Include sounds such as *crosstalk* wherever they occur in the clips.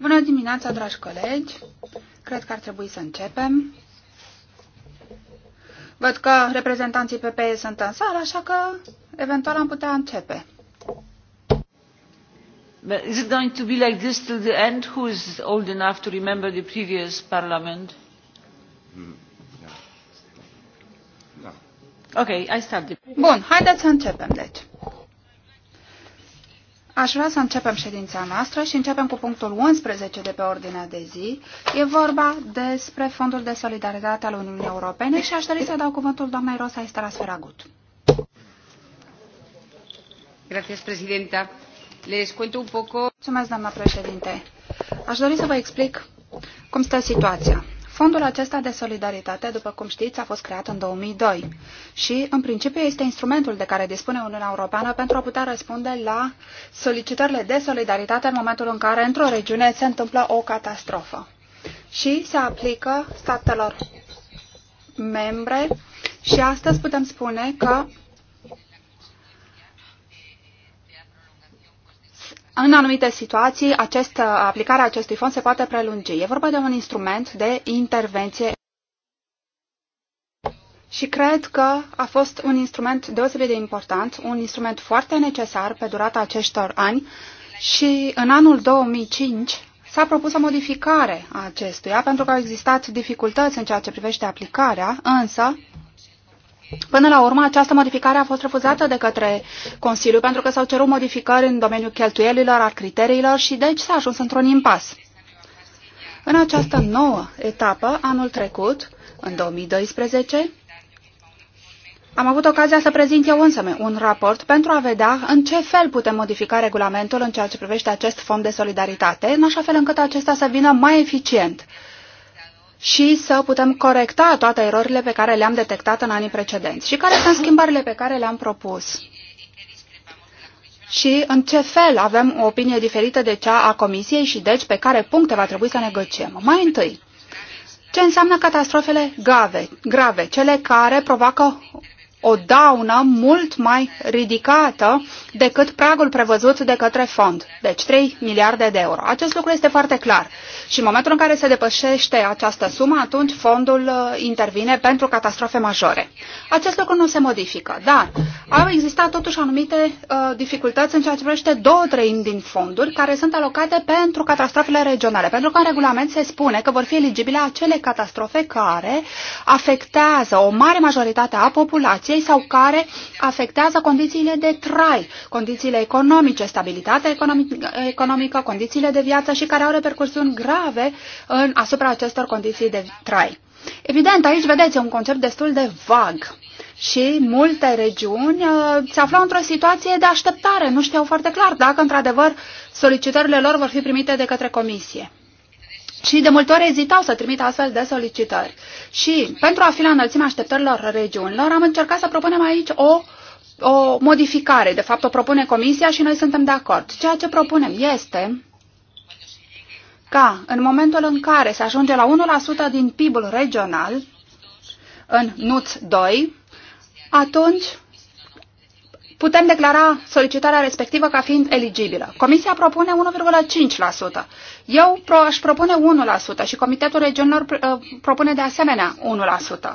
Bună dimineața, dragi colegi. Cred că ar trebui să începem. Văd că reprezentanții PPE sunt în sală, așa că eventual am putea începe. But is it going to be like this till the end? Who is old enough to remember the previous parliament? Mm, yeah. Yeah. Okay, I start the... Bun, haideți să începem, deci. Aș vrea să începem ședința noastră și începem cu punctul 11 de pe ordinea de zi. E vorba despre Fondul de Solidaritate al Uniunii Europene și aș dori să dau cuvântul doamnei Rosa Esteras Feragut. Mulțumesc, doamna președinte. Aș dori să vă explic cum stă situația. Fondul acesta de solidaritate, după cum știți, a fost creat în 2002 și, în principiu, este instrumentul de care dispune Uniunea Europeană pentru a putea răspunde la solicitările de solidaritate în momentul în care într-o regiune se întâmplă o catastrofă și se aplică statelor membre și astăzi putem spune că În anumite situații, acest, aplicarea acestui fond se poate prelungi. E vorba de un instrument de intervenție și cred că a fost un instrument deosebit de important, un instrument foarte necesar pe durata acestor ani și în anul 2005 s-a propus o modificare a acestuia pentru că au existat dificultăți în ceea ce privește aplicarea, însă Până la urmă, această modificare a fost refuzată de către Consiliu pentru că s-au cerut modificări în domeniul cheltuielilor, al criteriilor și deci s-a ajuns într-un impas. În această nouă etapă, anul trecut, în 2012, am avut ocazia să prezint eu însămi un raport pentru a vedea în ce fel putem modifica regulamentul în ceea ce privește acest fond de solidaritate, în așa fel încât acesta să vină mai eficient și să putem corecta toate erorile pe care le-am detectat în anii precedenți. Și care sunt schimbările pe care le-am propus? Și în ce fel avem o opinie diferită de cea a Comisiei și deci pe care puncte va trebui să negociem? Mai întâi, ce înseamnă catastrofele grave, grave cele care provoacă o daună mult mai ridicată decât pragul prevăzut de către fond, deci 3 miliarde de euro. Acest lucru este foarte clar și în momentul în care se depășește această sumă, atunci fondul uh, intervine pentru catastrofe majore. Acest lucru nu se modifică, dar au existat totuși anumite uh, dificultăți în ceea ce privește două treimi din fonduri care sunt alocate pentru catastrofele regionale, pentru că în regulament se spune că vor fi eligibile acele catastrofe care afectează o mare majoritate a populației corupției sau care afectează condițiile de trai, condițiile economice, stabilitatea economică, condițiile de viață și care au repercursiuni grave în, asupra acestor condiții de trai. Evident, aici vedeți un concept destul de vag și multe regiuni uh, se aflau într-o situație de așteptare, nu știau foarte clar dacă într-adevăr solicitările lor vor fi primite de către comisie și de multe ori ezitau să trimită astfel de solicitări. Și pentru a fi la înălțimea așteptărilor regiunilor, am încercat să propunem aici o, o modificare. De fapt, o propune Comisia și noi suntem de acord. Ceea ce propunem este ca în momentul în care se ajunge la 1% din PIB-ul regional, în NUTS 2, atunci putem declara solicitarea respectivă ca fiind eligibilă. Comisia propune 1,5%. Eu pro aș propune 1% și Comitetul Regiunilor uh, propune de asemenea 1%.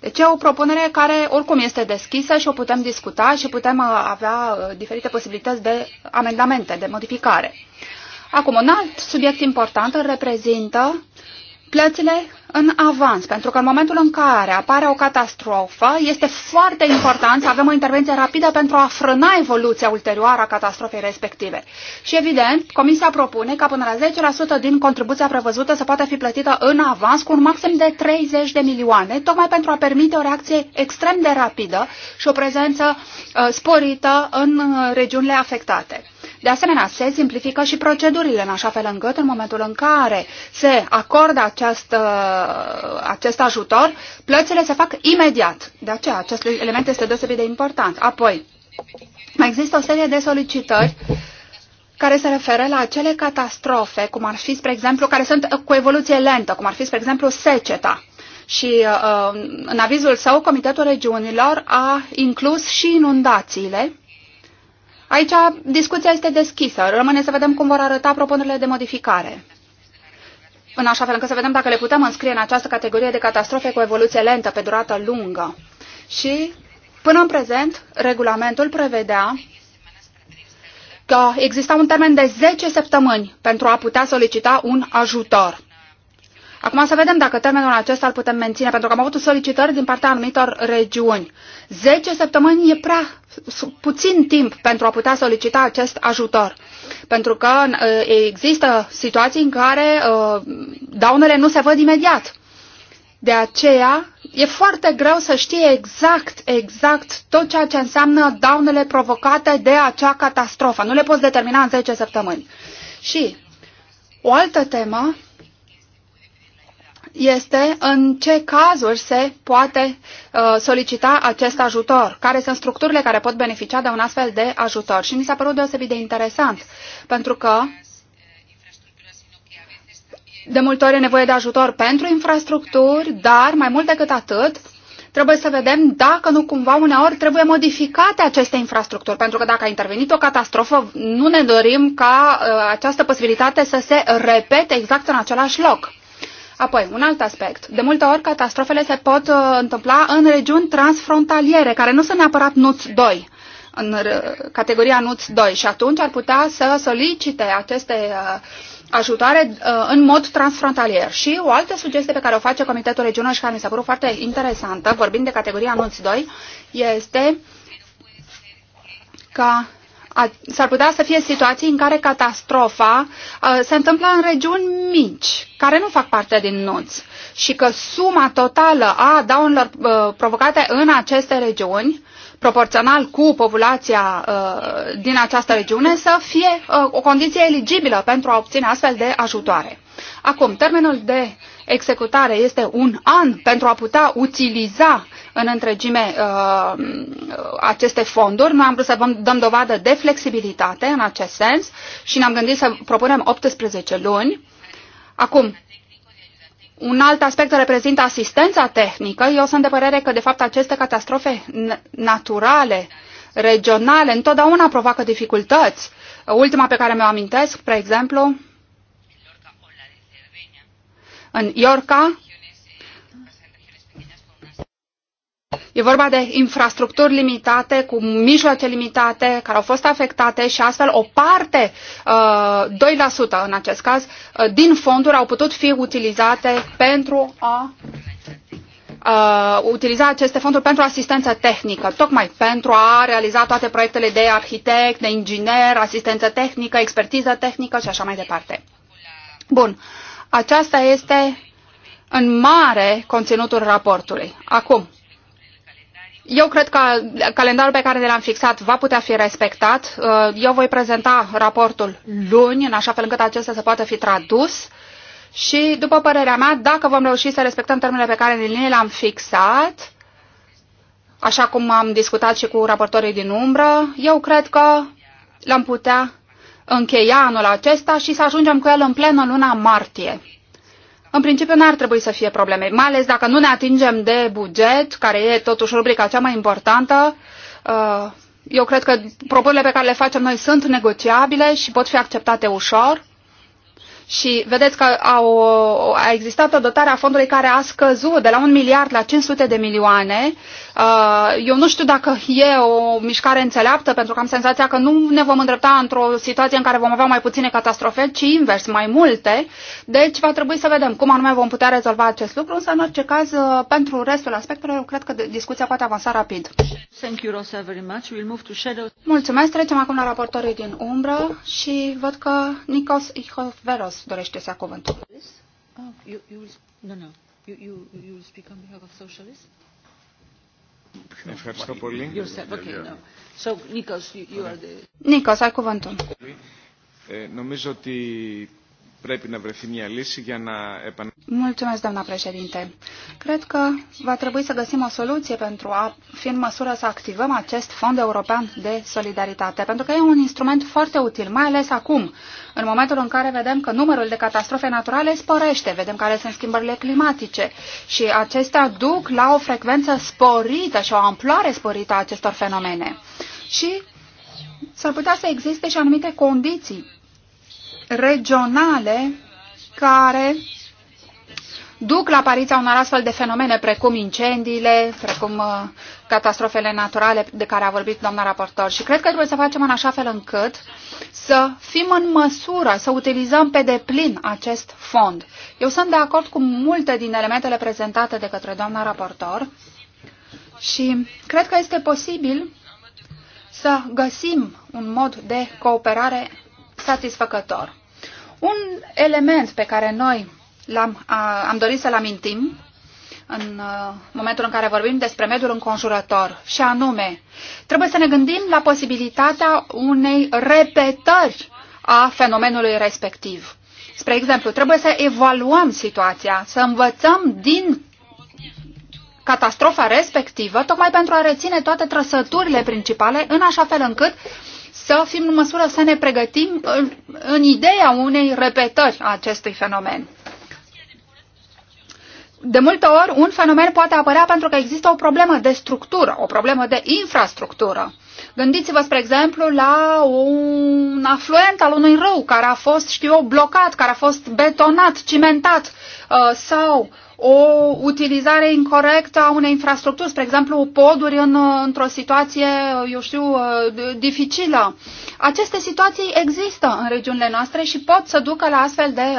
Deci e o propunere care oricum este deschisă și o putem discuta și putem uh, avea uh, diferite posibilități de amendamente, de modificare. Acum, un alt subiect important îl reprezintă plățile în avans, pentru că în momentul în care apare o catastrofă, este foarte important să avem o intervenție rapidă pentru a frâna evoluția ulterioară a catastrofei respective. Și evident, Comisia propune ca până la 10% din contribuția prevăzută să poată fi plătită în avans cu un maxim de 30 de milioane, tocmai pentru a permite o reacție extrem de rapidă și o prezență uh, sporită în uh, regiunile afectate. De asemenea, se simplifică și procedurile în așa fel încât în momentul în care se acordă acest, uh, acest ajutor, plățile se fac imediat. De aceea, acest element este deosebit de important. Apoi, mai există o serie de solicitări care se referă la acele catastrofe, cum ar fi, spre exemplu, care sunt cu evoluție lentă, cum ar fi, spre exemplu, seceta. Și uh, în avizul său, Comitetul Regiunilor a inclus și inundațiile Aici discuția este deschisă. Rămâne să vedem cum vor arăta propunerile de modificare. În așa fel încât să vedem dacă le putem înscrie în această categorie de catastrofe cu evoluție lentă, pe durată lungă. Și până în prezent, regulamentul prevedea că exista un termen de 10 săptămâni pentru a putea solicita un ajutor. Acum să vedem dacă termenul acesta îl putem menține, pentru că am avut solicitări din partea anumitor regiuni. 10 săptămâni e prea puțin timp pentru a putea solicita acest ajutor. Pentru că există situații în care daunele nu se văd imediat. De aceea e foarte greu să știe exact, exact tot ceea ce înseamnă daunele provocate de acea catastrofă. Nu le poți determina în 10 săptămâni. Și o altă temă este în ce cazuri se poate uh, solicita acest ajutor, care sunt structurile care pot beneficia de un astfel de ajutor. Și mi s-a părut deosebit de interesant, pentru că de multe ori e nevoie de ajutor pentru infrastructuri, dar mai mult decât atât, trebuie să vedem dacă nu cumva uneori trebuie modificate aceste infrastructuri, pentru că dacă a intervenit o catastrofă, nu ne dorim ca uh, această posibilitate să se repete exact în același loc. Apoi, un alt aspect. De multe ori, catastrofele se pot uh, întâmpla în regiuni transfrontaliere, care nu sunt neapărat NUTS 2, în uh, categoria NUTS 2, și atunci ar putea să solicite aceste uh, ajutoare uh, în mod transfrontalier. Și o altă sugestie pe care o face Comitetul Regional și care mi s-a părut foarte interesantă, vorbind de categoria NUTS 2, este ca s-ar putea să fie situații în care catastrofa uh, se întâmplă în regiuni mici, care nu fac parte din NUTS și că suma totală a daunelor uh, provocate în aceste regiuni, proporțional cu populația uh, din această regiune, să fie uh, o condiție eligibilă pentru a obține astfel de ajutoare. Acum, termenul de executare este un an pentru a putea utiliza în întregime uh, aceste fonduri. Noi am vrut să vom, dăm dovadă de flexibilitate în acest sens și ne-am gândit să propunem 18 luni. Acum, un alt aspect reprezintă asistența tehnică. Eu sunt de părere că, de fapt, aceste catastrofe naturale, regionale, întotdeauna provoacă dificultăți. Ultima pe care mi-o amintesc, spre exemplu, în Iorca, E vorba de infrastructuri limitate, cu mijloace limitate, care au fost afectate și astfel o parte, 2% uh, în acest caz, uh, din fonduri au putut fi utilizate pentru a uh, utiliza aceste fonduri pentru asistență tehnică, tocmai pentru a realiza toate proiectele de arhitect, de inginer, asistență tehnică, expertiză tehnică și așa mai departe. Bun, aceasta este în mare conținutul raportului. Acum, eu cred că calendarul pe care l-am fixat va putea fi respectat. Uh, eu voi prezenta raportul luni, în așa fel încât acesta să poată fi tradus. Și, după părerea mea, dacă vom reuși să respectăm termenele pe care ni le-am fixat, așa cum am discutat și cu raportorii din umbră, eu cred că l-am putea încheia anul acesta și să ajungem cu el în plenă luna martie în principiu n-ar trebui să fie probleme, mai ales dacă nu ne atingem de buget, care e totuși rubrica cea mai importantă. Uh, eu cred că propunerile pe care le facem noi sunt negociabile și pot fi acceptate ușor. Și vedeți că au, a existat o dotare a fondului care a scăzut de la un miliard la 500 de milioane. Uh, eu nu știu dacă e o mișcare înțeleaptă, pentru că am senzația că nu ne vom îndrepta într-o situație în care vom avea mai puține catastrofe, ci invers, mai multe. Deci va trebui să vedem cum anume vom putea rezolva acest lucru, însă în orice caz, uh, pentru restul aspectelor, cred că discuția poate avansa rapid. Thank you, Rosa, very much. We'll move to shadow. Mulțumesc, trecem acum la raportorii din umbră și văd că Nikos Ihoveros Ruiz dorește să ia cuvântul. Ah, you, you will, no, no. You, you, you will speak on behalf of socialists? Ευχαριστώ πολύ. Νίκος, ai cuvântul. νομίζω ότι Πρέπει να βρεθεί μια λύση για να Mulțumesc, doamna președinte. Cred că va trebui să găsim o soluție pentru a fi în măsură să activăm acest fond european de solidaritate, pentru că e un instrument foarte util, mai ales acum, în momentul în care vedem că numărul de catastrofe naturale sporește, vedem care sunt schimbările climatice și acestea duc la o frecvență sporită și o amploare sporită a acestor fenomene. Și s-ar putea să existe și anumite condiții regionale care duc la apariția unor astfel de fenomene precum incendiile, precum uh, catastrofele naturale de care a vorbit doamna raportor. Și cred că trebuie să facem în așa fel încât să fim în măsură să utilizăm pe deplin acest fond. Eu sunt de acord cu multe din elementele prezentate de către doamna raportor și cred că este posibil să găsim un mod de cooperare satisfăcător. Un element pe care noi am am dorit să-l amintim în uh, momentul în care vorbim despre mediul înconjurător, și anume, trebuie să ne gândim la posibilitatea unei repetări a fenomenului respectiv. Spre exemplu, trebuie să evaluăm situația, să învățăm din catastrofa respectivă, tocmai pentru a reține toate trăsăturile principale, în așa fel încât să fim în măsură să ne pregătim în, în ideea unei repetări a acestui fenomen. De multe ori, un fenomen poate apărea pentru că există o problemă de structură, o problemă de infrastructură. Gândiți-vă, spre exemplu, la un afluent al unui râu care a fost, știu eu, blocat, care a fost betonat, cimentat uh, sau o utilizare incorrectă a unei infrastructuri, spre exemplu poduri în, într-o situație, eu știu, dificilă. Aceste situații există în regiunile noastre și pot să ducă la astfel de uh,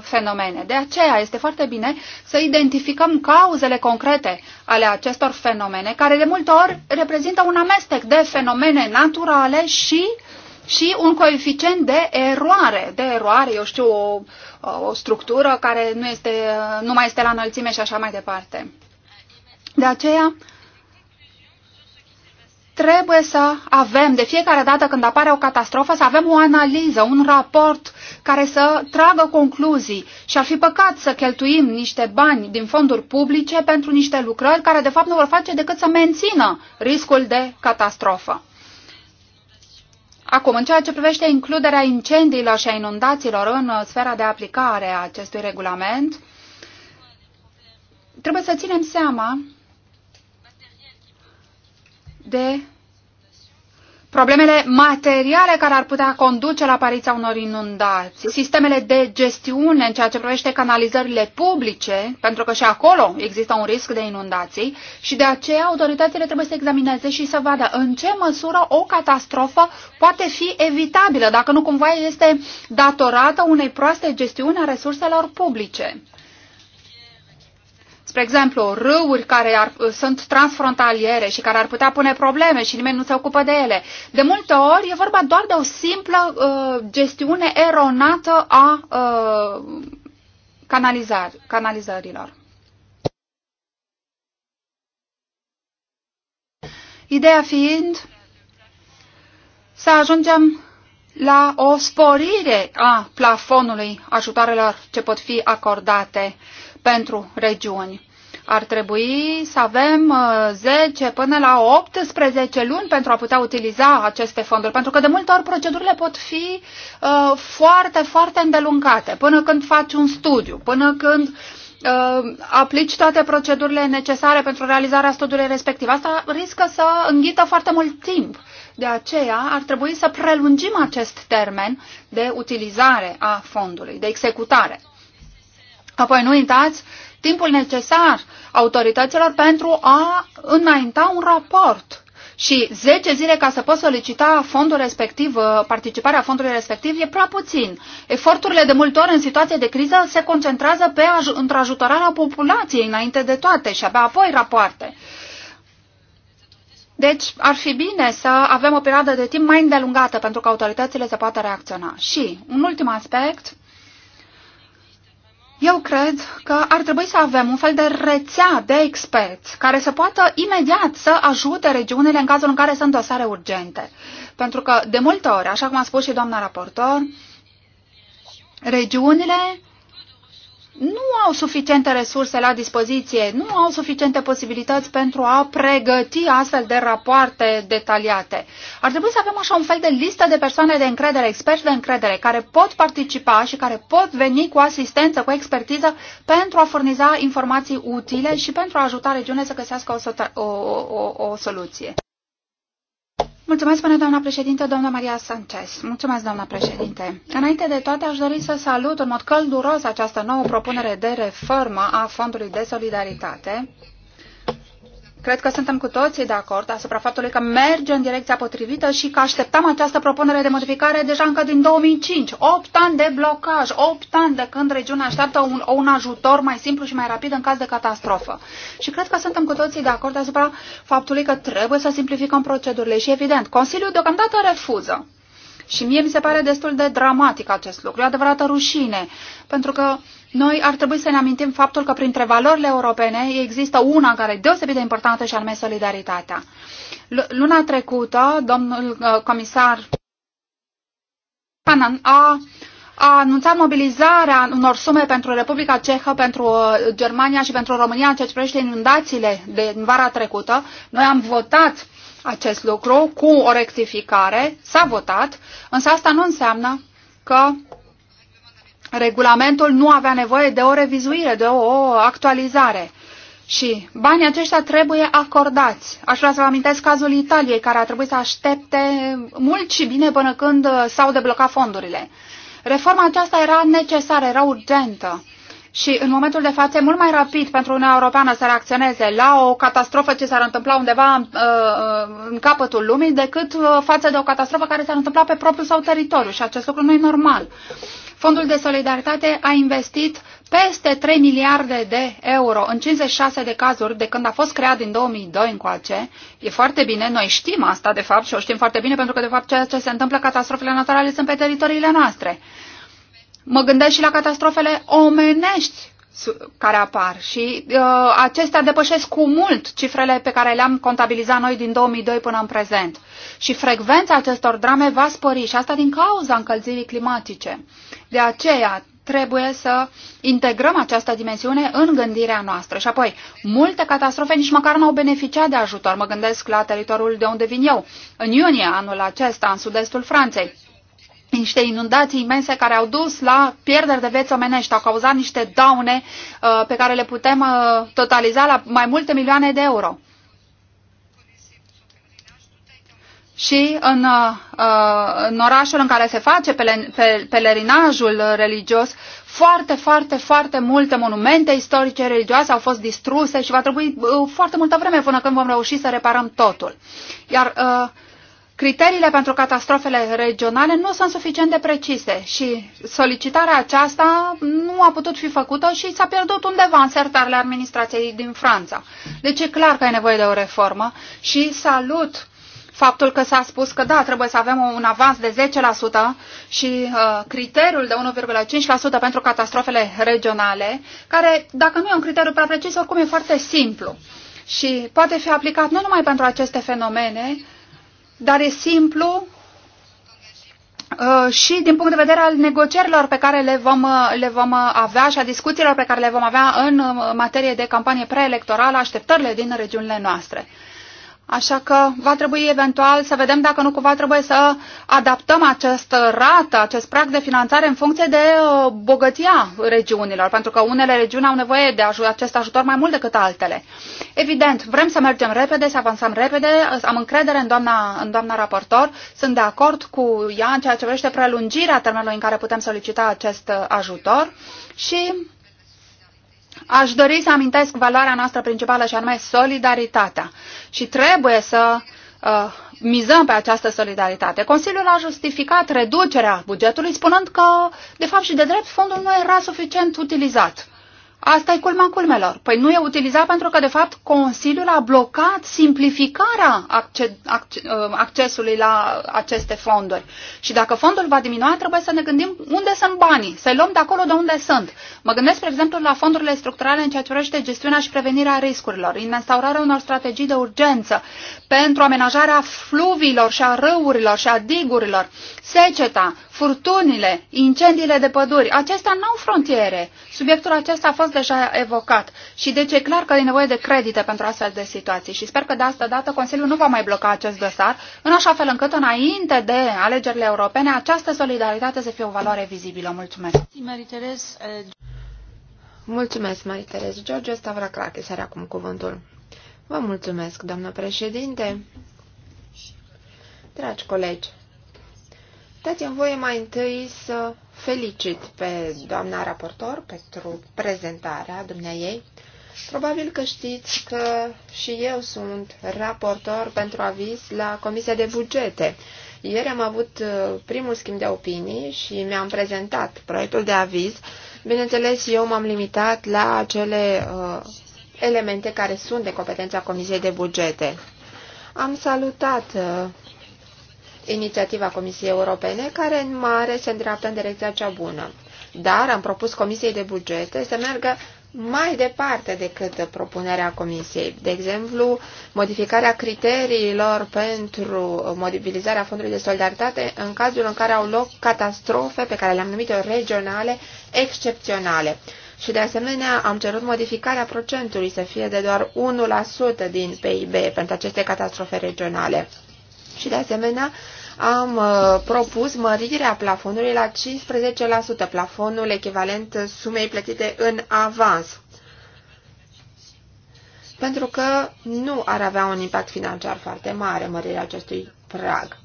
fenomene. De aceea este foarte bine să identificăm cauzele concrete ale acestor fenomene, care de multe ori reprezintă un amestec de fenomene naturale și uh, și un coeficient de eroare, de eroare, eu știu, o, o structură care nu, este, nu mai este la înălțime și așa mai departe. De aceea, trebuie să avem, de fiecare dată când apare o catastrofă, să avem o analiză, un raport care să tragă concluzii și ar fi păcat să cheltuim niște bani din fonduri publice pentru niște lucrări care de fapt nu vor face decât să mențină riscul de catastrofă. Acum, în ceea ce privește includerea incendiilor și a inundațiilor în uh, sfera de aplicare a acestui regulament, trebuie să ținem seama de problemele materiale care ar putea conduce la apariția unor inundații, sistemele de gestiune în ceea ce privește canalizările publice, pentru că și acolo există un risc de inundații și de aceea autoritățile trebuie să examineze și să vadă în ce măsură o catastrofă poate fi evitabilă, dacă nu cumva este datorată unei proaste gestiuni a resurselor publice spre exemplu, râuri care ar, uh, sunt transfrontaliere și care ar putea pune probleme și nimeni nu se ocupă de ele. De multe ori e vorba doar de o simplă uh, gestiune eronată a uh, canalizar, canalizărilor. Ideea fiind să ajungem la o sporire a plafonului ajutoarelor ce pot fi acordate pentru regiuni ar trebui să avem 10 uh, până la 18 luni pentru a putea utiliza aceste fonduri, pentru că de multe ori procedurile pot fi uh, foarte, foarte îndelungate, până când faci un studiu, până când uh, aplici toate procedurile necesare pentru realizarea studiului respectiv. Asta riscă să înghită foarte mult timp. De aceea ar trebui să prelungim acest termen de utilizare a fondului, de executare. Apoi nu uitați uh, timpul necesar autorităților pentru a înainta un raport și 10 zile ca să poți solicita fondul respectiv, uh, participarea fondului respectiv, e prea puțin. Eforturile de multe ori în situație de criză se concentrează pe aj- într-ajutorarea populației înainte de toate și abia apoi rapoarte. Deci ar fi bine să avem o perioadă de timp mai îndelungată pentru că autoritățile să poată reacționa. Și un ultim aspect eu cred că ar trebui să avem un fel de rețea de experți care să poată imediat să ajute regiunile în cazul în care sunt dosare urgente. Pentru că, de multe ori, așa cum a spus și doamna raportor, regiunile nu au suficiente resurse la dispoziție, nu au suficiente posibilități pentru a pregăti astfel de rapoarte detaliate. Ar trebui să avem așa un fel de listă de persoane de încredere, experți de încredere, care pot participa și care pot veni cu asistență, cu expertiză pentru a furniza informații utile și pentru a ajuta regiunea să găsească o, o, o, o soluție. Mulțumesc, până doamna președinte, doamna Maria Sanchez. Mulțumesc, doamna președinte. Înainte de toate, aș dori să salut în mod călduros această nouă propunere de reformă a Fondului de Solidaritate Cred că suntem cu toții de acord asupra faptului că merge în direcția potrivită și că așteptam această propunere de modificare deja încă din 2005. 8 ani de blocaj, 8 ani de când regiunea așteaptă un, un ajutor mai simplu și mai rapid în caz de catastrofă. Și cred că suntem cu toții de acord asupra faptului că trebuie să simplificăm procedurile și, evident, Consiliul deocamdată refuză. Și mie mi se pare destul de dramatic acest lucru, e o adevărată rușine, pentru că noi ar trebui să ne amintim faptul că printre valorile europene există una care e deosebit de importantă și anume solidaritatea. Luna trecută, domnul uh, comisar Canan a a anunțat mobilizarea unor sume pentru Republica Cehă, pentru uh, Germania și pentru România în ceea ce privește inundațiile din vara trecută. Noi am votat acest lucru cu o rectificare, s-a votat, însă asta nu înseamnă că regulamentul nu avea nevoie de o revizuire, de o actualizare. Și banii aceștia trebuie acordați. Aș vrea să vă amintesc cazul Italiei, care a trebuit să aștepte mult și bine până când s-au deblocat fondurile. Reforma aceasta era necesară, era urgentă și în momentul de față e mult mai rapid pentru Uniunea Europeană să reacționeze la o catastrofă ce s-ar întâmpla undeva în, uh, uh, în capătul lumii decât uh, față de o catastrofă care s-ar întâmpla pe propriul sau teritoriu și acest lucru nu e normal. Fondul de solidaritate a investit peste 3 miliarde de euro în 56 de cazuri de când a fost creat din 2002 încoace. E foarte bine, noi știm asta de fapt și o știm foarte bine pentru că de fapt ceea ce se întâmplă, catastrofele naturale sunt pe teritoriile noastre. Mă gândesc și la catastrofele omenești care apar și uh, acestea depășesc cu mult cifrele pe care le-am contabilizat noi din 2002 până în prezent. Și frecvența acestor drame va spări și asta din cauza încălzirii climatice. De aceea trebuie să integrăm această dimensiune în gândirea noastră. Și apoi, multe catastrofe nici măcar nu au beneficiat de ajutor. Mă gândesc la teritoriul de unde vin eu. În iunie anul acesta, în sud-estul Franței, niște inundații imense care au dus la pierderi de vieți omenești, au cauzat niște daune uh, pe care le putem uh, totaliza la mai multe milioane de euro. Și în, uh, uh în orașul în care se face pele, pe, pelerinajul religios, foarte, foarte, foarte multe monumente istorice religioase au fost distruse și va trebui uh, foarte multă vreme până când vom reuși să reparăm totul. Iar uh, criteriile pentru catastrofele regionale nu sunt suficient de precise și solicitarea aceasta nu a putut fi făcută și s-a pierdut undeva în sertarele administrației din Franța. Deci e clar că e nevoie de o reformă și salut faptul că s-a spus că da, trebuie să avem un avans de 10% și uh, criteriul de 1,5% pentru catastrofele regionale, care, dacă nu e un criteriu prea precis, oricum e foarte simplu și poate fi aplicat nu numai pentru aceste fenomene, dar e simplu uh, și din punct de vedere al negocierilor pe care le vom, uh, le vom uh, avea și a discuțiilor pe care le vom avea în materie de campanie preelectorală, așteptările din regiunile noastre. Așa că va trebui eventual să vedem dacă nu cumva trebuie să adaptăm această rată, acest prag de finanțare în funcție de uh, bogăția regiunilor, pentru că unele regiuni au nevoie de acest ajutor mai mult decât altele. Evident, vrem să mergem repede, să avansăm repede, am încredere în doamna, în doamna raportor, sunt de acord cu ea în ceea ce privește prelungirea termenului în care putem solicita acest uh, ajutor și aș dori să amintesc valoarea noastră principală și anume solidaritatea. Și trebuie să uh, mizăm pe această solidaritate. Consiliul a justificat reducerea bugetului spunând că, de fapt și de drept, fondul nu era suficient utilizat. Asta e culma culmelor. Păi nu e utilizat pentru că, de fapt, Consiliul a blocat simplificarea acce- acces, uh, accesului la aceste fonduri. Și dacă fondul va diminua, trebuie să ne gândim unde sunt banii, să-i luăm de acolo de unde sunt. Mă gândesc, spre exemplu, la fondurile structurale în ceea ce privește gestiunea și prevenirea riscurilor, în instaurarea unor strategii de urgență pentru amenajarea fluviilor și a râurilor și a digurilor, seceta, furtunile, incendiile de păduri, acestea nu au frontiere. Subiectul acesta a fost deja evocat și deci e clar că e nevoie de credite pentru astfel de situații și sper că de asta dată Consiliul nu va mai bloca acest dosar, în așa fel încât înainte de alegerile europene această solidaritate să fie o valoare vizibilă. Mulțumesc! Mulțumesc, Marie-Therese. George Stavrakakis are acum cuvântul. Vă mulțumesc, doamnă președinte. Dragi colegi, Dați-mi voie mai întâi să felicit pe doamna raportor pentru prezentarea ei. Probabil că știți că și eu sunt raportor pentru aviz la Comisia de Bugete. Ieri am avut uh, primul schimb de opinii și mi-am prezentat proiectul de aviz. Bineînțeles, eu m-am limitat la acele uh, elemente care sunt de competența Comisiei de Bugete. Am salutat uh, inițiativa Comisiei Europene, care în mare se îndreaptă în direcția cea bună. Dar am propus Comisiei de Bugete să meargă mai departe decât propunerea Comisiei. De exemplu, modificarea criteriilor pentru mobilizarea fondului de solidaritate în cazul în care au loc catastrofe pe care le-am numit regionale excepționale. Și de asemenea am cerut modificarea procentului să fie de doar 1% din PIB pentru aceste catastrofe regionale. Și de asemenea am uh, propus mărirea plafonului la 15%, plafonul echivalent sumei plătite în avans, pentru că nu ar avea un impact financiar foarte mare mărirea acestui prag.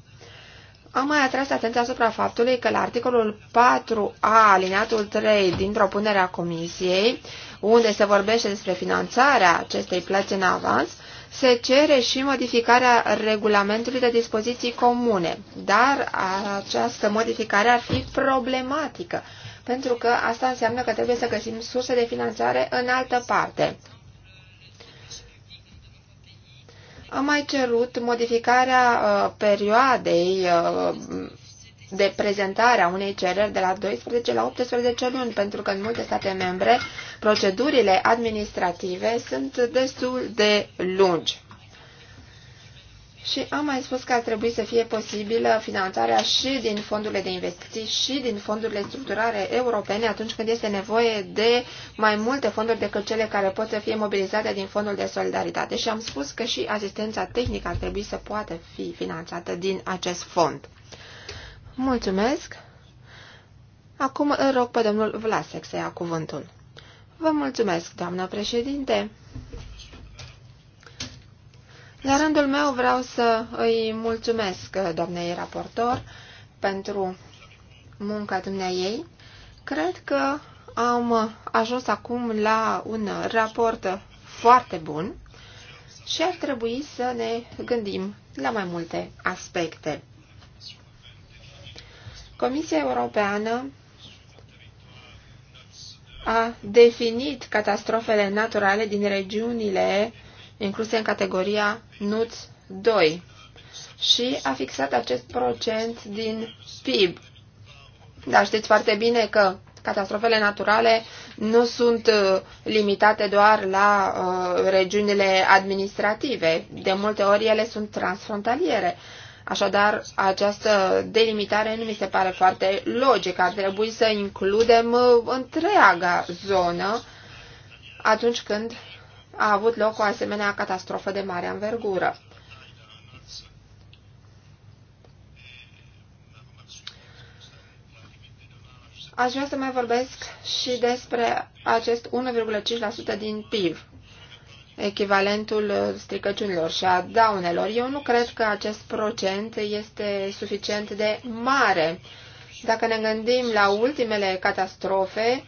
Am mai atras atenția asupra faptului că la articolul 4a, alineatul 3 din propunerea comisiei, unde se vorbește despre finanțarea acestei plăți în avans, se cere și modificarea regulamentului de dispoziții comune, dar această modificare ar fi problematică, pentru că asta înseamnă că trebuie să găsim surse de finanțare în altă parte. Am mai cerut modificarea uh, perioadei uh, de prezentarea unei cereri de la 12 la 18 luni, pentru că în multe state membre procedurile administrative sunt destul de lungi. Și am mai spus că ar trebui să fie posibilă finanțarea și din fondurile de investiții și din fondurile structurare europene atunci când este nevoie de mai multe fonduri decât cele care pot să fie mobilizate din fondul de solidaritate. Și am spus că și asistența tehnică ar trebui să poată fi finanțată din acest fond. Mulțumesc. Acum îl rog pe domnul Vlasek să ia cuvântul. Vă mulțumesc, doamnă președinte. La rândul meu vreau să îi mulțumesc doamnei raportor pentru munca dumneai. Cred că am ajuns acum la un raport foarte bun și ar trebui să ne gândim la mai multe aspecte. Comisia Europeană a definit catastrofele naturale din regiunile incluse în categoria NUTS 2 și a fixat acest procent din PIB. Dar știți foarte bine că catastrofele naturale nu sunt uh, limitate doar la uh, regiunile administrative. De multe ori ele sunt transfrontaliere. Așadar, această delimitare nu mi se pare foarte logică. Ar trebui să includem uh, întreaga zonă atunci când a avut loc o asemenea catastrofă de mare anvergură. Aș vrea să mai vorbesc și despre acest 1,5% din PIB echivalentul uh, stricăciunilor și a daunelor. Eu nu cred că acest procent este suficient de mare. Dacă ne gândim la ultimele catastrofe,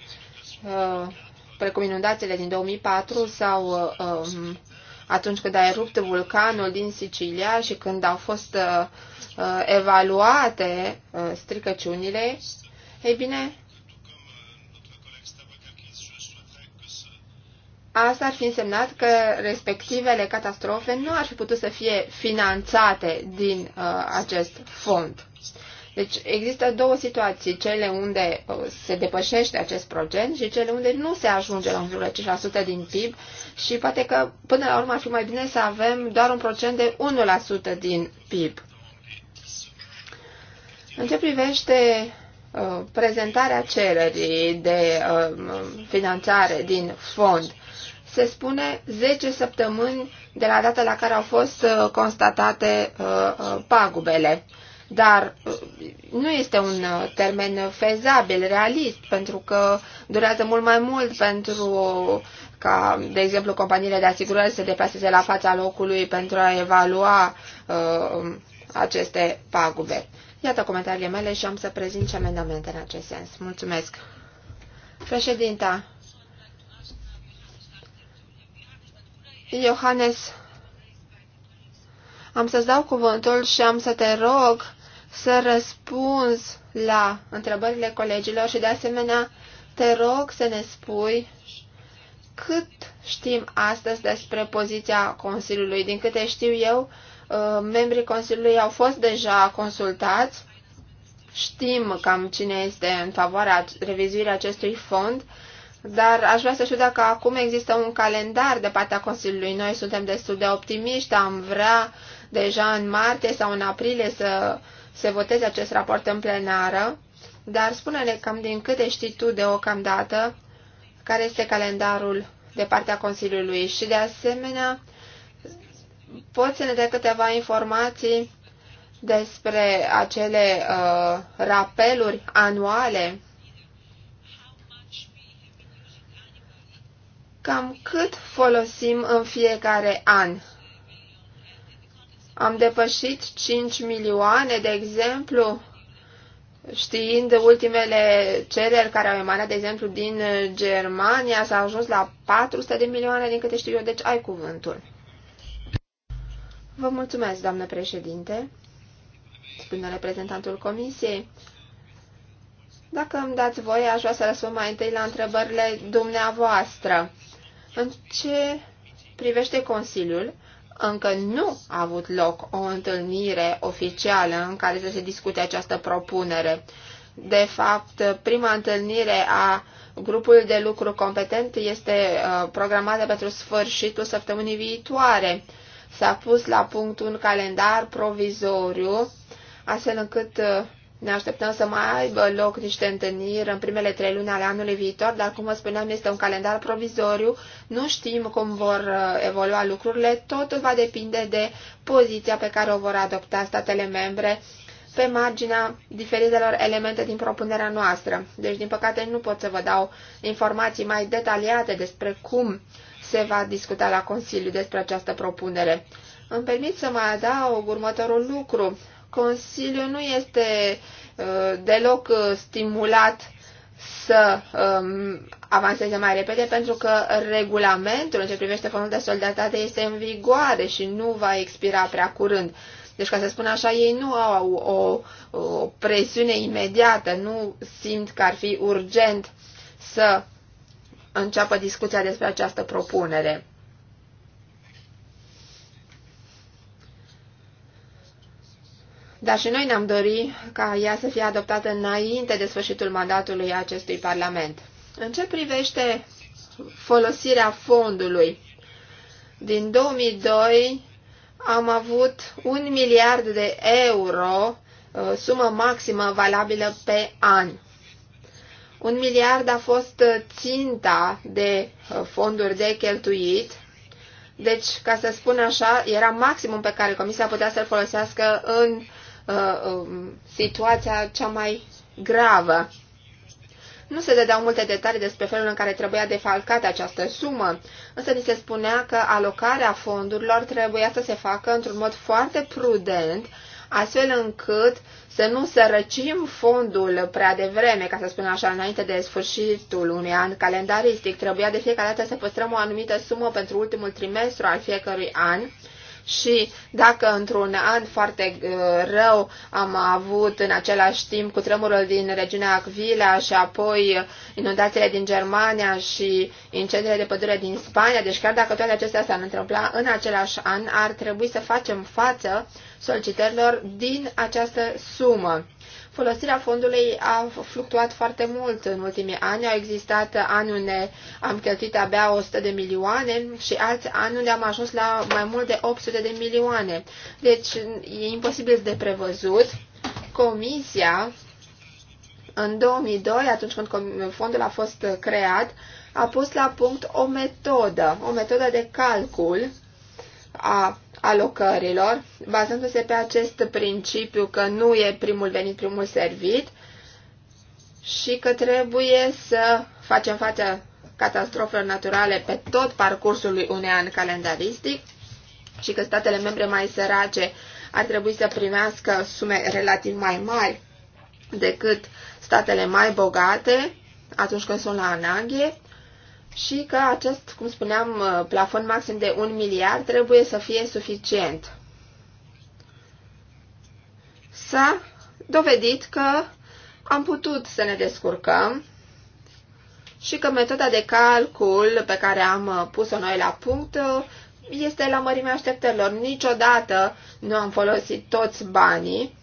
uh, precum inundațiile din 2004 sau uh, um, atunci când a erupt vulcanul din Sicilia și când au fost evaluate stricăciunile, ei bine, Asta ar fi însemnat că respectivele catastrofe nu ar fi putut să fie finanțate din uh, acest fond. Deci există două situații, cele unde uh, se depășește acest procent și cele unde nu se ajunge la 1,5% din PIB și poate că până la urmă ar fi mai bine să avem doar un procent de 1% din PIB. În ce privește uh, prezentarea cererii de uh, finanțare din fond se spune 10 săptămâni de la data la care au fost uh, constatate uh, uh, pagubele. Dar nu este un termen fezabil, realist, pentru că durează mult mai mult pentru ca, de exemplu, companiile de asigurări să se deplaseze la fața locului pentru a evalua uh, aceste pagube. Iată comentariile mele și am să prezint și amendamente în acest sens. Mulțumesc. Președinta, Iohannes, am să-ți dau cuvântul și am să te rog să răspunzi la întrebările colegilor și de asemenea te rog să ne spui cât știm astăzi despre poziția Consiliului. Din câte știu eu, uh, membrii Consiliului au fost deja consultați, știm cam cine este în favoarea revizuirii acestui fond dar aș vrea să știu dacă acum există un calendar de partea Consiliului. Noi suntem destul de optimiști, am vrea deja în martie sau în aprilie să se voteze acest raport în plenară. Dar spune-ne cam din câte știi tu deocamdată care este calendarul de partea Consiliului și de asemenea poți să ne dai câteva informații despre acele uh, rapeluri anuale cam cât folosim în fiecare an. Am depășit 5 milioane, de exemplu, știind ultimele cereri care au emanat, de exemplu, din Germania, s-a ajuns la 400 de milioane, din câte știu eu, deci ai cuvântul. Vă mulțumesc, doamnă președinte, spune reprezentantul comisiei. Dacă îmi dați voie, aș vrea să răspund mai întâi la întrebările dumneavoastră. În ce privește Consiliul, încă nu a avut loc o întâlnire oficială în care să se discute această propunere. De fapt, prima întâlnire a grupului de lucru competent este uh, programată pentru sfârșitul săptămânii viitoare. S-a pus la punct un calendar provizoriu, astfel încât uh, ne așteptăm să mai aibă loc niște întâlniri în primele trei luni ale anului viitor, dar cum vă spuneam, este un calendar provizoriu, nu știm cum vor uh, evolua lucrurile, totul va depinde de poziția pe care o vor adopta statele membre pe marginea diferitelor elemente din propunerea noastră. Deci, din păcate, nu pot să vă dau informații mai detaliate despre cum se va discuta la Consiliu despre această propunere. Îmi permit să mai adaug următorul lucru. Consiliul nu este uh, deloc uh, stimulat să um, avanseze mai repede pentru că regulamentul în ce privește fondul de solidaritate este în vigoare și nu va expira prea curând. Deci, ca să spun așa, ei nu au o, o presiune imediată, nu simt că ar fi urgent să înceapă discuția despre această propunere. dar și noi ne-am dorit ca ea să fie adoptată înainte de sfârșitul mandatului acestui Parlament. În ce privește folosirea fondului, din 2002 am avut un miliard de euro, uh, sumă maximă valabilă pe an. Un miliard a fost uh, ținta de uh, fonduri de cheltuit, deci, ca să spun așa, era maximum pe care Comisia putea să-l folosească în Uh, um, situația cea mai gravă. Nu se dădeau multe detalii despre felul în care trebuia defalcată această sumă, însă ni se spunea că alocarea fondurilor trebuia să se facă într-un mod foarte prudent, astfel încât să nu sărăcim fondul prea devreme, ca să spunem așa, înainte de sfârșitul unui an calendaristic. Trebuia de fiecare dată să păstrăm o anumită sumă pentru ultimul trimestru al fiecărui an, și dacă într-un an foarte uh, rău am avut în același timp cu tremurul din regiunea Acvila și apoi inundațiile din Germania și incendiile de pădure din Spania, deci chiar dacă toate acestea s-ar întâmpla în același an, ar trebui să facem față solicitărilor din această sumă. Folosirea fondului a fluctuat foarte mult în ultimii ani. Au existat ani unde am cheltuit abia 100 de milioane și alți ani unde am ajuns la mai mult de 800 de milioane. Deci e imposibil de prevăzut. Comisia în 2002, atunci când fondul a fost creat, a pus la punct o metodă, o metodă de calcul a alocărilor, bazându-se pe acest principiu că nu e primul venit, primul servit și că trebuie să facem față catastrofelor naturale pe tot parcursul unui an calendaristic și că statele membre mai sărace ar trebui să primească sume relativ mai mari decât statele mai bogate atunci când sunt la anaghe și că acest, cum spuneam, uh, plafon maxim de 1 miliard trebuie să fie suficient. S-a dovedit că am putut să ne descurcăm și că metoda de calcul pe care am uh, pus-o noi la punct uh, este la mărimea așteptărilor. Niciodată nu am folosit toți banii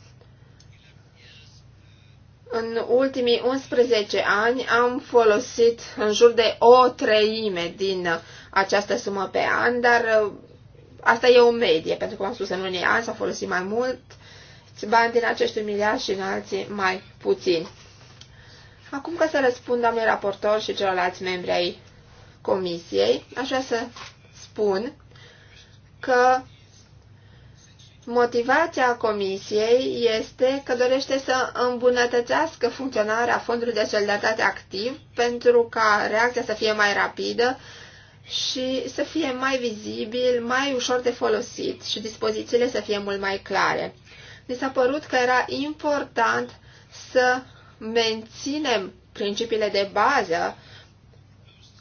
în ultimii 11 ani am folosit în jur de o treime din această sumă pe an, dar uh, asta e o medie, pentru că, cum am spus, în unii ani s-a folosit mai mult bani din acești miliard și în alții mai puțini. Acum ca să răspund doamnei raportor și celorlalți membri ai comisiei, aș vrea să spun că Motivația comisiei este că dorește să îmbunătățească funcționarea fondului de solidaritate activ pentru ca reacția să fie mai rapidă și să fie mai vizibil, mai ușor de folosit și dispozițiile să fie mult mai clare. Mi s-a părut că era important să menținem principiile de bază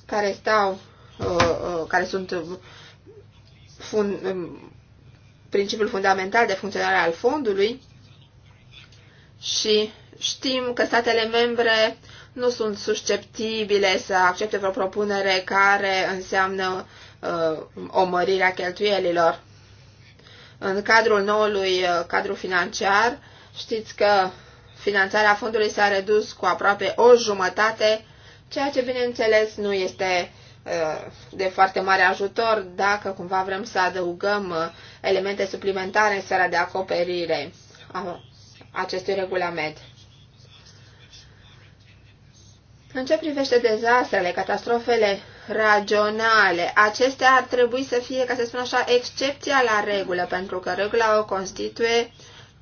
care stau, uh, uh, care sunt fun, principiul fundamental de funcționare al fondului și știm că statele membre nu sunt susceptibile să accepte vreo propunere care înseamnă uh, o mărire a cheltuielilor. În cadrul noului uh, cadru financiar, știți că finanțarea fondului s-a redus cu aproape o jumătate, ceea ce, bineînțeles, nu este Uh, de foarte mare ajutor dacă cumva vrem să adăugăm uh, elemente suplimentare în sfera de acoperire a acestui regulament. În ce privește dezastrele, catastrofele regionale, acestea ar trebui să fie, ca să spun așa, excepția la regulă, pentru că regula o constituie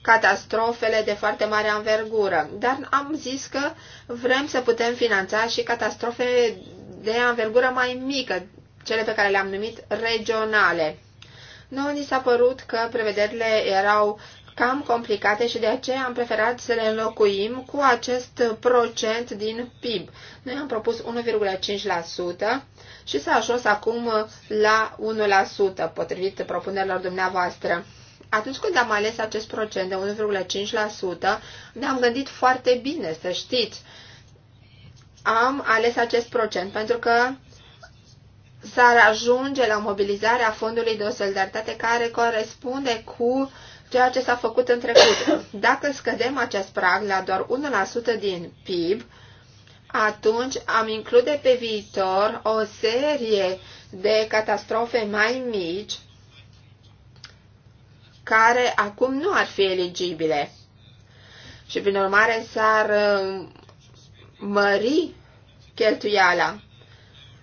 catastrofele de foarte mare anvergură. Dar am zis că vrem să putem finanța și catastrofe de anvergură mai mică, cele pe care le-am numit regionale. Noi ni s-a părut că prevederile erau cam complicate și de aceea am preferat să le înlocuim cu acest procent din PIB. Noi am propus 1,5% și s-a ajuns acum la 1%, potrivit propunerilor dumneavoastră. Atunci când am ales acest procent de 1,5%, ne-am gândit foarte bine, să știți, am ales acest procent pentru că s-ar ajunge la mobilizarea fondului de o solidaritate care corespunde cu ceea ce s-a făcut în trecut. Dacă scădem acest prag la doar 1% din PIB, atunci am include pe viitor o serie de catastrofe mai mici care acum nu ar fi eligibile. Și prin urmare s-ar mări cheltuiala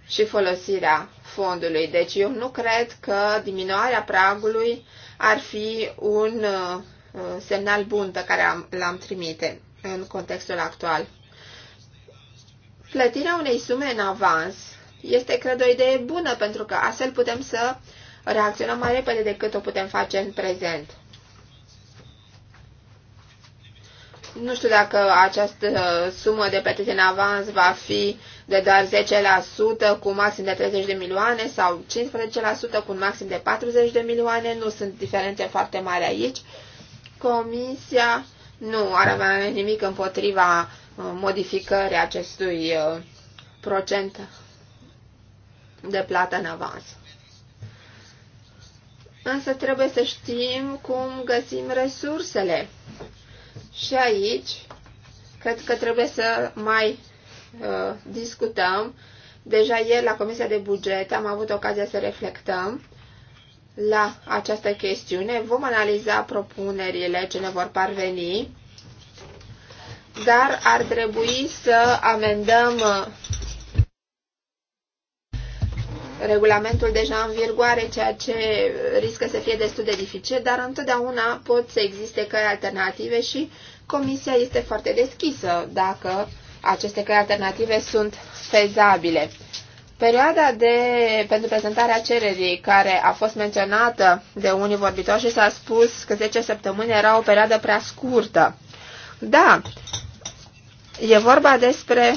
și folosirea fondului. Deci eu nu cred că diminuarea pragului ar fi un uh, semnal bun pe care l-am trimite în contextul actual. Plătirea unei sume în avans este, cred, o idee bună, pentru că astfel putem să reacționăm mai repede decât o putem face în prezent. Nu știu dacă această uh, sumă de plătit în avans va fi de doar 10% cu maxim de 30 de milioane sau 15% cu un maxim de 40 de milioane. Nu sunt diferențe foarte mari aici. Comisia nu ar avea nimic împotriva uh, modificării acestui uh, procent de plată în avans. Însă trebuie să știm cum găsim resursele și aici, cred că trebuie să mai uh, discutăm. Deja ieri la Comisia de Buget am avut ocazia să reflectăm la această chestiune. Vom analiza propunerile ce ne vor parveni, dar ar trebui să amendăm uh, regulamentul deja în virgoare, ceea ce riscă să fie destul de dificil, dar întotdeauna pot să existe căi alternative și comisia este foarte deschisă dacă aceste căi alternative sunt fezabile. Perioada de, pentru prezentarea cererii, care a fost menționată de unii vorbitori și s-a spus că 10 săptămâni era o perioadă prea scurtă. Da, e vorba despre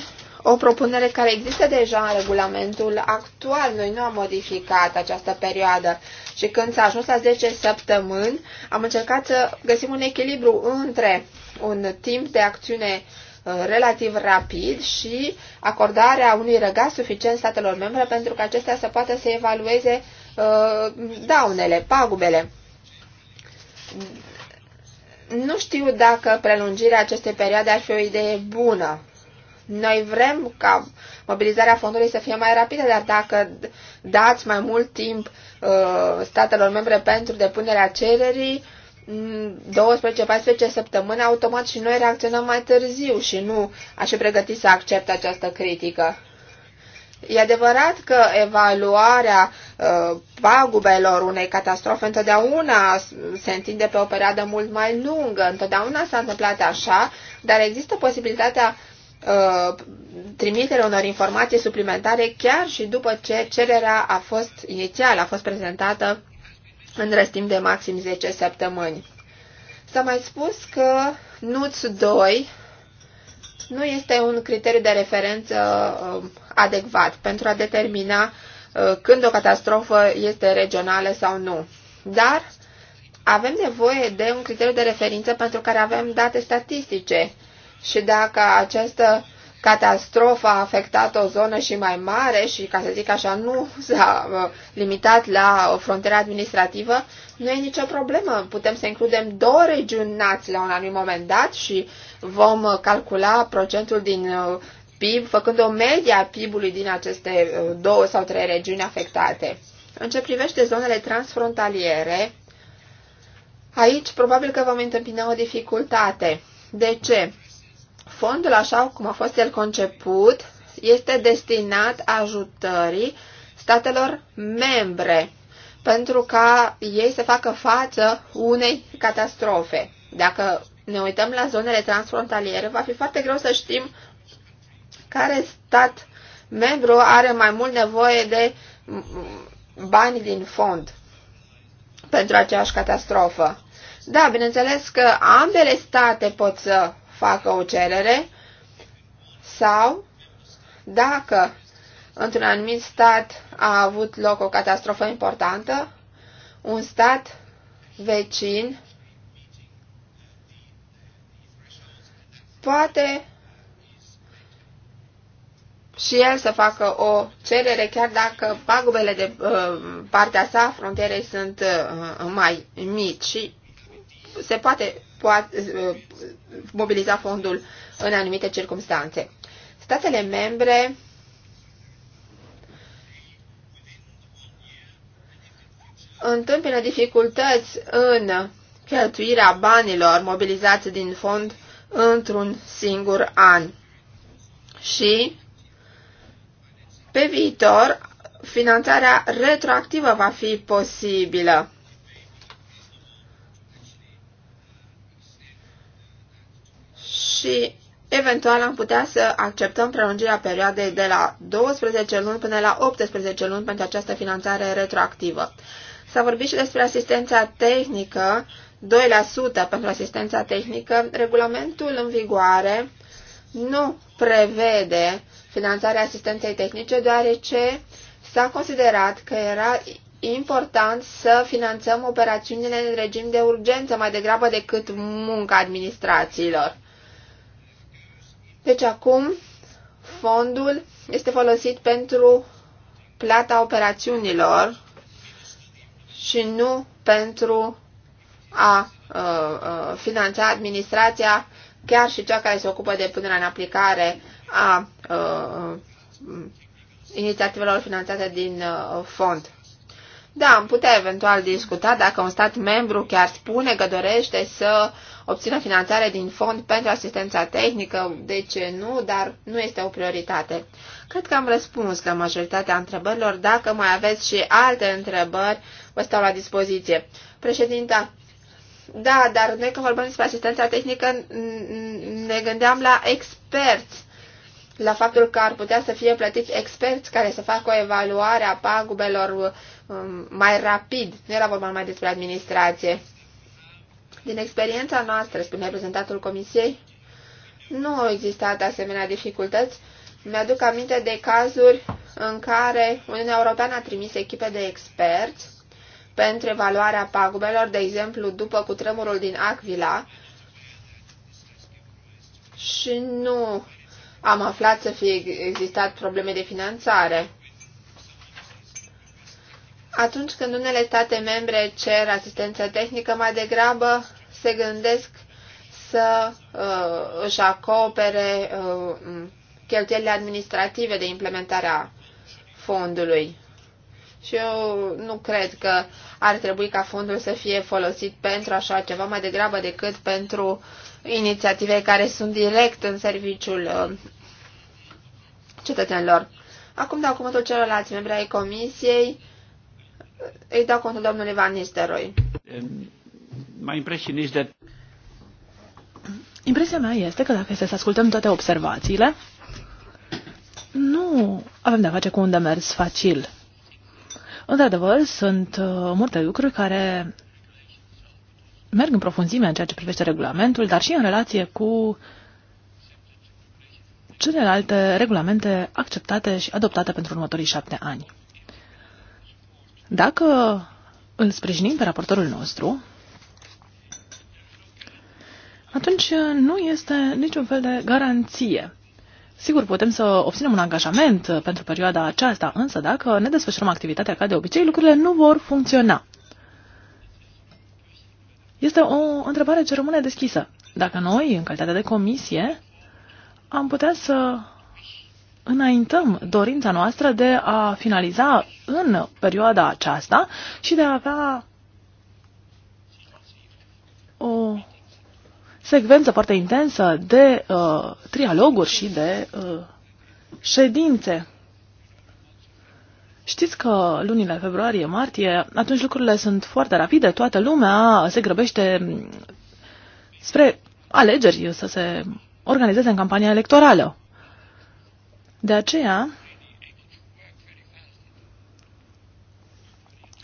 o propunere care există deja în regulamentul actual. Noi nu am modificat această perioadă și când s-a ajuns la 10 săptămâni, am încercat să găsim un echilibru între un timp de acțiune uh, relativ rapid și acordarea unui răgaz suficient statelor membre pentru că acestea să poată să evalueze uh, daunele, pagubele. Nu știu dacă prelungirea acestei perioade ar fi o idee bună noi vrem ca mobilizarea fondului să fie mai rapidă, dar dacă dați mai mult timp uh, statelor membre pentru depunerea cererii, 12-14 mm, săptămâni automat și noi reacționăm mai târziu și nu aș fi pregătit să accept această critică. E adevărat că evaluarea uh, pagubelor unei catastrofe întotdeauna se întinde pe o perioadă mult mai lungă, întotdeauna s-a întâmplat așa, dar există posibilitatea Uh, trimiterea unor informații suplimentare chiar și după ce cererea a fost inițial, a fost prezentată în răstim de maxim 10 săptămâni. S-a mai spus că NUTS 2 nu este un criteriu de referență um, adecvat pentru a determina uh, când o catastrofă este regională sau nu. Dar avem nevoie de un criteriu de referință pentru care avem date statistice și dacă această catastrofă a afectat o zonă și mai mare și, ca să zic așa, nu s-a uh, limitat la o frontieră administrativă, nu e nicio problemă. Putem să includem două regiuni nați la un anumit moment dat și vom uh, calcula procentul din uh, PIB, făcând o medie a PIB-ului din aceste două sau trei regiuni afectate. În ce privește zonele transfrontaliere, aici probabil că vom întâmpina o dificultate. De ce? Fondul, așa cum a fost el conceput, este destinat ajutării statelor membre pentru ca ei să facă față unei catastrofe. Dacă ne uităm la zonele transfrontaliere, va fi foarte greu să știm care stat membru are mai mult nevoie de bani din fond pentru aceeași catastrofă. Da, bineînțeles că ambele state pot să facă o cerere sau dacă într-un anumit stat a avut loc o catastrofă importantă, un stat vecin poate și el să facă o cerere, chiar dacă pagubele de uh, partea sa, frontierei, sunt uh, mai mici și se poate poate mobiliza fondul în anumite circunstanțe. Statele membre întâmpină dificultăți în cheltuirea banilor mobilizați din fond într-un singur an. Și pe viitor, finanțarea retroactivă va fi posibilă. și eventual am putea să acceptăm prelungirea perioadei de la 12 luni până la 18 luni pentru această finanțare retroactivă. S-a vorbit și despre asistența tehnică, 2% pentru asistența tehnică. Regulamentul în vigoare nu prevede finanțarea asistenței tehnice, deoarece s-a considerat că era important să finanțăm operațiunile în regim de urgență mai degrabă decât munca administrațiilor. Deci acum fondul este folosit pentru plata operațiunilor și nu pentru a uh, finanța administrația, chiar și cea care se ocupă de punerea în aplicare a uh, inițiativelor finanțate din uh, fond. Da, am putea eventual discuta dacă un stat membru chiar spune că dorește să obțină finanțare din fond pentru asistența tehnică, de ce nu, dar nu este o prioritate. Cred că am răspuns la majoritatea întrebărilor. Dacă mai aveți și alte întrebări, vă stau la dispoziție. Președinta, da, dar noi când vorbim despre asistența tehnică ne gândeam la experți, la faptul că ar putea să fie plătiți experți care să facă o evaluare a pagubelor Um, mai rapid. Nu era vorba numai despre administrație. Din experiența noastră, spune reprezentantul Comisiei, nu au existat asemenea dificultăți. Mi-aduc aminte de cazuri în care Uniunea Europeană a trimis echipe de experți pentru evaluarea pagubelor, de exemplu, după cutremurul din Aquila, și nu am aflat să fie existat probleme de finanțare atunci când unele state membre cer asistență tehnică, mai degrabă se gândesc să uh, își acopere uh, cheltuielile administrative de implementare a fondului. Și eu nu cred că ar trebui ca fondul să fie folosit pentru așa ceva mai degrabă decât pentru inițiative care sunt direct în serviciul uh, cetățenilor. Acum dau cuvântul celorlalți membri ai comisiei. Îi dau contul domnului Van Nistelrooy. My impression is that... Impresia mea este că dacă este să ascultăm toate observațiile, nu avem de-a face cu un demers facil. Într-adevăr, sunt uh, multe lucruri care merg în profunzime în ceea ce privește regulamentul, dar și în relație cu celelalte regulamente acceptate și adoptate pentru următorii șapte ani. Dacă îl sprijinim pe raportorul nostru, atunci nu este niciun fel de garanție. Sigur, putem să obținem un angajament pentru perioada aceasta, însă dacă ne desfășurăm activitatea ca de obicei, lucrurile nu vor funcționa. Este o întrebare ce rămâne deschisă. Dacă noi, în calitate de comisie, am putea să înaintăm dorința noastră de a finaliza în perioada aceasta și de a avea o secvență foarte intensă de uh, trialoguri și de uh, ședințe. Știți că lunile februarie-martie, atunci lucrurile sunt foarte rapide, toată lumea se grăbește spre alegeri să se organizeze în campania electorală. De aceea,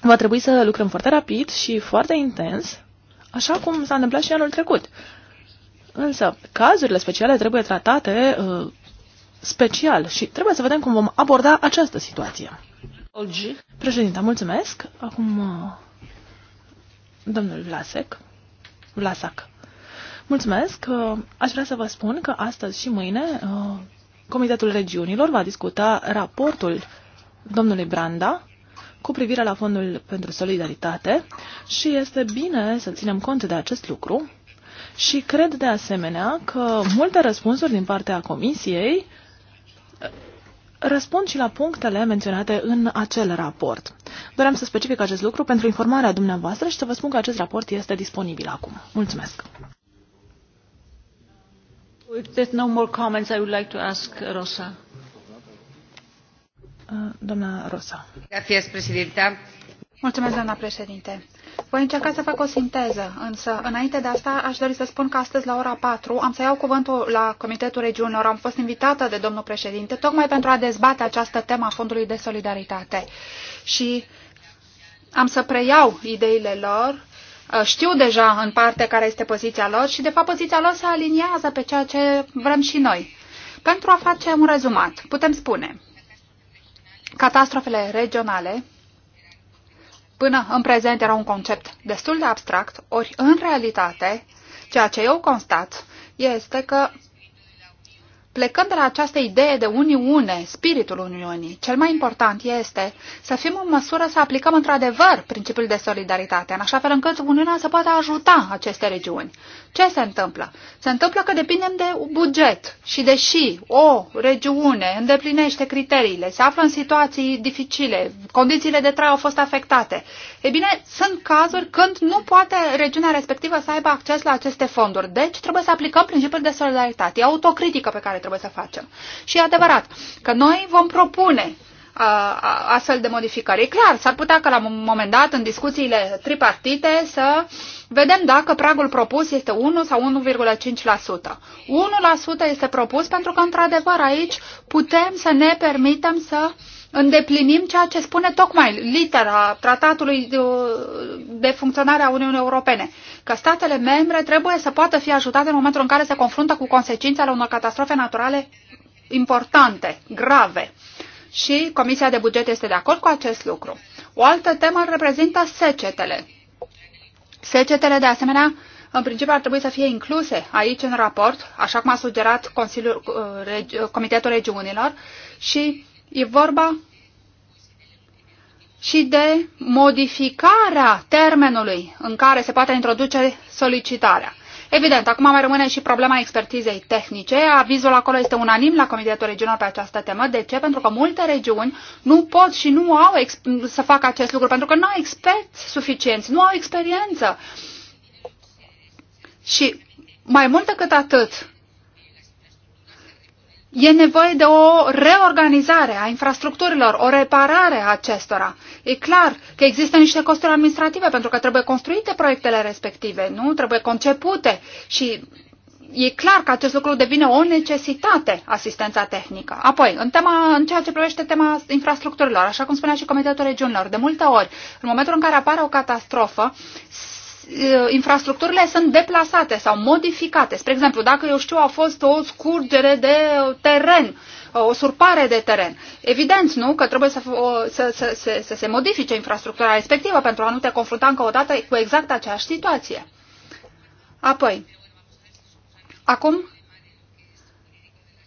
va trebui să lucrăm foarte rapid și foarte intens, așa cum s-a întâmplat și anul trecut. Însă, cazurile speciale trebuie tratate uh, special și trebuie să vedem cum vom aborda această situație. Președinte, mulțumesc. Acum, uh, domnul Vlasek. Vlasac. Mulțumesc. Uh, aș vrea să vă spun că astăzi și mâine uh, Comitetul Regiunilor va discuta raportul domnului Branda cu privire la Fondul pentru Solidaritate și este bine să ținem cont de acest lucru și cred de asemenea că multe răspunsuri din partea Comisiei eh, răspund și la punctele menționate în acel raport. Doream să specific acest lucru pentru informarea dumneavoastră și să vă spun că acest raport este disponibil acum. Mulțumesc! doamnă președintă uh, Doamna Rosa. Mulțumesc, președinte. Voi încerca să fac o sinteză, însă înainte de asta aș dori să spun că astăzi la ora 4 am să iau cuvântul la Comitetul Regiunilor. Am fost invitată de domnul președinte tocmai pentru a dezbate această temă a Fondului de Solidaritate. Și am să preiau ideile lor Uh, știu deja în parte care este poziția lor și, de fapt, poziția lor se aliniază pe ceea ce vrem și noi. Pentru a face un rezumat, putem spune, catastrofele regionale până în prezent era un concept destul de abstract, ori în realitate, ceea ce eu constat este că plecând de la această idee de uniune, spiritul uniunii, cel mai important este să fim în măsură să aplicăm într-adevăr principiul de solidaritate, în așa fel încât Uniunea să poată ajuta aceste regiuni. Ce se întâmplă? Se întâmplă că depindem de buget și deși o regiune îndeplinește criteriile, se află în situații dificile, condițiile de trai au fost afectate, e bine, sunt cazuri când nu poate regiunea respectivă să aibă acces la aceste fonduri. Deci trebuie să aplicăm principiul de solidaritate, e autocritică pe care trebuie să facem. Și e adevărat că noi vom propune astfel de modificări. E clar, s-ar putea că la un moment dat, în discuțiile tripartite, să vedem dacă pragul propus este 1 sau 1,5%. 1% este propus pentru că, într-adevăr, aici putem să ne permitem să îndeplinim ceea ce spune tocmai litera tratatului de funcționare a Uniunii Europene, că statele membre trebuie să poată fi ajutate în momentul în care se confruntă cu consecințele unor catastrofe naturale importante, grave. Și Comisia de Buget este de acord cu acest lucru. O altă temă reprezintă secetele. Secetele, de asemenea, în principiu ar trebui să fie incluse aici în raport, așa cum a sugerat Consiliul, uh, Comitetul Regiunilor, și e vorba și de modificarea termenului în care se poate introduce solicitarea. Evident, acum mai rămâne și problema expertizei tehnice. Avizul acolo este unanim la Comitetul Regional pe această temă. De ce? Pentru că multe regiuni nu pot și nu au să facă acest lucru, pentru că nu au experți suficienți, nu au experiență. Și mai mult decât atât, E nevoie de o reorganizare a infrastructurilor, o reparare a acestora. E clar că există niște costuri administrative pentru că trebuie construite proiectele respective, nu? Trebuie concepute și e clar că acest lucru devine o necesitate, asistența tehnică. Apoi, în, tema, în ceea ce privește tema infrastructurilor, așa cum spunea și Comitetul Regiunilor, de multe ori, în momentul în care apare o catastrofă, Uh, infrastructurile sunt deplasate sau modificate. Spre exemplu, dacă eu știu a fost o scurgere de teren, uh, o surpare de teren. Evident, nu, că trebuie să, să, să, să, să se modifice infrastructura respectivă pentru a nu te confrunta încă o dată cu exact aceeași situație. Apoi, acum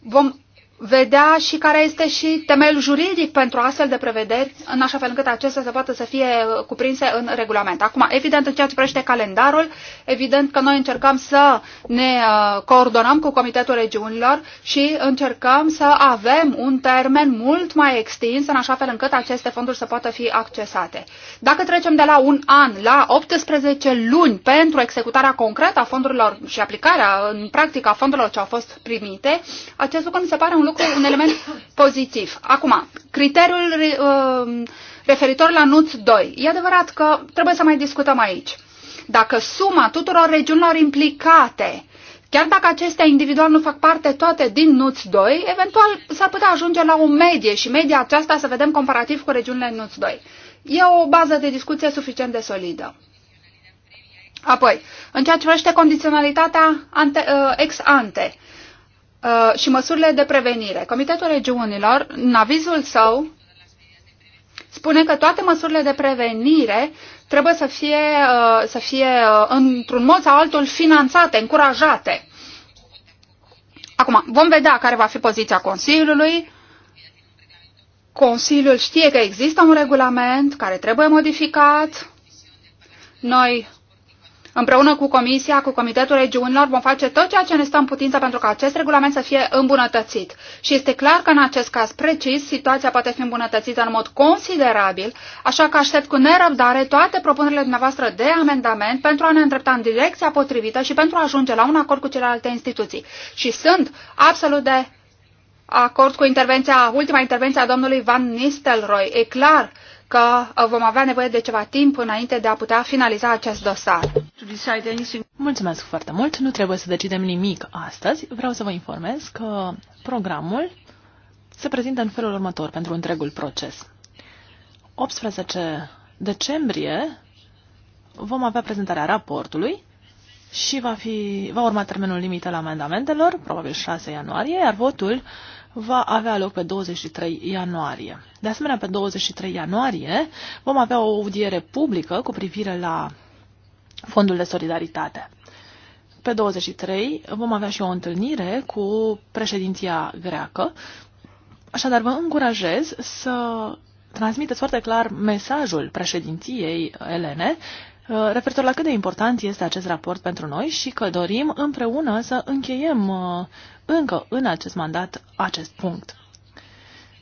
vom vedea și care este și temelul juridic pentru astfel de prevederi, în așa fel încât acestea să poată să fie cuprinse în regulament. Acum, evident, în ceea ce privește calendarul, evident că noi încercăm să ne uh, coordonăm cu Comitetul Regiunilor și încercăm să avem un termen mult mai extins, în așa fel încât aceste fonduri să poată fi accesate. Dacă trecem de la un an la 18 luni pentru executarea concretă a fondurilor și aplicarea în practică a fondurilor ce au fost primite, acest lucru mi se pare un lucru, un element pozitiv. Acum, criteriul uh, referitor la NUTS 2. E adevărat că trebuie să mai discutăm aici. Dacă suma tuturor regiunilor implicate Chiar dacă acestea individual nu fac parte toate din NUTS 2, eventual s-ar putea ajunge la o medie și media aceasta să vedem comparativ cu regiunile NUTS 2. E o bază de discuție suficient de solidă. Apoi, în ceea ce privește condiționalitatea ante, uh, ex ante, Uh, și măsurile de prevenire. Comitetul Regiunilor, în avizul său, spune că toate măsurile de prevenire trebuie să fie, uh, să fie uh, într-un mod sau altul finanțate, încurajate. Acum, vom vedea care va fi poziția Consiliului. Consiliul știe că există un regulament care trebuie modificat. Noi Împreună cu Comisia, cu Comitetul Regiunilor, vom face tot ceea ce ne stă în putință pentru ca acest regulament să fie îmbunătățit. Și este clar că în acest caz precis, situația poate fi îmbunătățită în mod considerabil, așa că aștept cu nerăbdare toate propunerile dumneavoastră de amendament pentru a ne îndrepta în direcția potrivită și pentru a ajunge la un acord cu celelalte instituții. Și sunt absolut de acord cu intervenția, ultima intervenție a domnului Van Nistelrooy. E clar că uh, vom avea nevoie de ceva timp înainte de a putea finaliza acest dosar. Mulțumesc foarte mult. Nu trebuie să decidem nimic astăzi. Vreau să vă informez că programul se prezintă în felul următor pentru întregul proces. 18 decembrie vom avea prezentarea raportului și va, fi, va urma termenul limită la amendamentelor, probabil 6 ianuarie, iar votul va avea loc pe 23 ianuarie. De asemenea, pe 23 ianuarie vom avea o audiere publică cu privire la Fondul de Solidaritate. Pe 23 vom avea și o întâlnire cu președinția greacă. Așadar, vă încurajez să transmiteți foarte clar mesajul președinției Elene referitor la cât de important este acest raport pentru noi și că dorim împreună să încheiem încă în acest mandat acest punct.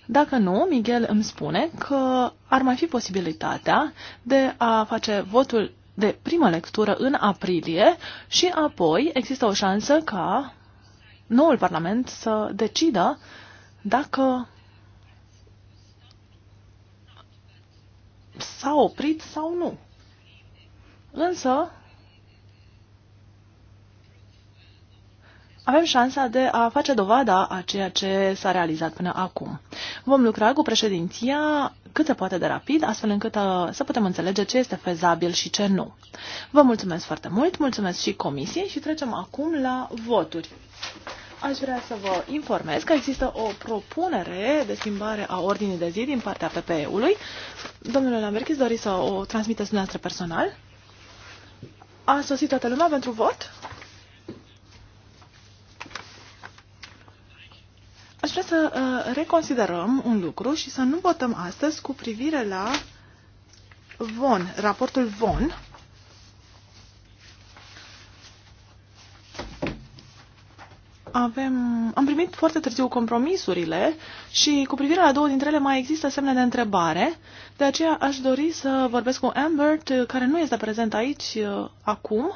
Dacă nu, Miguel îmi spune că ar mai fi posibilitatea de a face votul de primă lectură în aprilie și apoi există o șansă ca noul Parlament să decidă dacă s-a oprit sau nu. Însă, avem șansa de a face dovada a ceea ce s-a realizat până acum. Vom lucra cu președinția cât se poate de rapid, astfel încât uh, să putem înțelege ce este fezabil și ce nu. Vă mulțumesc foarte mult, mulțumesc și comisiei și trecem acum la voturi. Aș vrea să vă informez că există o propunere de schimbare a ordinii de zi din partea PPE-ului. Domnule Lamberchis, doriți să o transmiteți dumneavoastră personal? A sosit toată lumea pentru vot? Aș vrea să uh, reconsiderăm un lucru și să nu votăm astăzi cu privire la VON, raportul VON. Avem, am primit foarte târziu compromisurile și cu privire la două dintre ele mai există semne de întrebare. De aceea aș dori să vorbesc cu Amber, care nu este prezent aici uh, acum,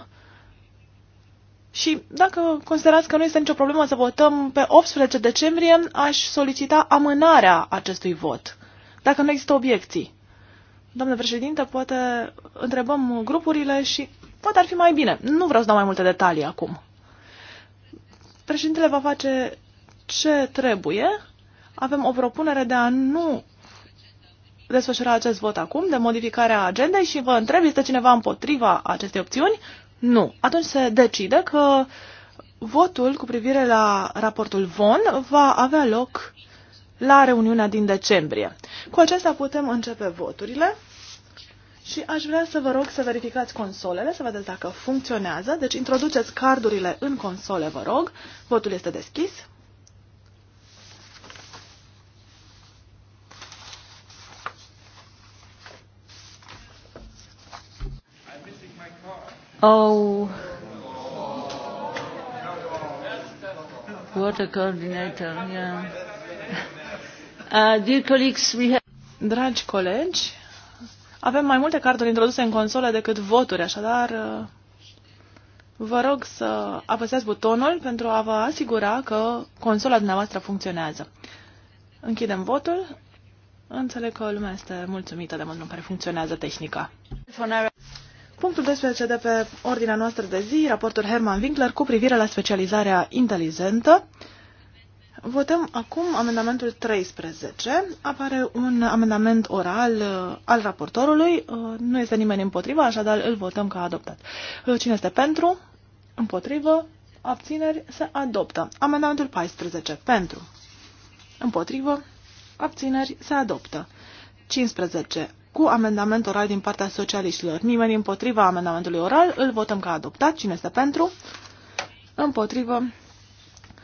și dacă considerați că nu este nicio problemă să votăm pe 18 decembrie, aș solicita amânarea acestui vot, dacă nu există obiecții. Doamne președinte, poate întrebăm grupurile și poate ar fi mai bine. Nu vreau să dau mai multe detalii acum. Președintele va face ce trebuie. Avem o propunere de a nu desfășura acest vot acum, de modificarea agendei și vă întreb, este cineva împotriva acestei opțiuni? Nu. Atunci se decide că votul cu privire la raportul VON va avea loc la reuniunea din decembrie. Cu acesta putem începe voturile și aș vrea să vă rog să verificați consolele, să vedeți dacă funcționează. Deci introduceți cardurile în console, vă rog. Votul este deschis. Oh. What a coordinator, yeah. Uh, dear colleagues, we have... Dragi colegi, avem mai multe carduri introduse în console decât voturi, așadar uh, vă rog să apăsați butonul pentru a vă asigura că consola dumneavoastră funcționează. Închidem votul. Înțeleg că lumea este mulțumită de modul în care funcționează tehnica. Punctul 12 de pe ordinea noastră de zi, raportul Herman Winkler cu privire la specializarea inteligentă. Votăm acum amendamentul 13. Apare un amendament oral uh, al raportorului. Uh, nu este nimeni împotriva, așadar îl votăm ca adoptat. Uh, cine este pentru? Împotrivă? Abțineri? Se adoptă. Amendamentul 14. Pentru? Împotrivă? Abțineri? Se adoptă. 15 cu amendament oral din partea socialiștilor. Nimeni împotriva amendamentului oral, îl votăm ca adoptat. Cine este pentru? Împotrivă.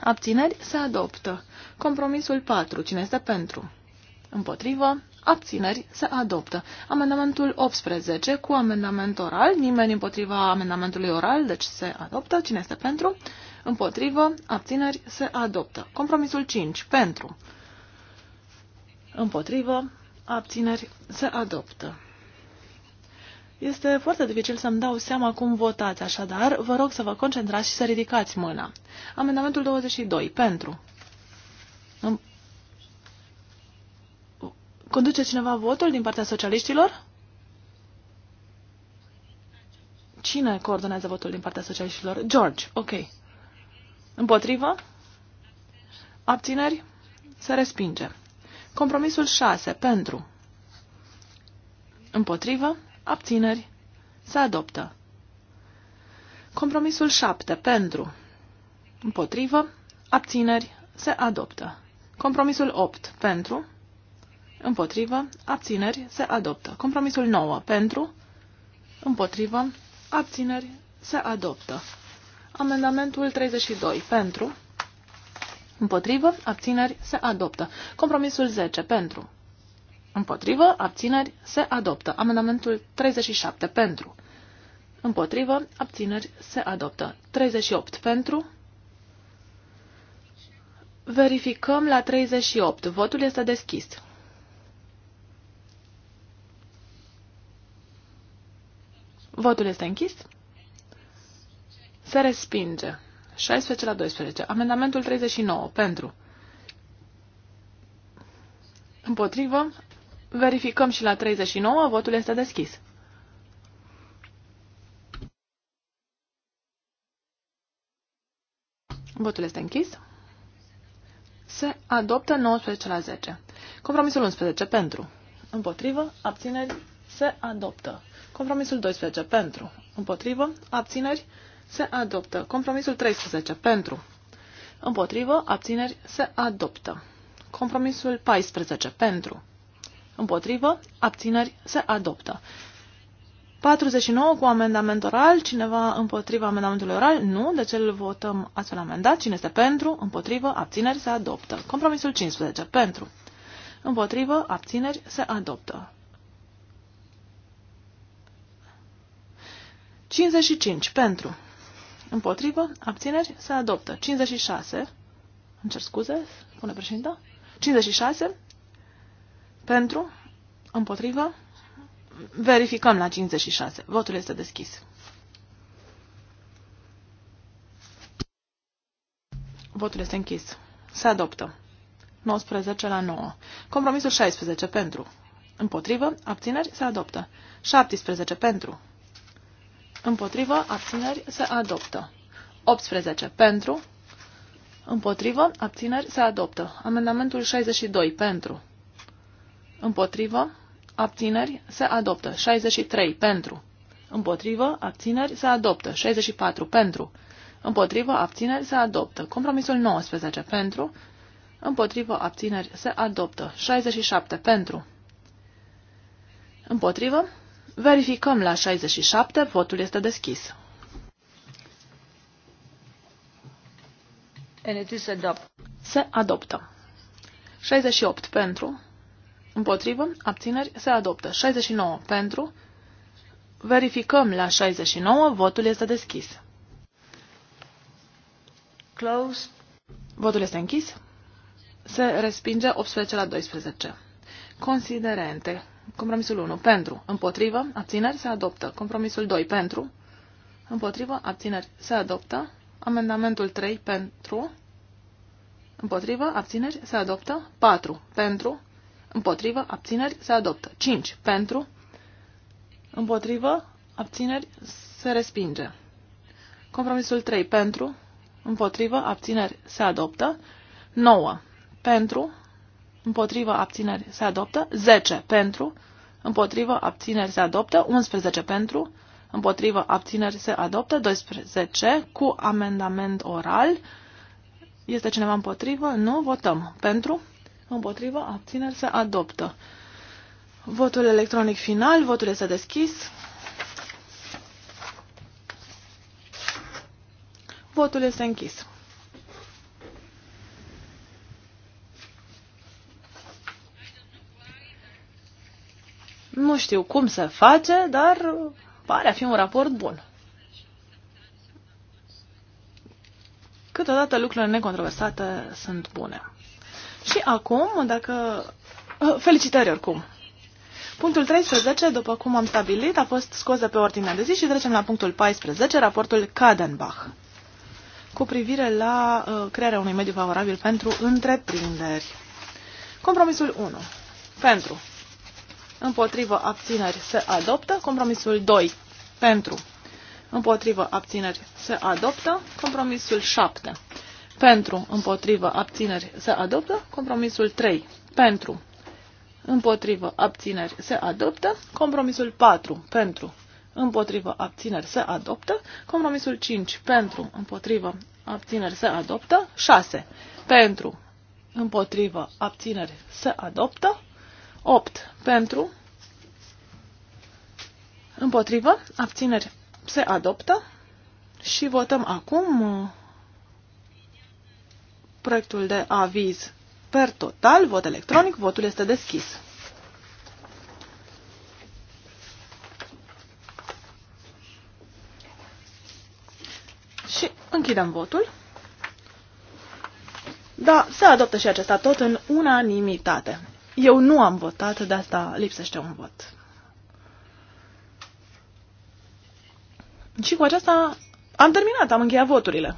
Abțineri se adoptă. Compromisul 4. Cine este pentru? Împotrivă. Abțineri se adoptă. Amendamentul 18 cu amendament oral. Nimeni împotriva amendamentului oral, deci se adoptă. Cine este pentru? Împotrivă. Abțineri se adoptă. Compromisul 5. Pentru. Împotrivă abțineri, se adoptă. Este foarte dificil să-mi dau seama cum votați, așadar vă rog să vă concentrați și să ridicați mâna. Amendamentul 22. Pentru. Conduce cineva votul din partea socialiștilor? Cine coordonează votul din partea socialiștilor? George. Ok. Împotrivă? Abțineri? Se respinge. Compromisul 6. Pentru. Împotrivă. Abțineri. Se adoptă. Compromisul 7. Pentru. Împotrivă. Abțineri. Se adoptă. Compromisul 8. Pentru. Împotrivă. Abțineri. Se adoptă. Compromisul 9. Pentru. Împotrivă. Abțineri. Se adoptă. Amendamentul 32. Pentru. Împotrivă, abțineri, se adoptă. Compromisul 10, pentru. Împotrivă, abțineri, se adoptă. Amendamentul 37, pentru. Împotrivă, abțineri, se adoptă. 38, pentru. Verificăm la 38. Votul este deschis. Votul este închis. Se respinge. 16 la 12. Amendamentul 39. Pentru. Împotrivă. Verificăm și la 39. Votul este deschis. Votul este închis. Se adoptă 19 la 10. Compromisul 11 pentru. Împotrivă, abțineri, se adoptă. Compromisul 12 pentru. Împotrivă, abțineri, se adoptă. Compromisul 13 pentru. Împotrivă, abțineri, se adoptă. Compromisul 14 pentru. Împotrivă, abțineri, se adoptă. 49 cu amendament oral. Cineva împotriva amendamentului oral? Nu. de ce îl votăm astfel amendat. Cine este pentru? Împotrivă, abțineri, se adoptă. Compromisul 15 pentru. Împotrivă, abțineri, se adoptă. 55 pentru. Împotrivă. Abțineri. Se adoptă. 56. Îmi cer scuze. Spune președinte, 56. Pentru. Împotrivă. Verificăm la 56. Votul este deschis. Votul este închis. Se adoptă. 19 la 9. Compromisul 16 pentru. Împotrivă. Abțineri. Se adoptă. 17 pentru. Împotrivă, abțineri, se adoptă. 18. Pentru. Împotrivă, abțineri, se adoptă. Amendamentul 62. Pentru. Împotrivă, abțineri, se adoptă. 63. Pentru. Împotrivă, abțineri, se adoptă. 64. Pentru. Împotrivă, abțineri, se adoptă. Compromisul 19. Pentru. Împotrivă, abțineri, se adoptă. 67. Pentru. Împotrivă, Verificăm la 67, votul este deschis. Se adoptă. 68 pentru, împotrivă, abțineri, se adoptă. 69 pentru, verificăm la 69, votul este deschis. Close. Votul este închis. Se respinge 18 la 12. Considerente. Compromisul 1. Pentru. Împotrivă. Abțineri. Se adoptă. Compromisul 2. Pentru. Împotrivă. Abțineri. Se adoptă. Amendamentul 3. Pentru. Împotrivă. Abțineri. Se adoptă. 4. Pentru. Împotrivă. Abțineri. Se adoptă. 5. Pentru. Împotrivă. Abțineri. Se respinge. Compromisul 3. Pentru. Împotrivă. Abțineri. Se adoptă. 9. Pentru împotrivă, abțineri, se adoptă. 10 pentru, împotrivă, abțineri, se adoptă. 11 pentru, împotrivă, abțineri, se adoptă. 12 cu amendament oral. Este cineva împotrivă? Nu. Votăm. Pentru, împotrivă, abțineri, se adoptă. Votul electronic final, votul este deschis. Votul este închis. Nu știu cum se face, dar pare a fi un raport bun. Câteodată lucrurile necontroversate sunt bune. Și acum, dacă... Eh, felicitări oricum! Punctul 13, după cum am stabilit, a fost scos de pe ordinea de zi și trecem la punctul 14, raportul Kadenbach, cu privire la uh, crearea unui mediu favorabil pentru întreprinderi. Compromisul 1. Pentru împotrivă abțineri se adoptă. Compromisul 2 pentru, împotrivă abțineri se adoptă. Compromisul 7 pentru, împotrivă abțineri se adoptă. Compromisul 3 pentru, împotrivă abțineri se adoptă. Compromisul 4 pentru, împotrivă abțineri se adoptă. Compromisul 5 pentru, împotrivă abțineri se adoptă. 6 pentru, împotrivă abțineri se adoptă. 8 pentru, împotrivă, abțineri se adoptă și votăm acum uh, proiectul de aviz per total, vot electronic, votul este deschis. Și închidem votul. Da, se adoptă și acesta tot în unanimitate. Eu nu am votat, de asta lipsește un vot. Și cu aceasta am terminat, am încheiat voturile.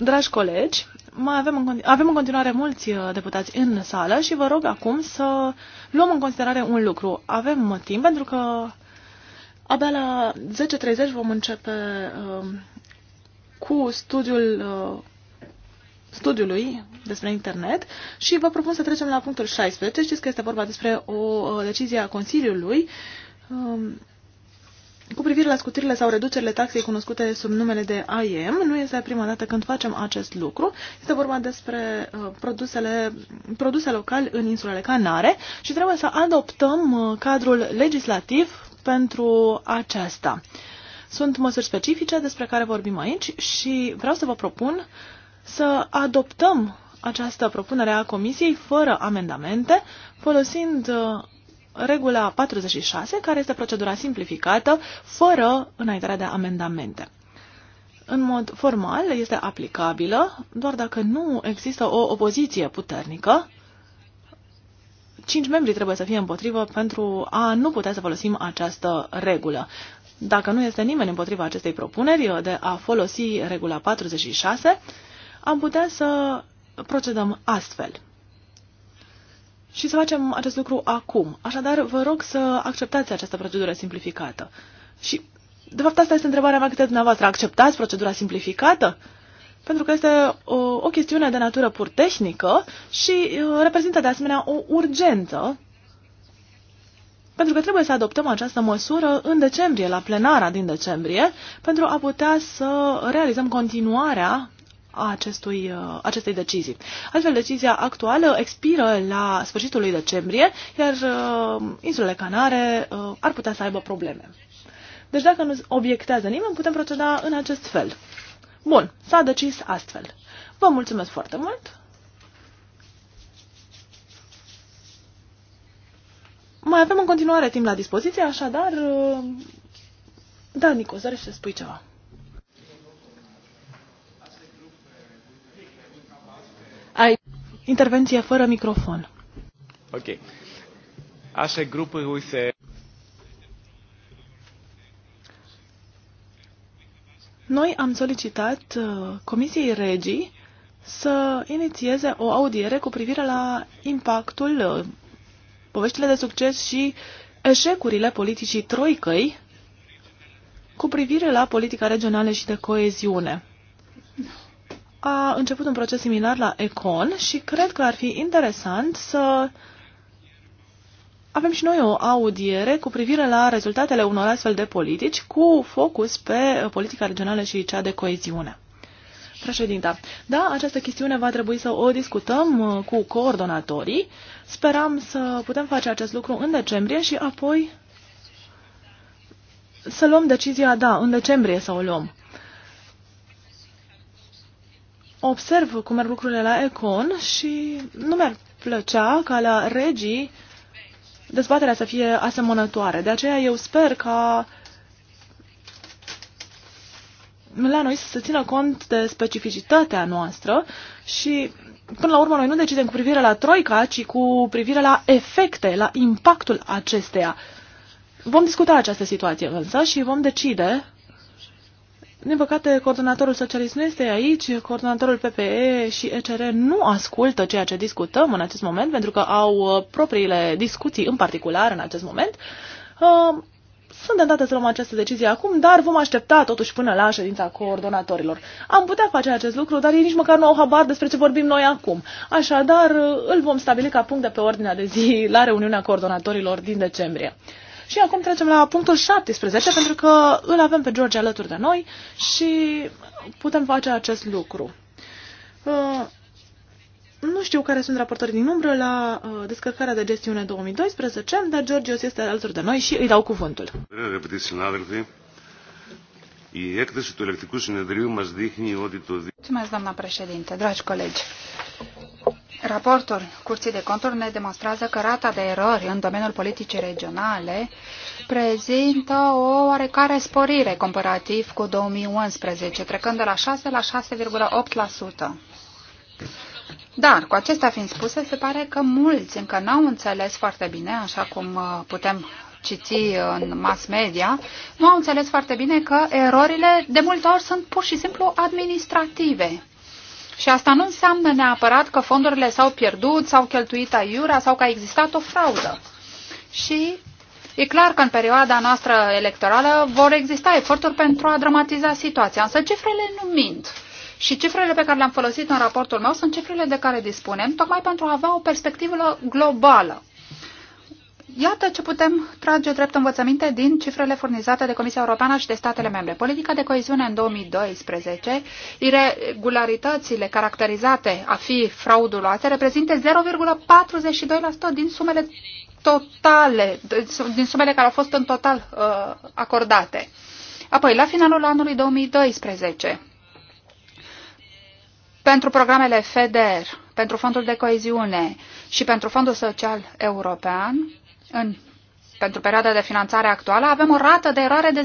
Dragi colegi, mai avem în, avem în continuare mulți uh, deputați în sală și vă rog acum să luăm în considerare un lucru. Avem timp pentru că abia la 10.30 vom începe uh, cu studiul uh, studiului despre internet și vă propun să trecem la punctul 16. Știți că este vorba despre o uh, decizie a Consiliului uh, cu privire la scutirile sau reducerile taxei cunoscute sub numele de AIM, nu este prima dată când facem acest lucru. Este vorba despre uh, produsele, produse locale în insulele Canare și trebuie să adoptăm uh, cadrul legislativ pentru aceasta. Sunt măsuri specifice despre care vorbim aici și vreau să vă propun să adoptăm această propunere a Comisiei fără amendamente, folosind uh, regula 46, care este procedura simplificată, fără înaintarea de amendamente. În mod formal, este aplicabilă doar dacă nu există o opoziție puternică. Cinci membri trebuie să fie împotrivă pentru a nu putea să folosim această regulă. Dacă nu este nimeni împotriva acestei propuneri de a folosi regula 46, am putea să procedăm astfel și să facem acest lucru acum. Așadar, vă rog să acceptați această procedură simplificată. Și, de fapt, asta este întrebarea mea către dumneavoastră. Acceptați procedura simplificată? Pentru că este o, uh, o chestiune de natură pur tehnică și uh, reprezintă, de asemenea, o urgență pentru că trebuie să adoptăm această măsură în decembrie, la plenara din decembrie, pentru a putea să realizăm continuarea acestui, uh, acestei decizii. Astfel, decizia actuală expiră la sfârșitul lui decembrie, iar uh, insulele Canare uh, ar putea să aibă probleme. Deci dacă nu obiectează nimeni, putem proceda în acest fel. Bun, s-a decis astfel. Vă mulțumesc foarte mult! Mai avem în continuare timp la dispoziție, așadar... Da, Nico, să spui ceva. Intervenție fără microfon. Ok. Așa grupul uite... Noi am solicitat uh, Comisiei Regii să inițieze o audiere cu privire la impactul, uh, poveștile de succes și eșecurile politicii troicăi cu privire la politica regională și de coeziune a început un proces similar la Econ și cred că ar fi interesant să avem și noi o audiere cu privire la rezultatele unor astfel de politici cu focus pe politica regională și cea de coeziune. Președinta, da, această chestiune va trebui să o discutăm uh, cu coordonatorii. Speram să putem face acest lucru în decembrie și apoi să luăm decizia, da, în decembrie să o luăm observ cum merg lucrurile la Econ și nu mi-ar plăcea ca la regii dezbaterea să fie asemănătoare. De aceea eu sper ca la noi să se țină cont de specificitatea noastră și până la urmă noi nu decidem cu privire la Troica, ci cu privire la efecte, la impactul acesteia. Vom discuta această situație însă și vom decide din păcate, coordonatorul socialist nu este aici, coordonatorul PPE și ECR nu ascultă ceea ce discutăm în acest moment, pentru că au uh, propriile discuții în particular în acest moment. Uh, Sunt tentată să luăm această decizie acum, dar vom aștepta totuși până la ședința coordonatorilor. Am putea face acest lucru, dar ei nici măcar nu au habar despre ce vorbim noi acum. Așadar, uh, îl vom stabili ca punct de pe ordinea de zi la reuniunea coordonatorilor din decembrie. Și acum trecem la punctul 17, pentru că îl avem pe George alături de noi și putem face acest lucru. Uh, nu știu care sunt raportorii din umbră la uh, descărcarea de gestiune 2012, dar Georgios este alături de noi și îi dau cuvântul. Mulțumesc, doamna președinte, dragi colegi. Raportul Curții de Conturi ne demonstrează că rata de erori în domeniul politicii regionale prezintă o oarecare sporire comparativ cu 2011, trecând de la 6 la 6,8%. Dar, cu acestea fiind spuse, se pare că mulți încă n-au înțeles foarte bine, așa cum uh, putem citi în mass media, nu au înțeles foarte bine că erorile de multe ori sunt pur și simplu administrative și asta nu înseamnă neapărat că fondurile s-au pierdut, s-au cheltuit aiurea sau că a existat o fraudă. Și e clar că în perioada noastră electorală vor exista eforturi pentru a dramatiza situația, însă cifrele nu mint. Și cifrele pe care le-am folosit în raportul meu sunt cifrele de care dispunem, tocmai pentru a avea o perspectivă globală. Iată ce putem trage drept învățăminte din cifrele furnizate de Comisia Europeană și de statele membre. Politica de coeziune în 2012, irregularitățile caracterizate a fi frauduloase reprezintă 0,42% din sumele totale, din sumele care au fost în total uh, acordate. Apoi, la finalul anului 2012, pentru programele FEDER, pentru fondul de coeziune și pentru fondul social european, în pentru perioada de finanțare actuală, avem o rată de eroare de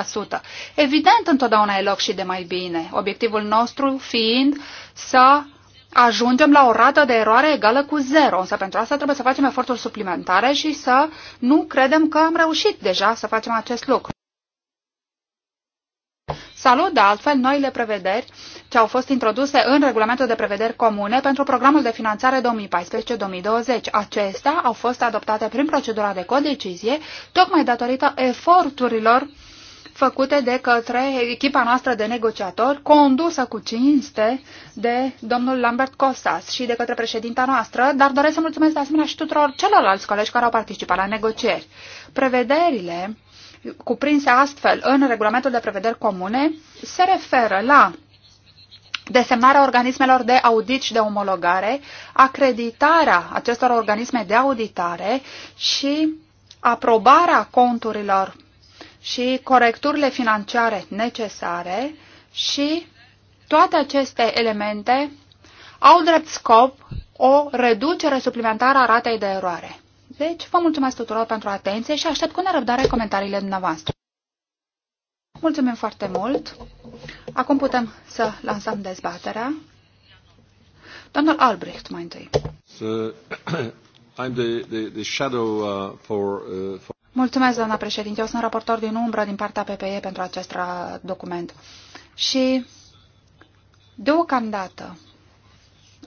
0,2%. Evident, întotdeauna e loc și de mai bine, obiectivul nostru fiind să ajungem la o rată de eroare egală cu 0, însă pentru asta trebuie să facem eforturi suplimentare și să nu credem că am reușit deja să facem acest lucru. Salut, de altfel, noile prevederi ce au fost introduse în regulamentul de prevederi comune pentru programul de finanțare 2014-2020. Acestea au fost adoptate prin procedura de codecizie, tocmai datorită eforturilor făcute de către echipa noastră de negociatori, condusă cu cinste de domnul Lambert Costas și de către președinta noastră, dar doresc să mulțumesc de asemenea și tuturor celorlalți colegi care au participat la negocieri. Prevederile cuprinse astfel în regulamentul de prevederi comune se referă la desemnarea organismelor de audit și de omologare, acreditarea acestor organisme de auditare și aprobarea conturilor și corecturile financiare necesare și toate aceste elemente au drept scop o reducere suplimentară a ratei de eroare. Deci, vă mulțumesc tuturor pentru atenție și aștept cu nerăbdare comentariile dumneavoastră. Mulțumim foarte mult. Acum putem să lansăm dezbaterea. Domnul Albrecht, mai întâi. Mulțumesc, doamna președinte. Eu sunt raportor din umbră din partea PPE pentru acest uh, document. Și deocamdată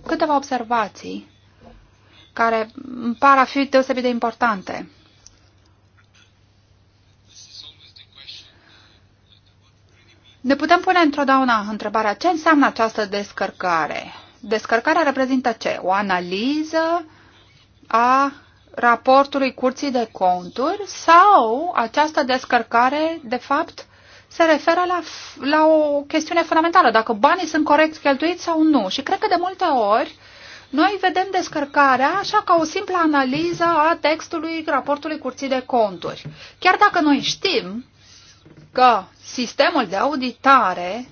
câteva observații care îmi par a fi deosebit de importante. Ne putem pune întotdeauna întrebarea ce înseamnă această descărcare. Descărcarea reprezintă ce? O analiză a raportului curții de conturi sau această descărcare, de fapt, se referă la, la o chestiune fundamentală, dacă banii sunt corect cheltuiți sau nu. Și cred că de multe ori noi vedem descărcarea așa ca o simplă analiză a textului raportului Curții de Conturi. Chiar dacă noi știm că sistemul de auditare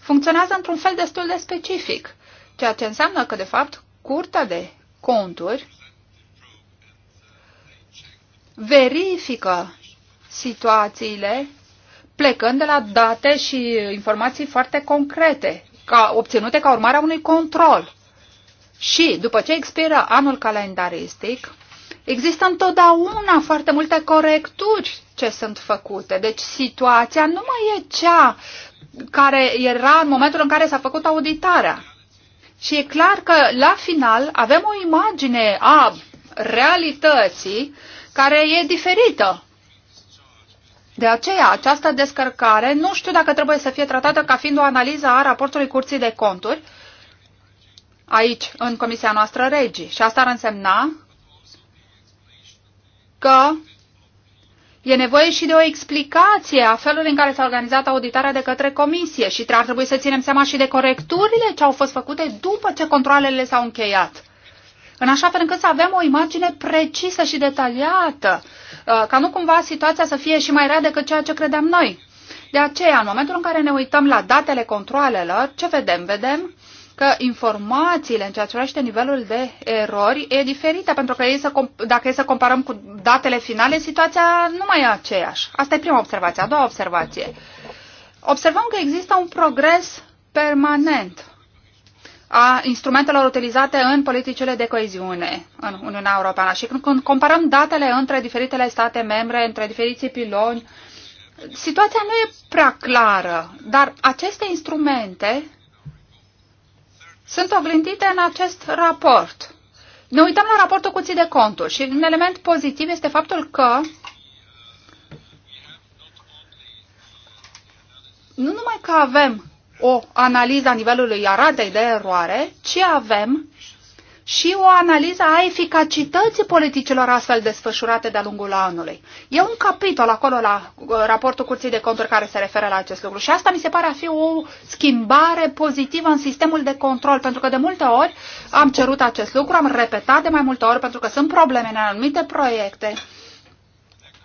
funcționează într-un fel destul de specific, ceea ce înseamnă că, de fapt, Curtea de Conturi verifică situațiile plecând de la date și informații foarte concrete, ca, obținute ca urmare a unui control și după ce expiră anul calendaristic, există întotdeauna foarte multe corecturi ce sunt făcute. Deci situația nu mai e cea care era în momentul în care s-a făcut auditarea. Și e clar că la final avem o imagine a realității care e diferită. De aceea, această descărcare nu știu dacă trebuie să fie tratată ca fiind o analiză a raportului Curții de Conturi, aici, în comisia noastră regii. Și asta ar însemna că e nevoie și de o explicație a felului în care s-a organizat auditarea de către comisie și ar trebui să ținem seama și de corecturile ce au fost făcute după ce controlele s-au încheiat. În așa fel încât să avem o imagine precisă și detaliată, uh, ca nu cumva situația să fie și mai rea decât ceea ce credeam noi. De aceea, în momentul în care ne uităm la datele controalelor, ce vedem? Vedem că informațiile în ceea ce privește nivelul de erori e diferită, pentru că ei să, dacă e să comparăm cu datele finale, situația nu mai e aceeași. Asta e prima observație. A doua observație. Observăm că există un progres permanent a instrumentelor utilizate în politicile de coeziune în Uniunea Europeană. Și când comparăm datele între diferitele state membre, între diferiții piloni, situația nu e prea clară, dar aceste instrumente sunt oglindite în acest raport. Ne uităm la raportul ții de Conturi și un element pozitiv este faptul că nu numai că avem o analiză a nivelului aratei de eroare, ci avem și o analiză a eficacității politicilor astfel desfășurate de-a lungul anului. E un capitol acolo la uh, raportul Curții de Conturi care se referă la acest lucru și asta mi se pare a fi o schimbare pozitivă în sistemul de control, pentru că de multe ori am cerut acest lucru, am repetat de mai multe ori, pentru că sunt probleme în anumite proiecte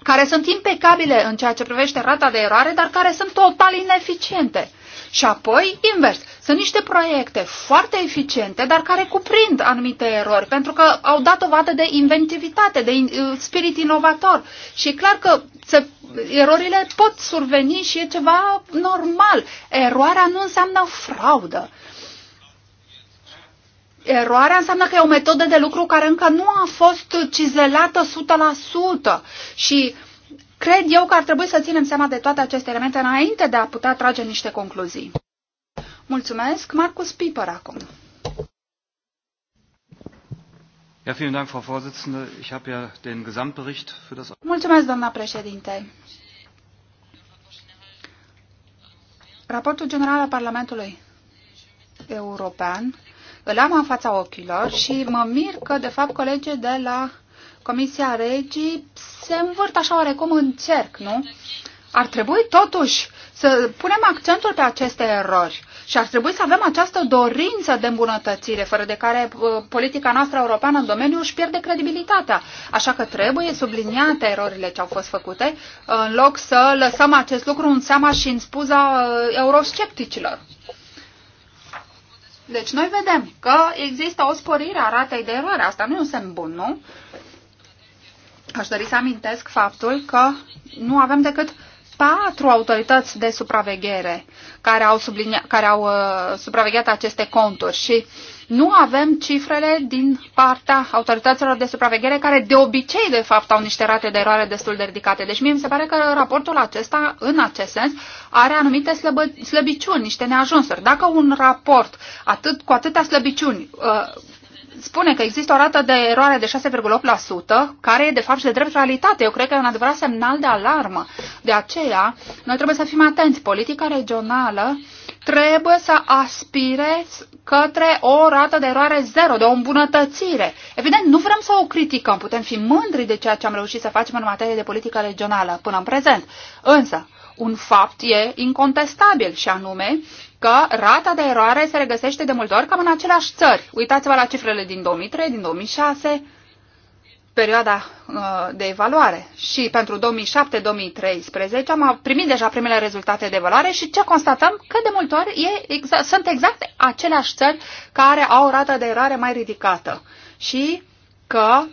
care sunt impecabile în ceea ce privește rata de eroare, dar care sunt total ineficiente. Și apoi, invers, sunt niște proiecte foarte eficiente, dar care cuprind anumite erori, pentru că au dat o vadă de inventivitate, de uh, spirit inovator. Și e clar că se, erorile pot surveni și e ceva normal. Eroarea nu înseamnă fraudă. Eroarea înseamnă că e o metodă de lucru care încă nu a fost cizelată 100% și uh, Cred eu că ar trebui să ținem seama de toate aceste elemente înainte de a putea trage niște concluzii. Mulțumesc. Marcus Piper acum. Ja, vielen Dank, Frau Vorsitzende. Ich habe ja den Gesamtbericht für das Mulțumesc, doamna președinte. Raportul general al Parlamentului European îl am în fața ochilor și mă mir că, de fapt, colegii de la Comisia Regii se învârt așa oarecum în cerc, nu? Ar trebui totuși să punem accentul pe aceste erori și ar trebui să avem această dorință de îmbunătățire, fără de care uh, politica noastră europeană în domeniu își pierde credibilitatea. Așa că trebuie subliniate erorile ce au fost făcute, uh, în loc să lăsăm acest lucru în seama și în spuza uh, euroscepticilor. Deci noi vedem că există o sporire a ratei de eroare. Asta nu e un semn bun, nu? Aș dori să amintesc faptul că nu avem decât patru autorități de supraveghere care au, care au uh, supravegheat aceste conturi și nu avem cifrele din partea autorităților de supraveghere care de obicei, de fapt, au niște rate de eroare destul de ridicate. Deci mie mi se pare că raportul acesta, în acest sens, are anumite slăbă, slăbiciuni, niște neajunsuri. Dacă un raport atât, cu atâtea slăbiciuni uh, spune că există o rată de eroare de 6,8%, care e de fapt și de drept realitate. Eu cred că e un adevărat semnal de alarmă. De aceea, noi trebuie să fim atenți. Politica regională trebuie să aspire către o rată de eroare zero, de o îmbunătățire. Evident, nu vrem să o criticăm, putem fi mândri de ceea ce am reușit să facem în materie de politică regională până în prezent. Însă, un fapt e incontestabil și anume că rata de eroare se regăsește de multe ori cam în aceleași țări. Uitați-vă la cifrele din 2003, din 2006, perioada uh, de evaluare. Și pentru 2007-2013 am primit deja primele rezultate de evaluare și ce constatăm? Că de multe ori e, exact, sunt exact aceleași țări care au o rată de eroare mai ridicată și că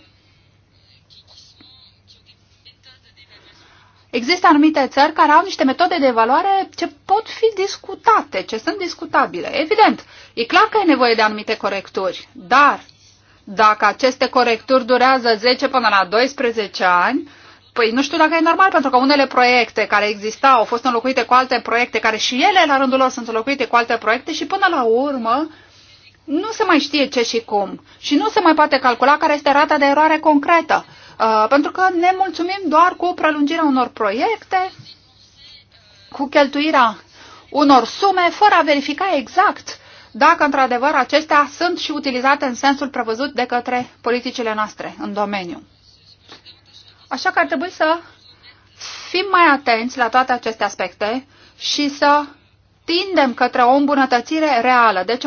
Există anumite țări care au niște metode de evaluare ce pot fi discutate, ce sunt discutabile. Evident, e clar că e nevoie de anumite corecturi, dar dacă aceste corecturi durează 10 până la 12 ani, Păi nu știu dacă e normal, pentru că unele proiecte care existau au fost înlocuite cu alte proiecte, care și ele la rândul lor sunt înlocuite cu alte proiecte și până la urmă nu se mai știe ce și cum. Și nu se mai poate calcula care este rata de eroare concretă. Uh, pentru că ne mulțumim doar cu prelungirea unor proiecte, cu cheltuirea unor sume, fără a verifica exact dacă într-adevăr acestea sunt și utilizate în sensul prevăzut de către politicile noastre în domeniu. Așa că ar trebui să fim mai atenți la toate aceste aspecte și să tindem către o îmbunătățire reală. Deci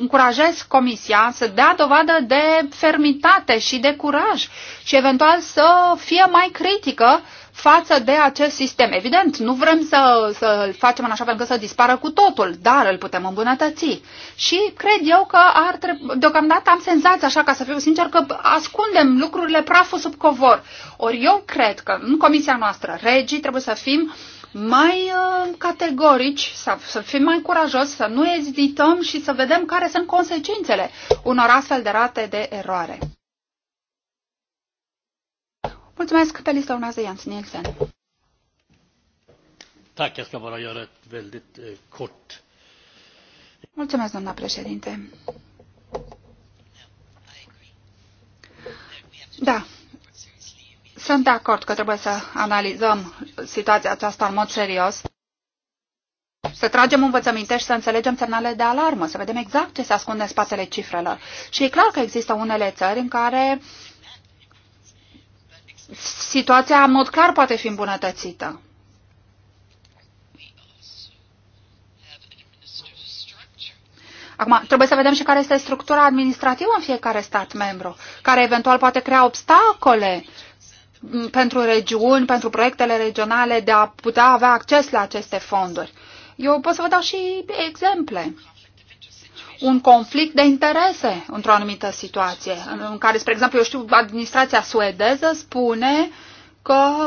încurajez Comisia să dea dovadă de fermitate și de curaj și eventual să fie mai critică față de acest sistem. Evident, nu vrem să, să îl facem în așa fel încât să dispară cu totul, dar îl putem îmbunătăți. Și cred eu că ar trebui, deocamdată am senzația, așa ca să fiu sincer, că ascundem lucrurile praful sub covor. Ori eu cred că în comisia noastră, regii, trebuie să fim uh, mai uh, categorici, să, să fim mai curajos să nu ezităm și să vedem care sunt consecințele unor astfel de rate de eroare. Mulțumesc, pe lista unează Jans Nielsen. Tack, jag ska bara göra ett väldigt eh, kort... Mulțumesc, doamna președinte. Da, sunt de acord că trebuie să analizăm situația aceasta în mod serios, să tragem învățăminte și să înțelegem semnale de alarmă, să vedem exact ce se ascunde în spatele cifrelor. Și e clar că există unele țări în care situația în mod clar poate fi îmbunătățită. Acum, trebuie să vedem și care este structura administrativă în fiecare stat membru, care eventual poate crea obstacole uh, pentru regiuni, pentru proiectele regionale, de a putea avea acces la aceste fonduri. Eu pot să vă dau și exemple. Un conflict de interese într-o anumită situație, în care, spre exemplu, eu știu, administrația suedeză spune că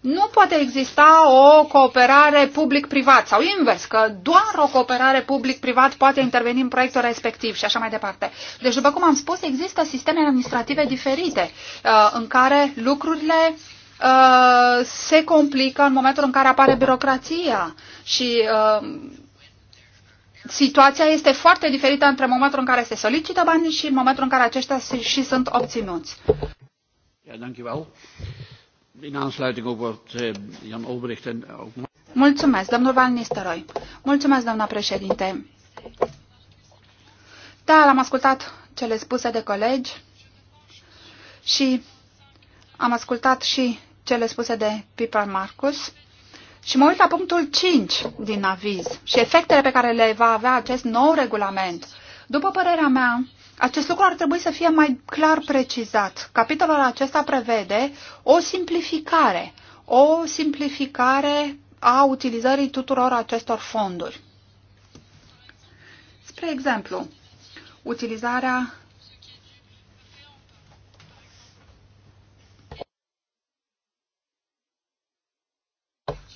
nu poate exista o cooperare public-privat sau invers, că doar o cooperare public-privat poate interveni în proiectul respectiv și așa mai departe. Deci, după cum am spus, există sisteme administrative diferite uh, în care lucrurile uh, se complică în momentul în care apare birocrația și uh, situația este foarte diferită între momentul în care se solicită banii și momentul în care aceștia și sunt obținuți. Eh, Mulțumesc, domnul Van Nistelrooy. Mulțumesc, doamna președinte. Da, l-am ascultat cele spuse de colegi și am ascultat și cele spuse de Piper Marcus și mă uit la punctul 5 din aviz și efectele pe care le va avea acest nou regulament. După părerea mea, acest lucru ar trebui să fie mai clar precizat. Capitolul acesta prevede o simplificare, o simplificare a utilizării tuturor acestor fonduri. Spre exemplu, utilizarea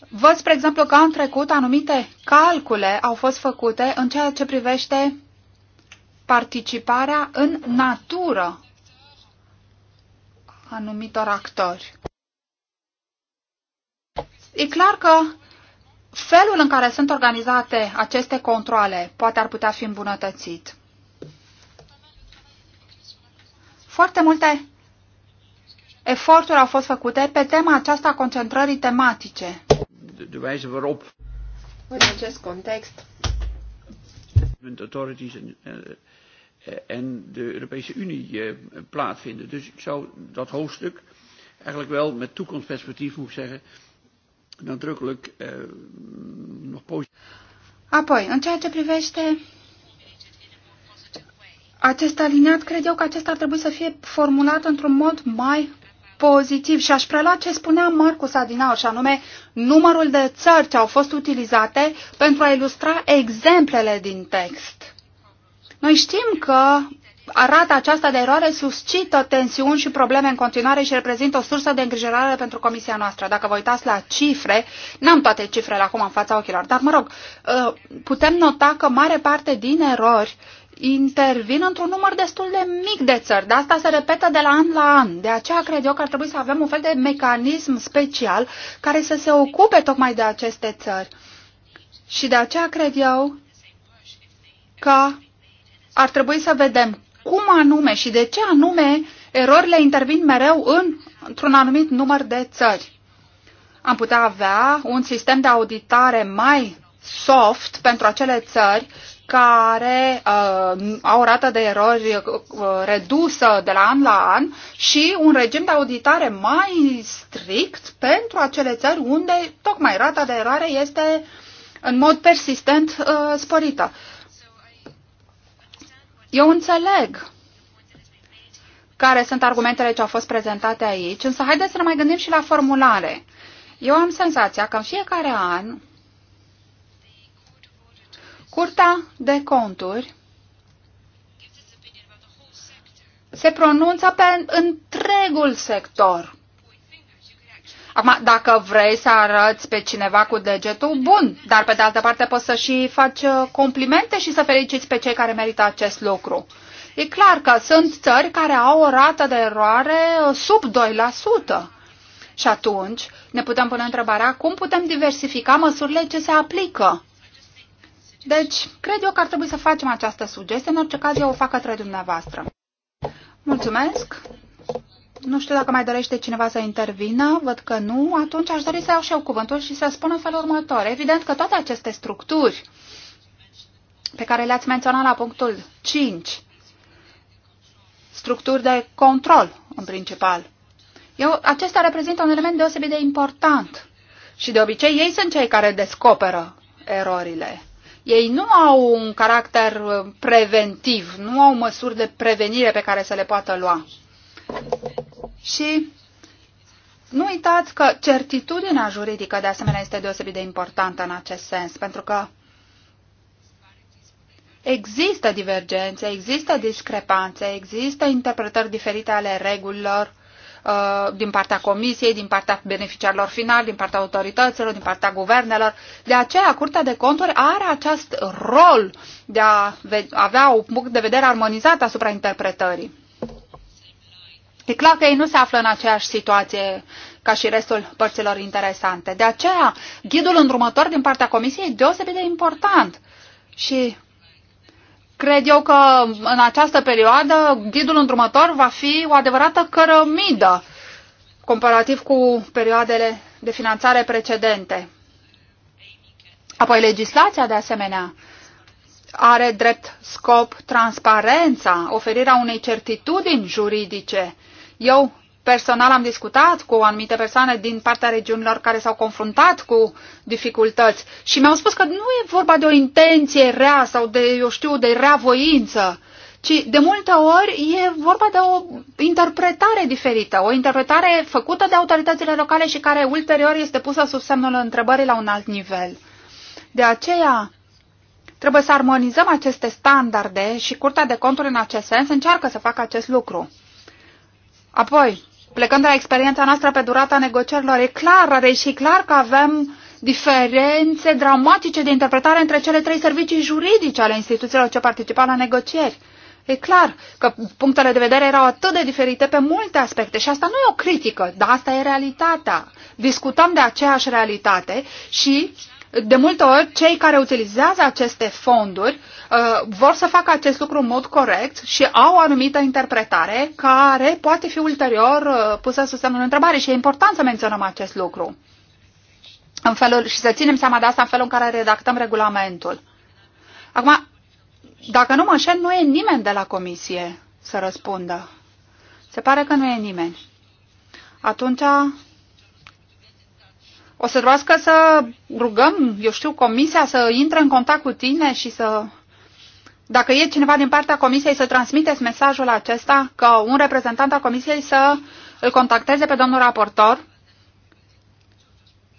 Văd, spre exemplu, că în trecut anumite calcule au fost făcute în ceea ce privește participarea în natură anumitor actori. E clar că felul în care sunt organizate aceste controle poate ar putea fi îmbunătățit. Foarte multe eforturi au fost făcute pe tema aceasta a concentrării tematice. În acest context, development authorities en, uh, en de Europese Unie uh, plaatsvinden. Dus ik zou dat hoofdstuk eigenlijk wel met toekomstperspectief, moet ik zeggen, nadrukkelijk uh, nog positief. Apoi, în ceea ce privește acest alineat, cred eu că acesta ar trebui să fie formulat într-un mod mai pozitiv și aș prelua ce spunea Marcus Adinau și anume numărul de țări ce au fost utilizate pentru a ilustra exemplele din text. Noi știm că arată aceasta de eroare suscită tensiuni și probleme în continuare și reprezintă o sursă de îngrijorare pentru comisia noastră. Dacă vă uitați la cifre, n-am toate cifrele acum în fața ochilor, dar mă rog, uh, putem nota că mare parte din erori intervin într-un număr destul de mic de țări. De asta se repetă de la an la an. De aceea cred eu că ar trebui să avem un fel de mecanism special care să se ocupe tocmai de aceste țări. Și de aceea cred eu că ar trebui să vedem cum anume și de ce anume erorile intervin mereu în, într-un anumit număr de țări. Am putea avea un sistem de auditare mai soft pentru acele țări care uh, au o rată de erori uh, redusă de la an la an și un regim de auditare mai strict pentru acele țări unde tocmai rata de eroare este în mod persistent uh, sporită. Eu înțeleg care sunt argumentele ce au fost prezentate aici, însă haideți să ne mai gândim și la formulare. Eu am senzația că în fiecare an Curta de conturi se pronunță pe întregul sector. Acum, dacă vrei să arăți pe cineva cu degetul, bun, dar pe de altă parte poți să și faci uh, complimente și să feliciți pe cei care merită acest lucru. E clar că sunt țări care au o rată de eroare uh, sub 2%. Și atunci ne putem pune întrebarea cum putem diversifica măsurile ce se aplică deci, cred eu că ar trebui să facem această sugestie. În orice caz, eu o fac către dumneavoastră. Mulțumesc. Nu știu dacă mai dorește cineva să intervină, văd că nu, atunci aș dori să iau și eu cuvântul și să spun în felul următor. Evident că toate aceste structuri pe care le-ați menționat la punctul 5, structuri de control în principal, eu, acestea reprezintă un element deosebit de important și de obicei ei sunt cei care descoperă erorile ei nu au un caracter uh, preventiv, nu au măsuri de prevenire pe care să le poată lua. Și nu uitați că certitudinea juridică de asemenea este deosebit de importantă în acest sens, pentru că există divergențe, există discrepanțe, există interpretări diferite ale regulilor Uh, din partea comisiei, din partea beneficiarilor finali, din partea autorităților, din partea guvernelor. De aceea, Curtea de Conturi are acest rol de a avea un punct de vedere armonizat asupra interpretării. E clar că ei nu se află în aceeași situație ca și restul părților interesante. De aceea, ghidul îndrumător din partea Comisiei e deosebit de important. Și Cred eu că în această perioadă ghidul îndrumător va fi o adevărată cărămidă comparativ cu perioadele de finanțare precedente. Apoi legislația de asemenea are drept scop transparența, oferirea unei certitudini juridice. Eu personal am discutat cu anumite persoane din partea regiunilor care s-au confruntat cu dificultăți și mi-au spus că nu e vorba de o intenție rea sau de, eu știu, de voință, ci de multe ori e vorba de o interpretare diferită, o interpretare făcută de autoritățile locale și care ulterior este pusă sub semnul întrebării la un alt nivel. De aceea, trebuie să armonizăm aceste standarde și Curtea de Conturi în acest sens încearcă să facă acest lucru. Apoi, plecând de la experiența noastră pe durata negocierilor, e clar, și clar că avem diferențe dramatice de interpretare între cele trei servicii juridice ale instituțiilor ce participau la negocieri. E clar că punctele de vedere erau atât de diferite pe multe aspecte și asta nu e o critică, dar asta e realitatea. Discutăm de aceeași realitate și de multe ori cei care utilizează aceste fonduri uh, vor să facă acest lucru în mod corect și au o anumită interpretare care poate fi ulterior uh, pusă sub semnul întrebare și e important să menționăm acest lucru. În felul, și să ținem seama de asta în felul în care redactăm regulamentul. Acum, dacă nu mă înșel, nu e nimeni de la comisie să răspundă. Se pare că nu e nimeni. Atunci o să trebuiască să rugăm, eu știu, comisia să intre în contact cu tine și să... Dacă e cineva din partea comisiei să transmiteți mesajul acesta, că un reprezentant al comisiei să îl contacteze pe domnul raportor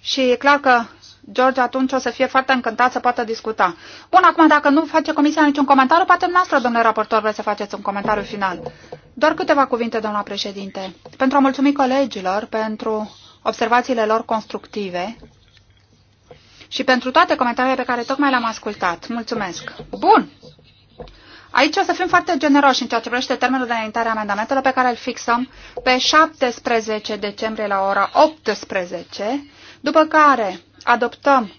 și e clar că George atunci o să fie foarte încântat să poată discuta. Bun, acum dacă nu face comisia niciun comentariu, poate noastră, domnule raportor, vreți să faceți un comentariu final. Doar câteva cuvinte, doamna președinte, pentru a mulțumi colegilor pentru observațiile lor constructive și pentru toate comentariile pe care tocmai le-am ascultat. Mulțumesc! Bun! Aici o să fim foarte generoși în ceea ce privește termenul de înaintare a amendamentelor pe care îl fixăm pe 17 decembrie la ora 18, după care adoptăm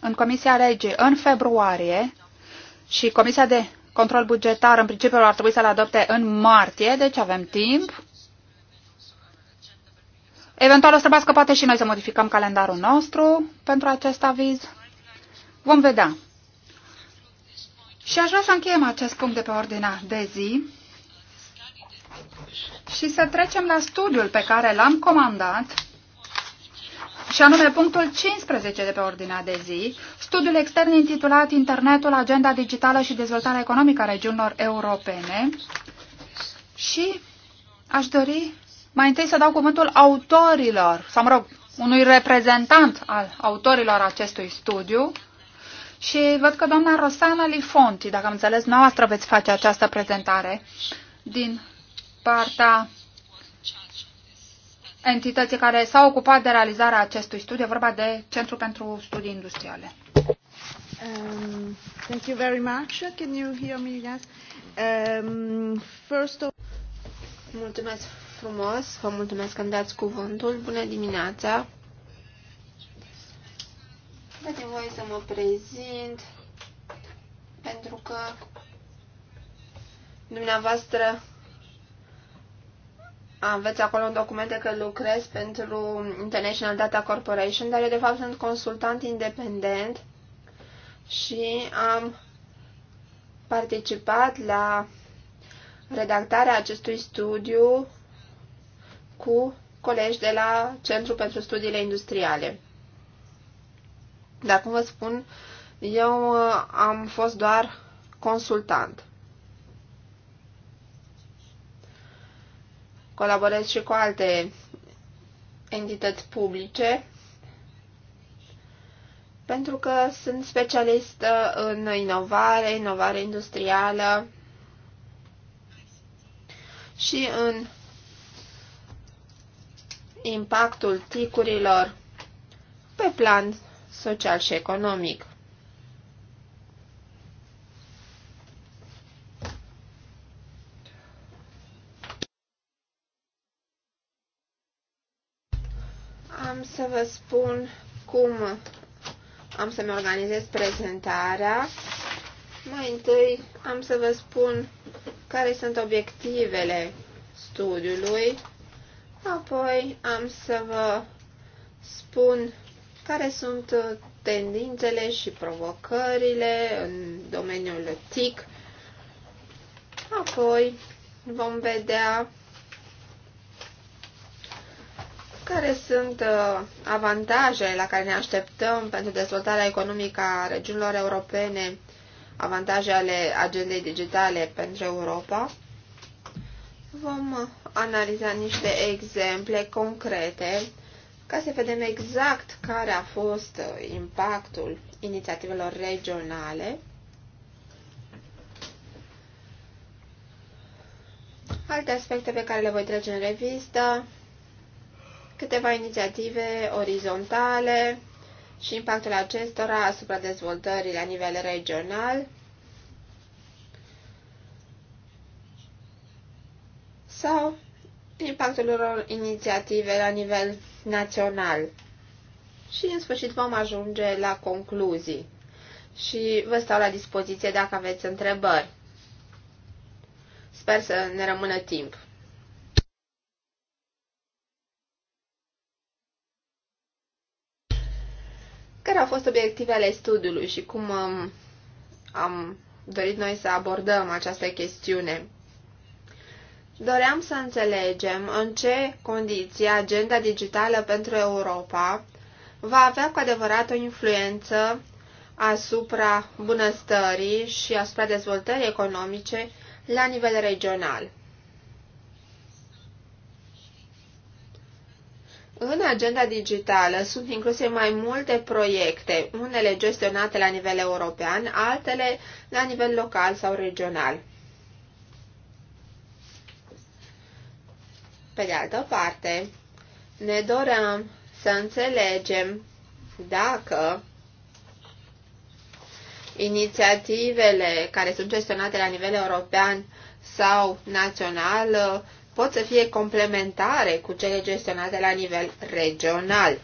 în Comisia Regii în februarie și Comisia de Control Bugetar în principiu ar trebui să le adopte în martie, deci avem timp Eventual o să trebuiască poate și noi să modificăm calendarul nostru pentru acest aviz. Vom vedea. Și aș vrea să încheiem acest punct de pe ordinea de zi și să trecem la studiul pe care l-am comandat și anume punctul 15 de pe ordinea de zi, studiul extern intitulat Internetul, Agenda Digitală și Dezvoltarea Economică a Regiunilor Europene și aș dori mai întâi să dau cuvântul autorilor, sau mă rog, unui reprezentant al autorilor acestui studiu. Și văd că doamna Rosana Lifonti, dacă am înțeles, noastră veți face această prezentare din partea entității care s-a ocupat de realizarea acestui studiu, vorba de Centrul pentru Studii Industriale. Um, thank you very much. Can you hear me? Yes. Um, first of... Mulțumesc frumos, vă mulțumesc că îmi dați cuvântul. Bună dimineața! dați voi să mă prezint, pentru că dumneavoastră aveți acolo document documente că lucrez pentru International Data Corporation, dar eu de fapt sunt consultant independent și am participat la redactarea acestui studiu cu colegi de la Centrul pentru Studiile Industriale. Dar, cum vă spun, eu uh, am fost doar consultant. Colaborez și cu alte entități publice, pentru că sunt specialistă uh, în inovare, inovare industrială și în impactul ticurilor pe plan social și economic. Am să vă spun cum am să-mi organizez prezentarea. Mai întâi am să vă spun care sunt obiectivele studiului Apoi am să vă spun care sunt uh, tendințele și provocările în domeniul TIC. Apoi vom vedea care sunt uh, avantajele la care ne așteptăm pentru dezvoltarea economică a regiunilor europene, avantaje ale agendei digitale pentru Europa. Vom analiza niște exemple concrete ca să vedem exact care a fost impactul inițiativelor regionale Alte aspecte pe care le voi trece în revistă, câteva inițiative orizontale și impactul acestora asupra dezvoltării la nivel regional, sau impactul lor inițiative la nivel național. Și în sfârșit vom ajunge la concluzii. Și vă stau la dispoziție dacă aveți întrebări. Sper să ne rămână timp. Care au fost obiectivele studiului și cum am, um, am dorit noi să abordăm această chestiune? Doream să înțelegem în ce condiții agenda digitală pentru Europa va avea cu adevărat o influență asupra bunăstării și asupra dezvoltării economice la nivel regional. În agenda digitală sunt incluse mai multe proiecte, unele gestionate la nivel european, altele la nivel local sau regional. Pe de altă parte, ne dorăm să înțelegem dacă inițiativele care sunt gestionate la nivel european sau național pot să fie complementare cu cele gestionate la nivel regional.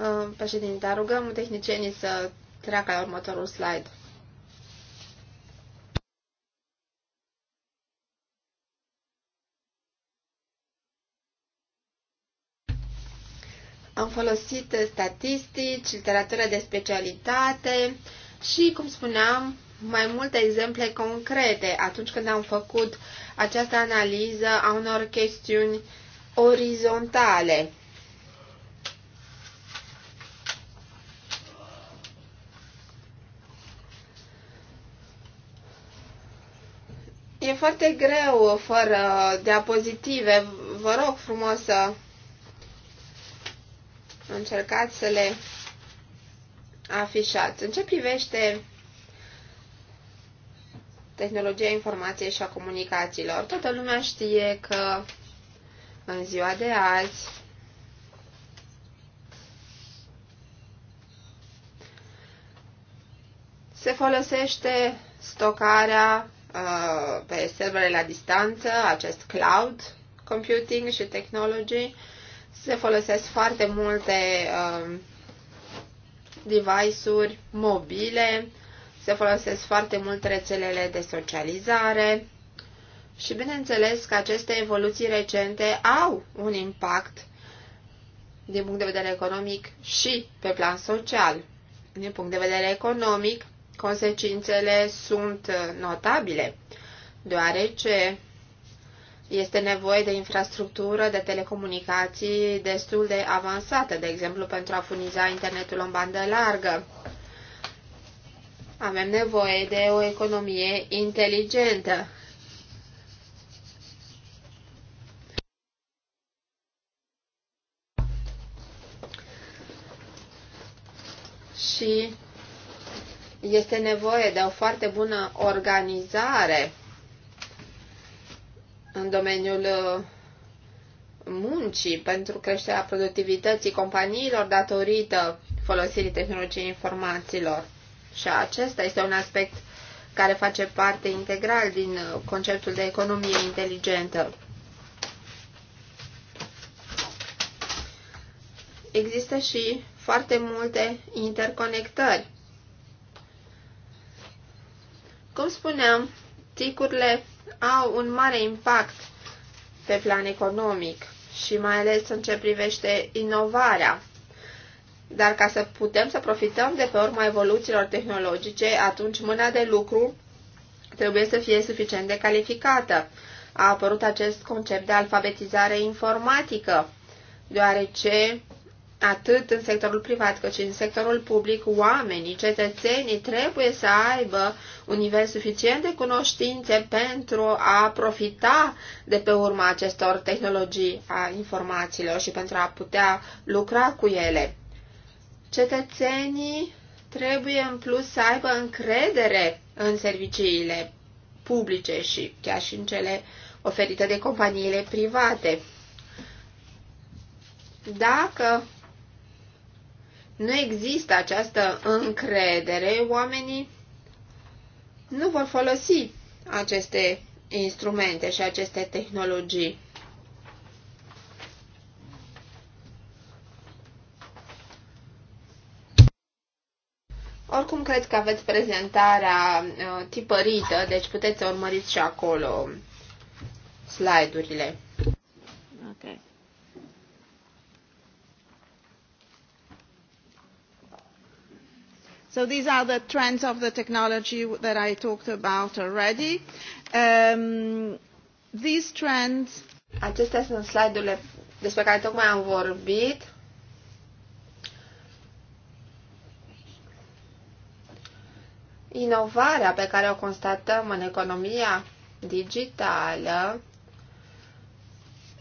Uh, președinte, rugăm tehnicienii să treacă la următorul slide. Am folosit statistici, literatură de specialitate și, cum spuneam, mai multe exemple concrete atunci când am făcut această analiză a unor chestiuni orizontale foarte greu fără diapozitive. Vă rog frumos să încercați să le afișați. În ce privește tehnologia informației și a comunicațiilor, toată lumea știe că în ziua de azi se folosește stocarea Uh, pe servere la distanță, acest cloud computing și technology. Se folosesc foarte multe um, device-uri mobile, se folosesc foarte mult rețelele de socializare și bineînțeles că aceste evoluții recente au un impact din punct de vedere economic și pe plan social. Din punct de vedere economic, Consecințele sunt notabile, deoarece este nevoie de infrastructură de telecomunicații destul de avansată, de exemplu pentru a furniza internetul în bandă largă. Avem nevoie de o economie inteligentă. Și este nevoie de o foarte bună organizare în domeniul uh, muncii pentru creșterea productivității companiilor datorită folosirii tehnologiei informațiilor. Și acesta este un aspect care face parte integral din uh, conceptul de economie inteligentă. Există și foarte multe interconectări cum spuneam, ticurile au un mare impact pe plan economic și mai ales în ce privește inovarea. Dar ca să putem să profităm de pe urma evoluțiilor tehnologice, atunci mâna de lucru trebuie să fie suficient de calificată. A apărut acest concept de alfabetizare informatică, deoarece atât în sectorul privat cât și în sectorul public, oamenii, cetățenii trebuie să aibă un nivel suficient de cunoștințe pentru a profita de pe urma acestor tehnologii a informațiilor și pentru a putea lucra cu ele. Cetățenii trebuie în plus să aibă încredere în serviciile publice și chiar și în cele oferite de companiile private. Dacă nu există această încredere, oamenii nu vor folosi aceste instrumente și aceste tehnologii. Oricum, cred că aveți prezentarea uh, tipărită, deci puteți să urmăriți și acolo slide-urile. Okay. So these are the trends of the technology that I talked about already. Um, these trends Acestea sunt slide-urile despre care tocmai am vorbit. Inovarea pe care o constatăm în economia digitală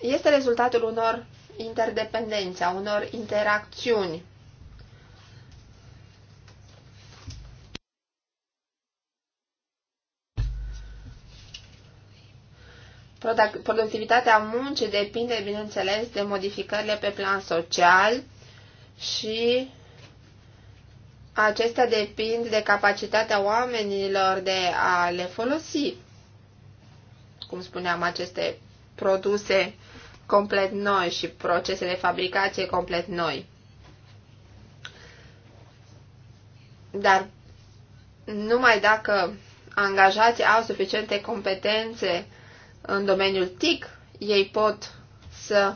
este rezultatul unor interdependențe, a unor interacțiuni productivitatea muncii depinde, bineînțeles, de modificările pe plan social și acestea depind de capacitatea oamenilor de a le folosi. Cum spuneam, aceste produse complet noi și procese de fabricație complet noi. Dar numai dacă angajații au suficiente competențe în domeniul TIC, ei pot să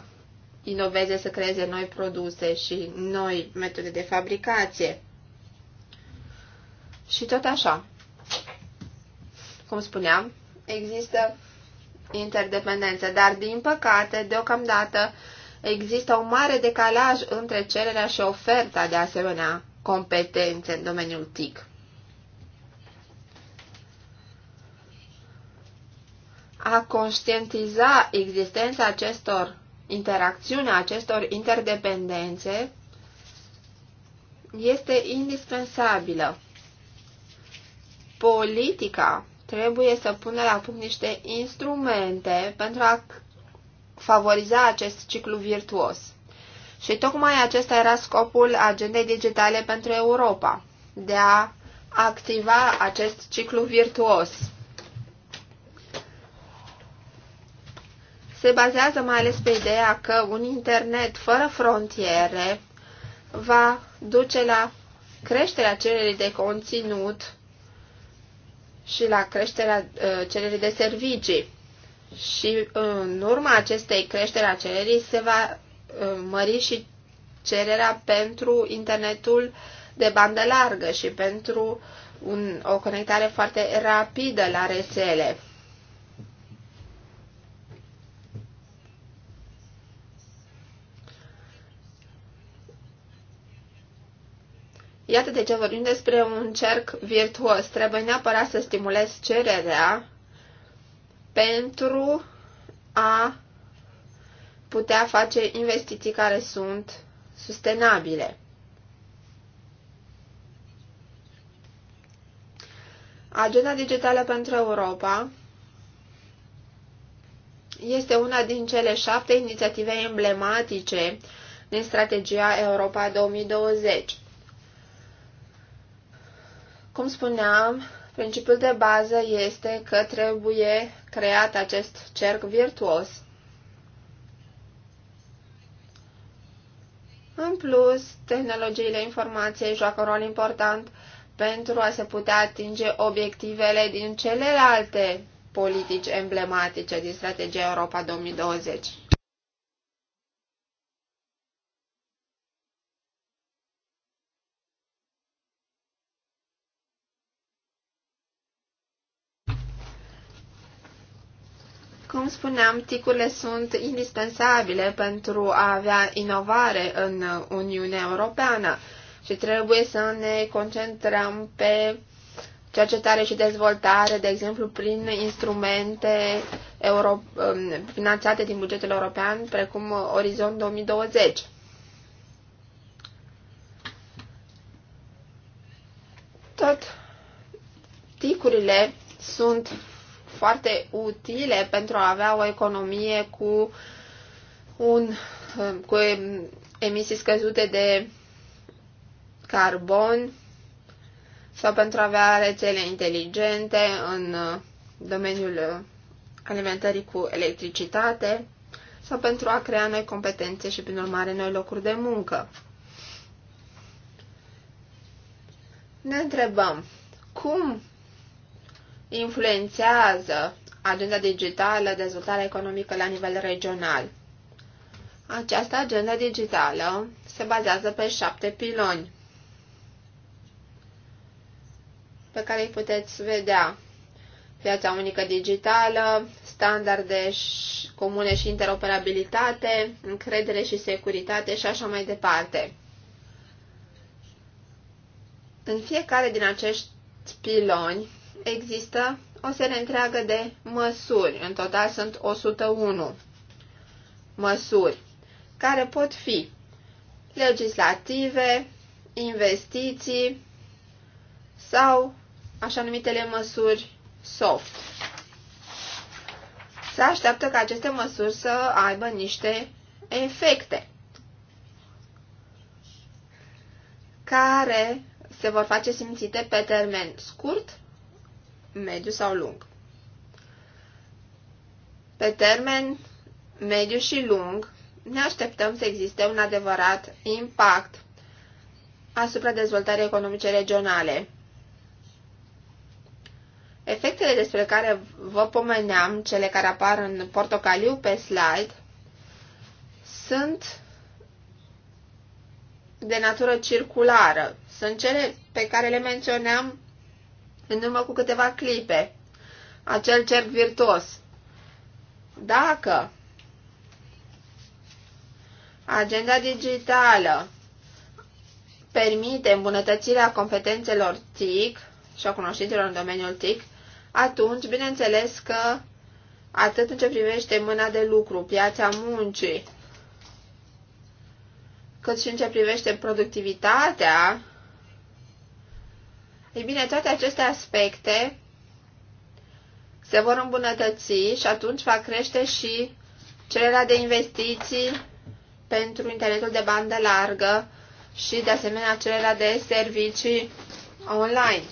inoveze, să creeze noi produse și noi metode de fabricație. Și tot așa. Cum spuneam, există interdependență, dar din păcate, deocamdată, există un mare decalaj între cererea și oferta de asemenea competențe în domeniul TIC. a conștientiza existența acestor interacțiuni, acestor interdependențe, este indispensabilă. Politica trebuie să pună la punct niște instrumente pentru a favoriza acest ciclu virtuos. Și tocmai acesta era scopul agendei digitale pentru Europa, de a activa acest ciclu virtuos. se bazează mai ales pe ideea că un internet fără frontiere va duce la creșterea cererii de conținut și la creșterea uh, cererii de servicii. Și uh, în urma acestei creșteri a cererii se va uh, mări și cererea pentru internetul de bandă largă și pentru un, o conectare foarte rapidă la rețele. Iată de ce vorbim despre un cerc virtuos. Trebuie neapărat să stimulezi cererea pentru a putea face investiții care sunt sustenabile. Agenda digitală pentru Europa este una din cele șapte inițiative emblematice din strategia Europa 2020. Cum spuneam, principiul de bază este că trebuie creat acest cerc virtuos. În plus, tehnologiile informației joacă un rol important pentru a se putea atinge obiectivele din celelalte politici emblematice din strategia Europa 2020. Cum spuneam, ticurile sunt indispensabile pentru a avea inovare în Uniunea Europeană și trebuie să ne concentrăm pe cercetare și dezvoltare, de exemplu, prin instrumente euro, um, finanțate din bugetul european, precum Orizont 2020. Tot ticurile sunt foarte utile pentru a avea o economie cu, un, cu emisii scăzute de carbon sau pentru a avea rețele inteligente în domeniul alimentării cu electricitate sau pentru a crea noi competențe și, prin urmare, noi locuri de muncă. Ne întrebăm cum influențează agenda digitală, dezvoltarea economică la nivel regional. Această agenda digitală se bazează pe șapte piloni pe care îi puteți vedea. Piața unică digitală, standarde comune și interoperabilitate, încredere și securitate și așa mai departe. În fiecare din acești piloni există o serie întreagă de măsuri. În total sunt 101 măsuri care pot fi legislative, investiții sau așa numitele măsuri soft. Se așteaptă ca aceste măsuri să aibă niște efecte care se vor face simțite pe termen scurt mediu sau lung. Pe termen mediu și lung, ne așteptăm să existe un adevărat impact asupra dezvoltării economice regionale. Efectele despre care vă pomeneam, cele care apar în portocaliu pe slide, sunt de natură circulară. Sunt cele pe care le menționam în urmă cu câteva clipe, acel cerc virtuos. Dacă agenda digitală permite îmbunătățirea competențelor TIC și a cunoștințelor în domeniul TIC, atunci, bineînțeles că atât în ce privește mâna de lucru, piața muncii, cât și în ce privește productivitatea ei bine, toate aceste aspecte se vor îmbunătăți și atunci va crește și cererea de investiții pentru internetul de bandă largă și, de asemenea, cererea de servicii online.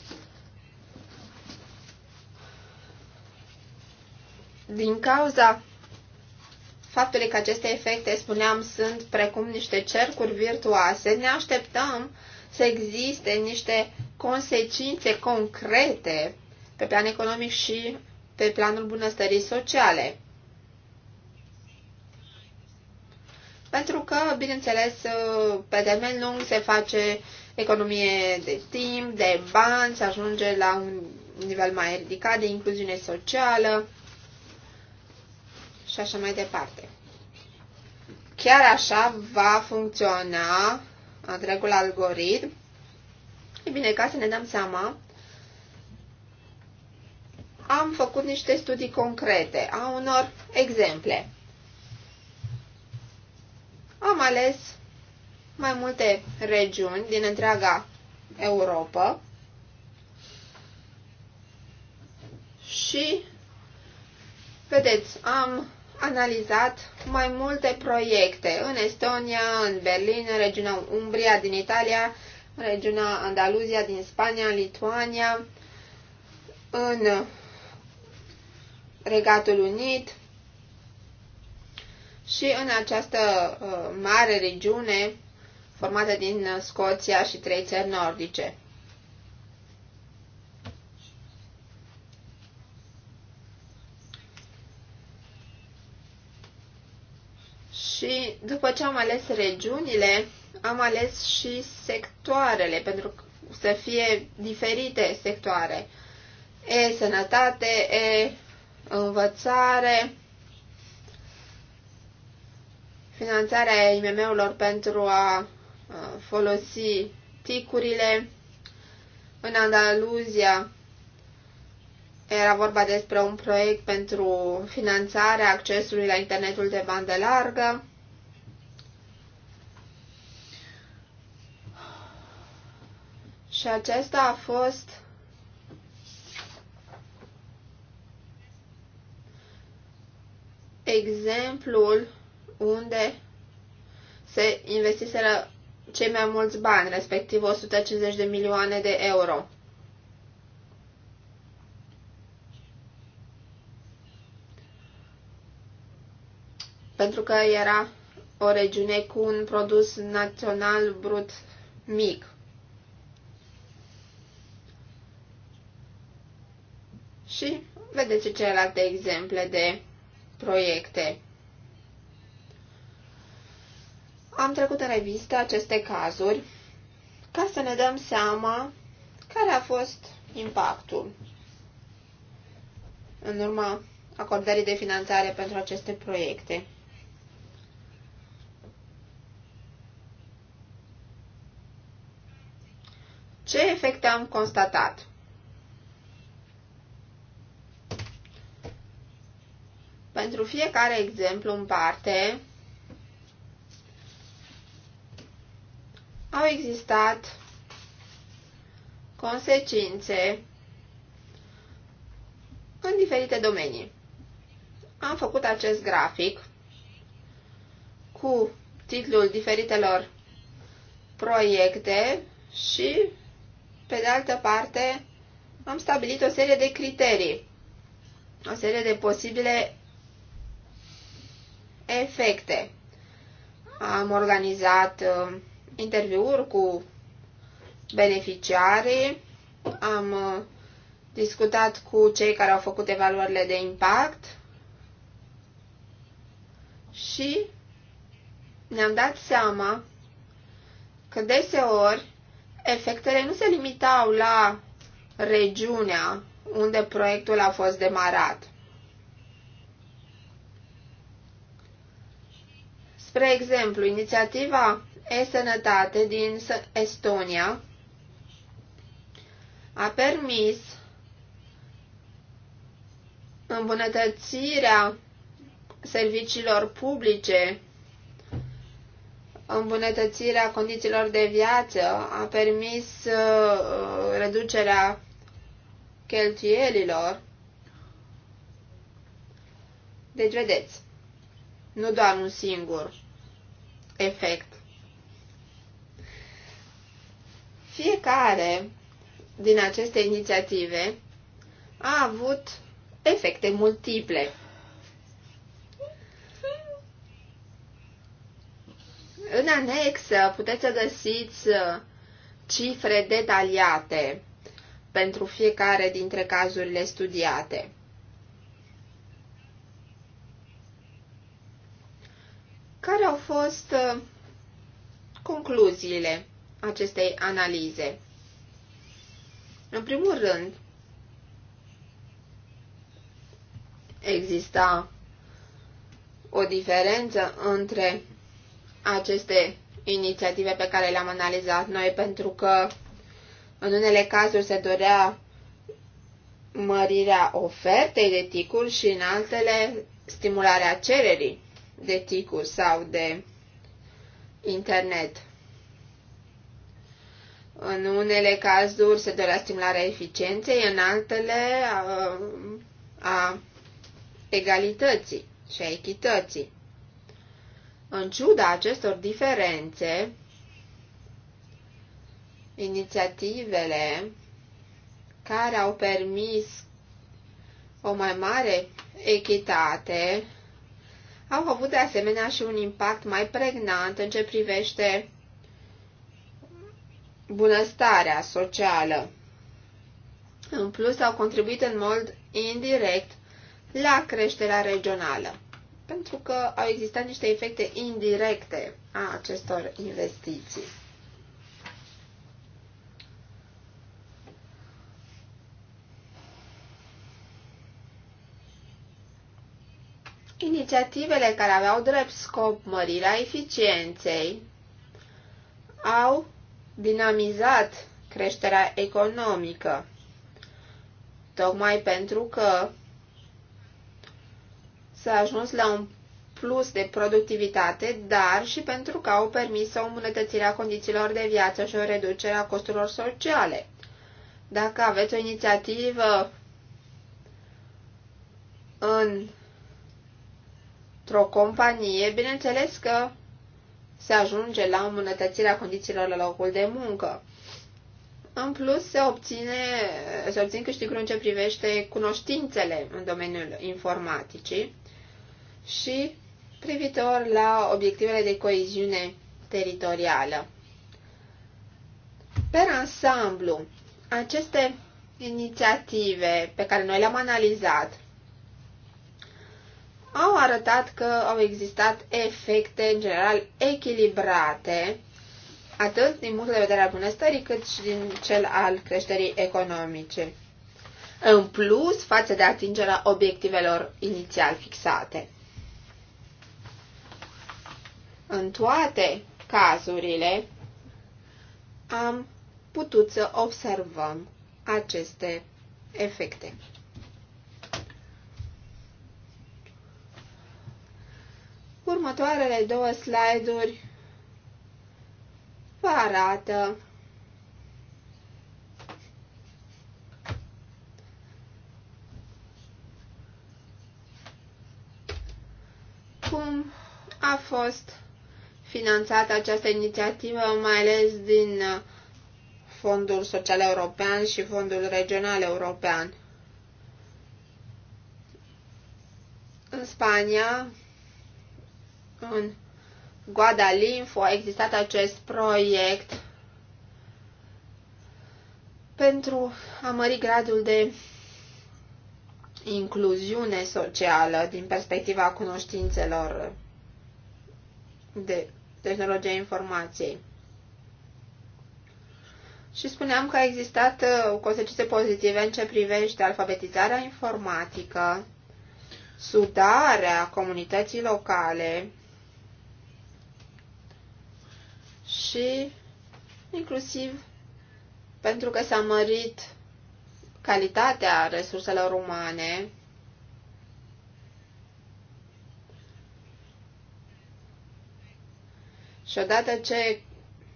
Din cauza faptului că aceste efecte, spuneam, sunt precum niște cercuri virtuoase, ne așteptăm să existe niște consecințe concrete pe plan economic și pe planul bunăstării sociale. Pentru că, bineînțeles, pe termen lung se face economie de timp, de bani, se ajunge la un nivel mai ridicat de incluziune socială și așa mai departe. Chiar așa va funcționa întregul algoritm, e bine, ca să ne dăm seama, am făcut niște studii concrete a unor exemple. Am ales mai multe regiuni din întreaga Europa și, vedeți, am analizat mai multe proiecte în Estonia, în Berlin, în regiunea Umbria din Italia, în regiunea Andaluzia din Spania, în Lituania, în Regatul Unit și în această uh, mare regiune formată din Scoția și trei țări nordice. Și după ce am ales regiunile, am ales și sectoarele, pentru să fie diferite sectoare. E sănătate, e învățare, finanțarea IMM-urilor pentru a folosi ticurile. În Andaluzia era vorba despre un proiect pentru finanțarea accesului la internetul de bandă largă. Și acesta a fost exemplul unde se investiseră cei mai mulți bani, respectiv 150 de milioane de euro. pentru că era o regiune cu un produs național brut mic. Și vedeți celelalte exemple de proiecte. Am trecut în revistă aceste cazuri ca să ne dăm seama care a fost impactul în urma acordării de finanțare pentru aceste proiecte. Ce efecte am constatat? Pentru fiecare exemplu în parte, au existat consecințe în diferite domenii. Am făcut acest grafic cu titlul diferitelor proiecte și pe de altă parte, am stabilit o serie de criterii, o serie de posibile efecte. Am organizat uh, interviuri cu beneficiarii, am uh, discutat cu cei care au făcut evaluările de impact și ne-am dat seama că deseori efectele nu se limitau la regiunea unde proiectul a fost demarat. Spre exemplu, inițiativa E-Sănătate din Estonia a permis îmbunătățirea serviciilor publice îmbunătățirea condițiilor de viață, a permis uh, uh, reducerea cheltuielilor. Deci, vedeți, nu doar un singur efect. Fiecare din aceste inițiative a avut efecte multiple. În anexă puteți să găsiți uh, cifre detaliate pentru fiecare dintre cazurile studiate. Care au fost uh, concluziile acestei analize? În primul rând, exista o diferență între aceste inițiative pe care le-am analizat noi, pentru că în unele cazuri se dorea mărirea ofertei de ticuri și în altele stimularea cererii de ticuri sau de internet. În unele cazuri se dorea stimularea eficienței, în altele a, uh, a egalității și a echității. În ciuda acestor diferențe, inițiativele care au permis o mai mare echitate au avut de asemenea și un impact mai pregnant în ce privește bunăstarea socială. În plus, au contribuit în mod indirect la creșterea regională pentru că au existat niște efecte indirecte a acestor investiții. Inițiativele care aveau drept scop mărirea eficienței au dinamizat creșterea economică, tocmai pentru că s-a ajuns la un plus de productivitate, dar și pentru că au permis o îmbunătățire a condițiilor de viață și o reducere a costurilor sociale. Dacă aveți o inițiativă în într-o companie, bineînțeles că se ajunge la îmbunătățirea condițiilor la locul de muncă. În plus, se, obține, se obțin câștiguri în ce privește cunoștințele în domeniul informaticii, și privitor la obiectivele de coeziune teritorială. Per ansamblu, aceste inițiative pe care noi le-am analizat au arătat că au existat efecte, în general, echilibrate, atât din punct de vedere al bunăstării, cât și din cel al creșterii economice, în plus față de atingerea obiectivelor inițial fixate. În toate cazurile am putut să observăm aceste efecte. Următoarele două slide-uri vă arată cum a fost finanțat această inițiativă, mai ales din uh, Fondul Social European și Fondul Regional European. În Spania, în Guadalinfo, a existat acest proiect pentru a mări gradul de incluziune socială din perspectiva cunoștințelor de tehnologia informației. Și spuneam că a existat uh, consecințe pozitive în ce privește alfabetizarea informatică, sudarea comunității locale și inclusiv pentru că s-a mărit calitatea resurselor umane Și odată ce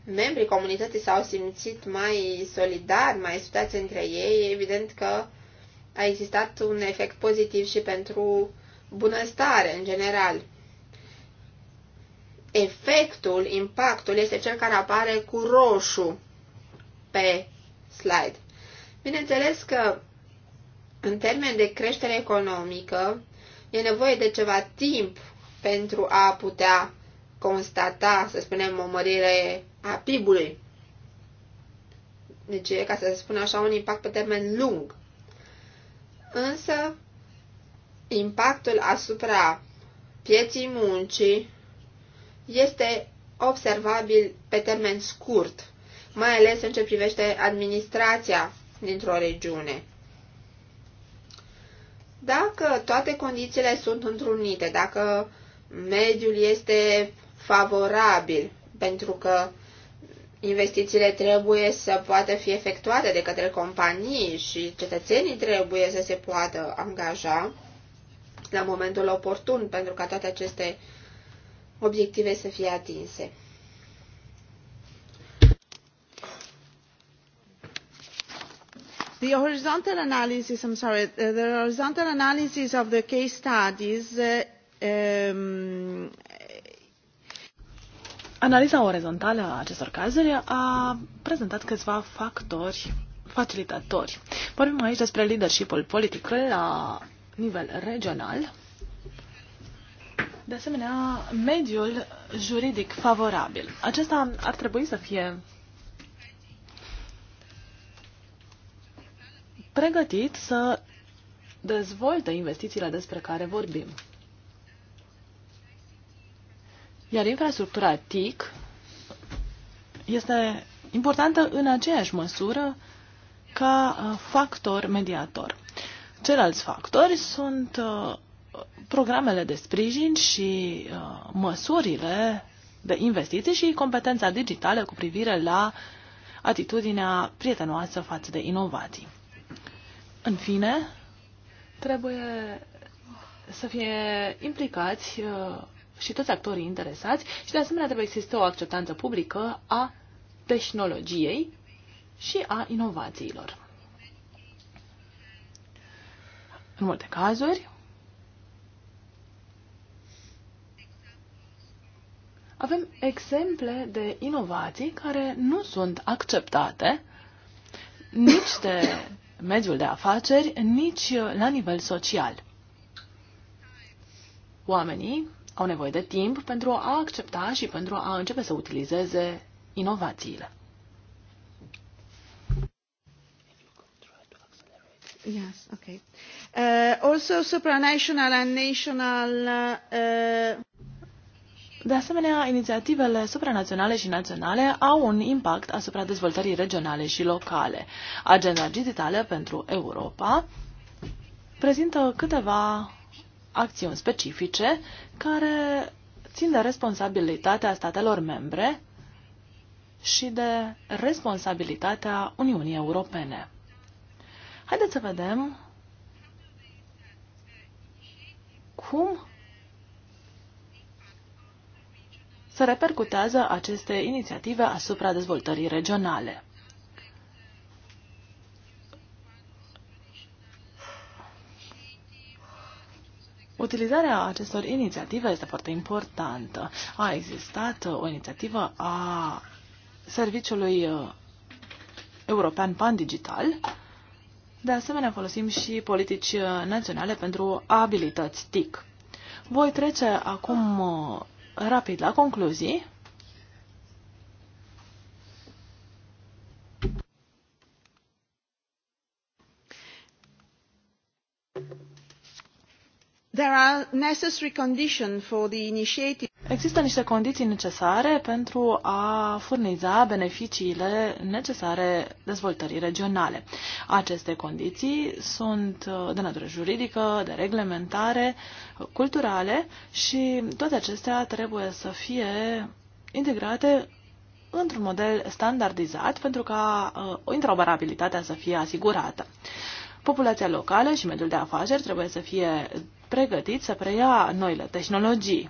membrii comunității s-au simțit mai solidari, mai situați între ei, evident că a existat un efect pozitiv și pentru bunăstare în general. Efectul, impactul este cel care apare cu roșu pe slide. Bineînțeles că în termen de creștere economică e nevoie de ceva timp pentru a putea constata, să spunem, o mărire a PIB-ului. Deci ca să se spună așa, un impact pe termen lung. Însă, impactul asupra pieții muncii este observabil pe termen scurt, mai ales în ce privește administrația dintr-o regiune. Dacă toate condițiile sunt întrunite, dacă mediul este favorabil, pentru că investițiile trebuie să poată fi efectuate de către companii și cetățenii trebuie să se poată angaja la momentul oportun pentru ca toate aceste obiective să fie atinse. The horizontal analysis, I'm sorry, uh, the horizontal analysis of the case studies uh, um, Analiza orizontală a acestor cazuri a prezentat câțiva factori facilitatori. Vorbim aici despre leadership-ul politic la nivel regional, de asemenea, mediul juridic favorabil. Acesta ar trebui să fie pregătit să dezvolte investițiile despre care vorbim. Iar infrastructura TIC este importantă în aceeași măsură ca uh, factor mediator. Celalți factori sunt uh, programele de sprijin și uh, măsurile de investiții și competența digitală cu privire la atitudinea prietenoasă față de inovații. În fine, trebuie să fie implicați uh, și toți actorii interesați și de asemenea trebuie să existe o acceptanță publică a tehnologiei și a inovațiilor. În multe cazuri, avem exemple de inovații care nu sunt acceptate nici de mediul de afaceri, nici la nivel social. Oamenii au nevoie de timp pentru a accepta și pentru a începe să utilizeze inovațiile. Yes, okay. Uh, also supranational and national uh, de asemenea, inițiativele supranaționale și naționale au un impact asupra dezvoltării regionale și locale. Agenda digitală pentru Europa prezintă câteva acțiuni specifice care țin de responsabilitatea statelor membre și de responsabilitatea Uniunii Europene. Haideți să vedem cum se repercutează aceste inițiative asupra dezvoltării regionale. Utilizarea acestor inițiative este foarte importantă. A existat uh, o inițiativă a Serviciului uh, European Pan Digital. De asemenea, folosim și politici uh, naționale pentru abilități TIC. Voi trece acum rapid la concluzii. Există niște condiții necesare pentru a furniza beneficiile necesare dezvoltării regionale. Aceste condiții sunt uh, de natură juridică, de reglementare, uh, culturale și toate acestea trebuie să fie integrate într-un model standardizat pentru ca uh, interoperabilitatea să fie asigurată. Populația locală și mediul de afaceri trebuie să fie pregătit să preia noile tehnologii.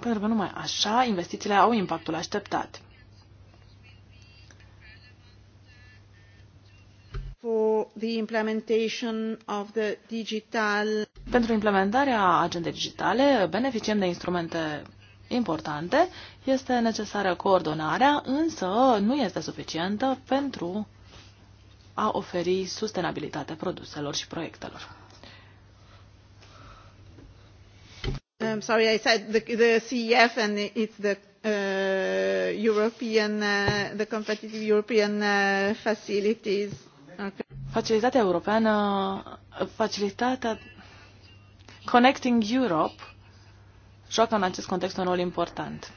Pentru că numai așa investițiile au impactul așteptat. For the implementation of the digital... Pentru implementarea agendei digitale beneficiem de instrumente importante, este necesară coordonarea, însă nu este suficientă pentru a oferi sustenabilitate produselor și proiectelor. I'm um, sorry, I said the, the CEF and it's the uh, European, uh, the competitive European uh, facilities. Okay. Facilitatea europeană, facilitatea Connecting Europe joacă în acest context un rol important.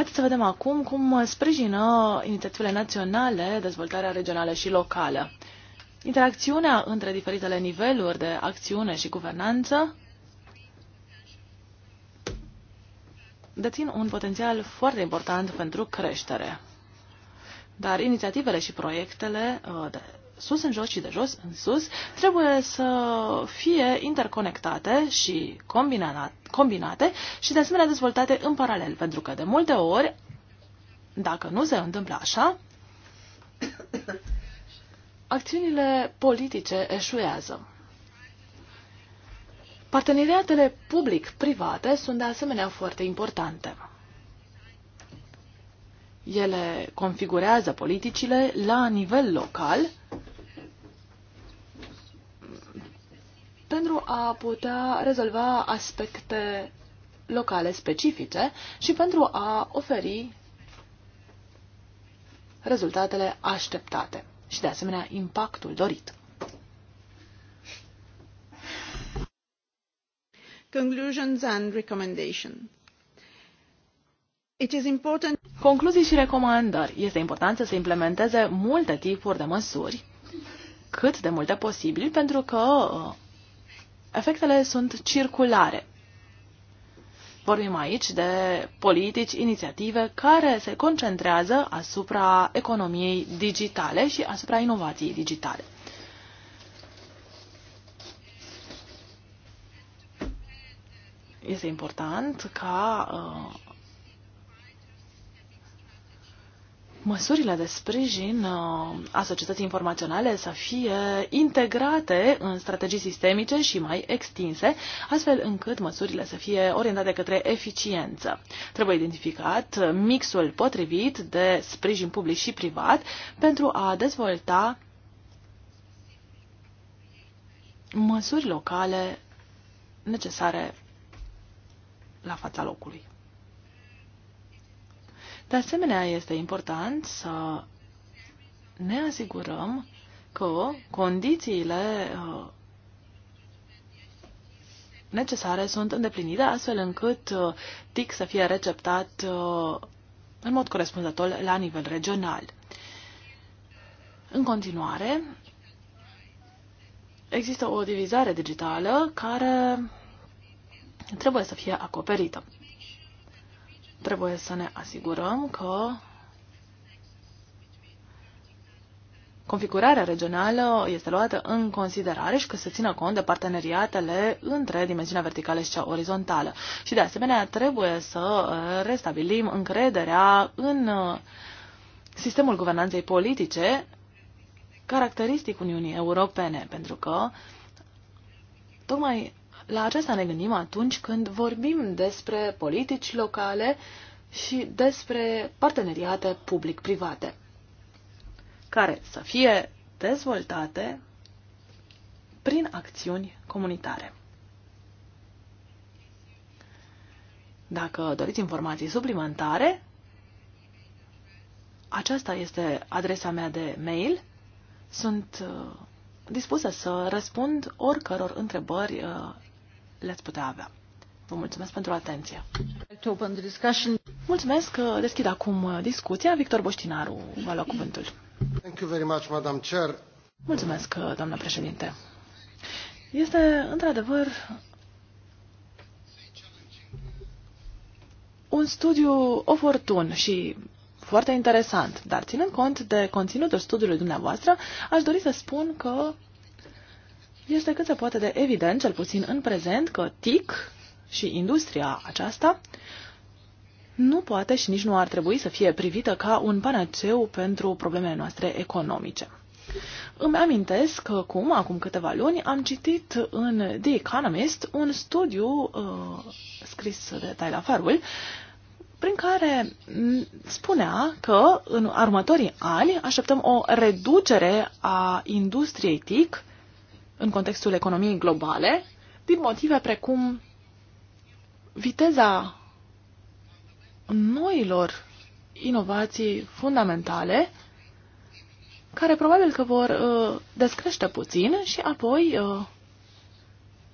Haideți să vedem acum cum uh, sprijină inițiativele naționale dezvoltarea regională și locală. Interacțiunea între diferitele niveluri de acțiune și guvernanță dețin un potențial foarte important pentru creștere. Dar inițiativele și proiectele uh, de sus în jos și de jos în sus, trebuie să fie interconectate și combinate și de asemenea dezvoltate în paralel, pentru că de multe ori, dacă nu se întâmplă așa, *coughs* acțiunile politice eșuează. Parteneriatele public-private sunt de asemenea foarte importante. Ele configurează politicile la nivel local pentru a putea rezolva aspecte locale specifice și pentru a oferi rezultatele așteptate și, de asemenea, impactul dorit. Conclusions and recommendations. It is important... Concluzii și recomandări. Este important să se implementeze multe tipuri de măsuri, cât de multe posibil, pentru că uh, Efectele sunt circulare. Vorbim aici de politici, inițiative care se concentrează asupra economiei digitale și asupra inovației digitale. Este important ca uh, măsurile de sprijin uh, a societății informaționale să fie integrate în strategii sistemice și mai extinse, astfel încât măsurile să fie orientate către eficiență. Trebuie identificat mixul potrivit de sprijin public și privat pentru a dezvolta măsuri locale necesare la fața locului. De asemenea, este important să ne asigurăm că condițiile uh, necesare sunt îndeplinite astfel încât uh, TIC să fie receptat uh, în mod corespunzător la nivel regional. În continuare, există o divizare digitală care trebuie să fie acoperită. Trebuie să ne asigurăm că configurarea regională este luată în considerare și că se țină cont de parteneriatele între dimensiunea verticală și cea orizontală. Și de asemenea trebuie să restabilim încrederea în uh, sistemul guvernanței politice caracteristic Uniunii Europene, pentru că tocmai la aceasta ne gândim atunci când vorbim despre politici locale și despre parteneriate public-private, care să fie dezvoltate prin acțiuni comunitare. Dacă doriți informații suplimentare, aceasta este adresa mea de mail. Sunt uh, dispusă să răspund oricăror întrebări uh, le-ați putea avea. Vă mulțumesc pentru atenție. Mulțumesc că deschid acum discuția. Victor Boștinaru va lua cuvântul. Thank you very much, Madam Chair. Mulțumesc, doamnă președinte. Este, într-adevăr, un studiu oportun și foarte interesant, dar ținând cont de conținutul studiului dumneavoastră, aș dori să spun că este cât se poate de evident, cel puțin în prezent, că TIC și industria aceasta nu poate și nici nu ar trebui să fie privită ca un panaceu pentru problemele noastre economice. Îmi amintesc că cum, acum câteva luni, am citit în The Economist un studiu uh, scris de Tyler Farul, prin care spunea că în următorii ani așteptăm o reducere a industriei TIC în contextul economiei globale, din motive precum viteza noilor inovații fundamentale, care probabil că vor uh, descrește puțin și apoi, uh,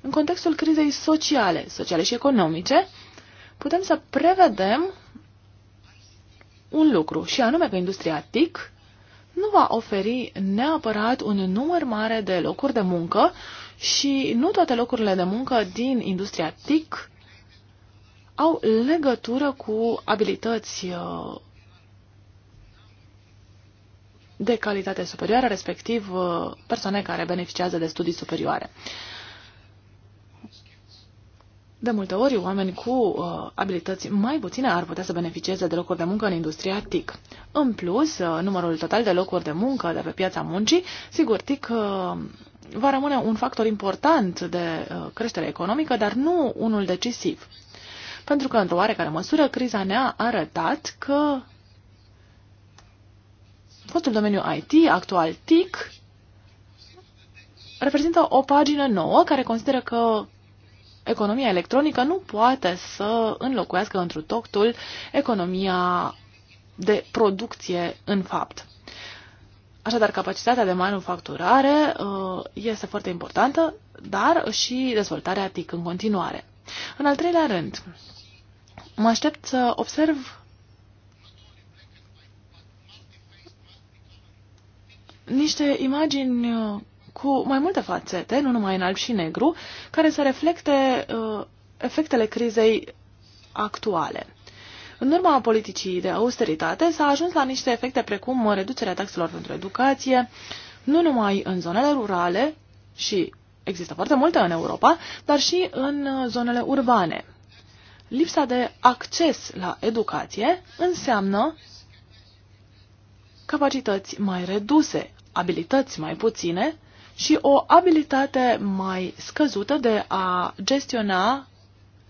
în contextul crizei sociale, sociale și economice, putem să prevedem un lucru, și anume că industria TIC nu va oferi neapărat un număr mare de locuri de muncă și nu toate locurile de muncă din industria TIC au legătură cu abilități uh, de calitate superioară, respectiv uh, persoane care beneficiază de studii superioare. De multe ori, oameni cu uh, abilități mai puține ar putea să beneficieze de locuri de muncă în industria TIC. În plus, uh, numărul total de locuri de muncă de pe piața muncii, sigur, TIC uh, va rămâne un factor important de uh, creștere economică, dar nu unul decisiv. Pentru că, într-o oarecare măsură, criza ne-a arătat că fostul domeniu IT, actual TIC, reprezintă o pagină nouă care consideră că economia electronică nu poate să înlocuiască întru totul economia de producție în fapt. Așadar, capacitatea de manufacturare uh, este foarte importantă, dar și dezvoltarea TIC în continuare. În al treilea rând, mă aștept să observ niște imagini uh, cu mai multe fațete, nu numai în alb și negru, care să reflecte uh, efectele crizei actuale. În urma politicii de austeritate s-a ajuns la niște efecte precum reducerea taxelor pentru educație, nu numai în zonele rurale, și există foarte multe în Europa, dar și în uh, zonele urbane. Lipsa de acces la educație înseamnă capacități mai reduse, abilități mai puține și o abilitate mai scăzută de a gestiona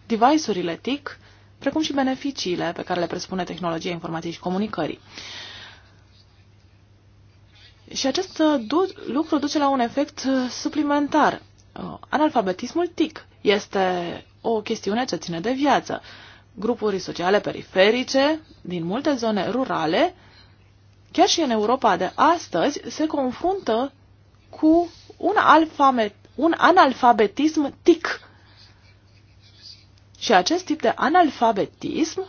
device-urile TIC, precum și beneficiile pe care le presupune tehnologia informației și comunicării. Și acest uh, lucru duce la un efect uh, suplimentar. Uh, analfabetismul TIC este o chestiune ce ține de viață. Grupuri sociale periferice din multe zone rurale, chiar și în Europa de astăzi, se confruntă cu un, alfame, un analfabetism tic. Și acest tip de analfabetism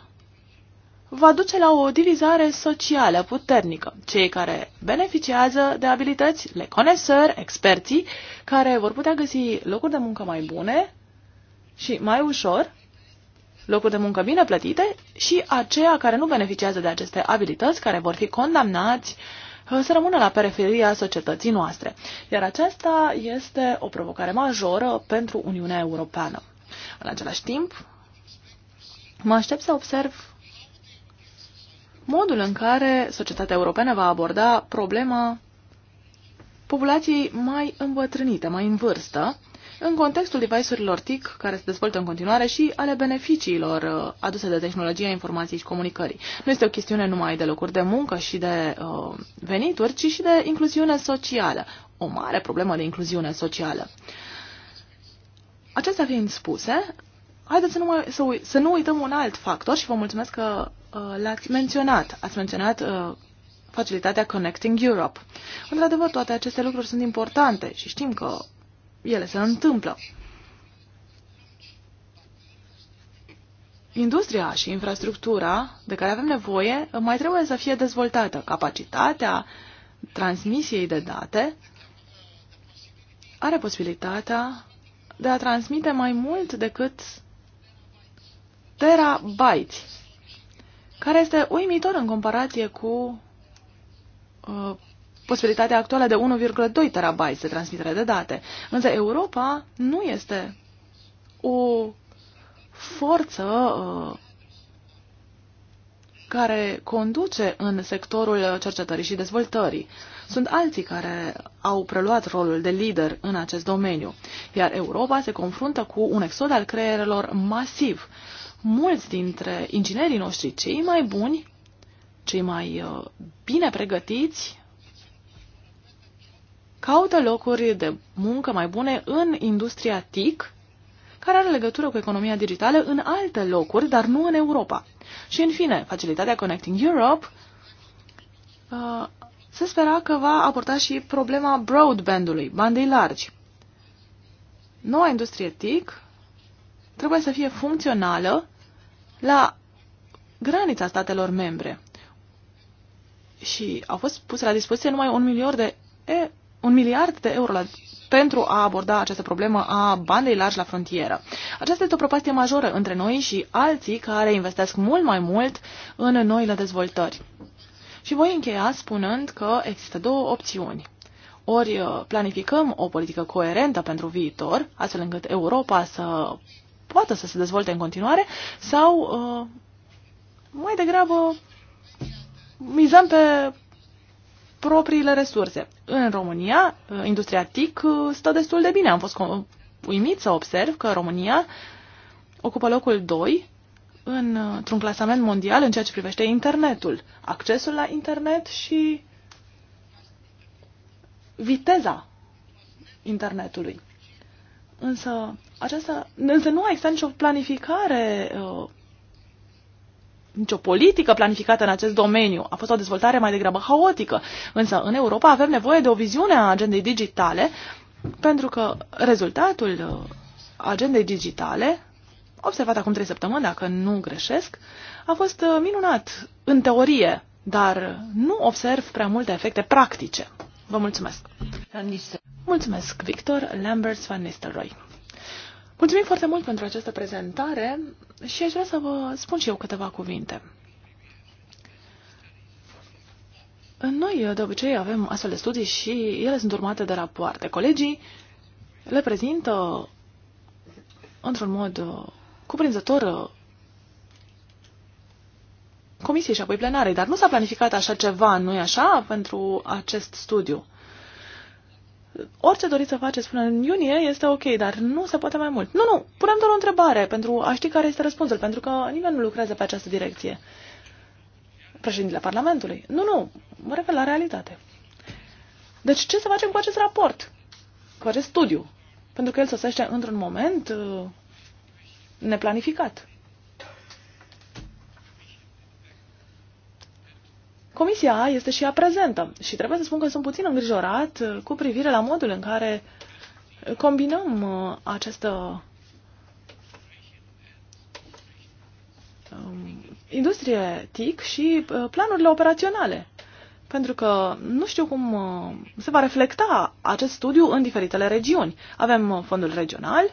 va duce la o divizare socială puternică. Cei care beneficiază de abilități, le conesări, experții, care vor putea găsi locuri de muncă mai bune și mai ușor, locuri de muncă bine plătite și aceia care nu beneficiază de aceste abilități, care vor fi condamnați uh, Uh, să rămână la periferia societății noastre. Iar aceasta este o provocare majoră pentru Uniunea Europeană. În același timp, mă aștept să observ modul în care societatea europeană va aborda problema populației mai îmbătrânite, mai în vârstă, în contextul device-urilor TIC, care se dezvoltă în continuare, și ale beneficiilor uh, aduse de tehnologia informației și comunicării. Nu este o chestiune numai de locuri de muncă și de uh, venituri, ci și de incluziune socială. O mare problemă de incluziune socială. Acestea fiind spuse, haideți să nu, mai, să, să nu uităm un alt factor și vă mulțumesc că uh, l-ați menționat. Ați menționat uh, facilitatea Connecting Europe. Într-adevăr, toate aceste lucruri sunt importante și știm că ele se întâmplă. Industria și infrastructura de care avem nevoie mai trebuie să fie dezvoltată. Capacitatea transmisiei de date are posibilitatea de a transmite mai mult decât terabyte, care este uimitor în comparație cu uh, posibilitatea actuală de 1,2 terabyte de transmitere de date. Însă Europa nu este o forță uh, care conduce în sectorul cercetării și dezvoltării. Sunt alții care au preluat rolul de lider în acest domeniu, iar Europa se confruntă cu un exod al creierelor masiv. Mulți dintre inginerii noștri cei mai buni, cei mai uh, bine pregătiți, caută locuri de muncă mai bune în industria TIC, care are legătură cu economia digitală în alte locuri, dar nu în Europa. Și, în fine, facilitatea Connecting Europe uh, se spera că va aporta și problema broadbandului, bandei largi. Noua industrie TIC trebuie să fie funcțională la granița statelor membre. Și au fost puse la dispoziție numai un milion de un miliard de euro la pentru a aborda această problemă a bandei largi la frontieră. Aceasta este o propastie majoră între noi și alții care investesc mult mai mult în noile dezvoltări. Și voi încheia spunând că există două opțiuni. Ori uh, planificăm o politică coerentă pentru viitor, astfel încât Europa să poată să se dezvolte în continuare, sau uh, mai degrabă mizăm pe propriile resurse. În România, uh, industria TIC uh, stă destul de bine. Am fost uimit să observ că România ocupă locul 2 în, uh, într-un clasament mondial în ceea ce privește internetul, accesul la internet și viteza internetului. Însă, aceasta, însă nu există nicio planificare uh, nicio politică planificată în acest domeniu. A fost o dezvoltare mai degrabă haotică. Însă în Europa avem nevoie de o viziune a agendei digitale, pentru că rezultatul uh, agendei digitale, observat acum trei săptămâni, dacă nu greșesc, a fost uh, minunat în teorie, dar nu observ prea multe efecte practice. Vă mulțumesc! Mulțumesc, Victor Lambert van Nistelrooy. Mulțumim foarte mult pentru această prezentare și aș vrea să vă spun și eu câteva cuvinte. Noi, de obicei, avem astfel de studii și ele sunt urmate de rapoarte. Colegii le prezintă într-un mod uh, cuprinzător uh, comisiei și apoi plenarei, dar nu s-a planificat așa ceva, nu-i așa, pentru acest studiu orice doriți să faceți până în iunie este ok, dar nu se poate mai mult. Nu, nu, punem doar o întrebare pentru a ști care este răspunsul, pentru că nimeni nu lucrează pe această direcție. Președintele Parlamentului. Nu, nu, mă refer la realitate. Deci ce să facem cu acest raport? Cu acest studiu? Pentru că el sosește într-un moment uh, neplanificat. Comisia este și ea prezentă și trebuie să spun că sunt puțin îngrijorat uh, cu privire la modul în care uh, combinăm uh, această um, industrie TIC și planurile operaționale. Pentru că nu știu cum se va reflecta acest studiu în diferitele regiuni. Avem fondul regional,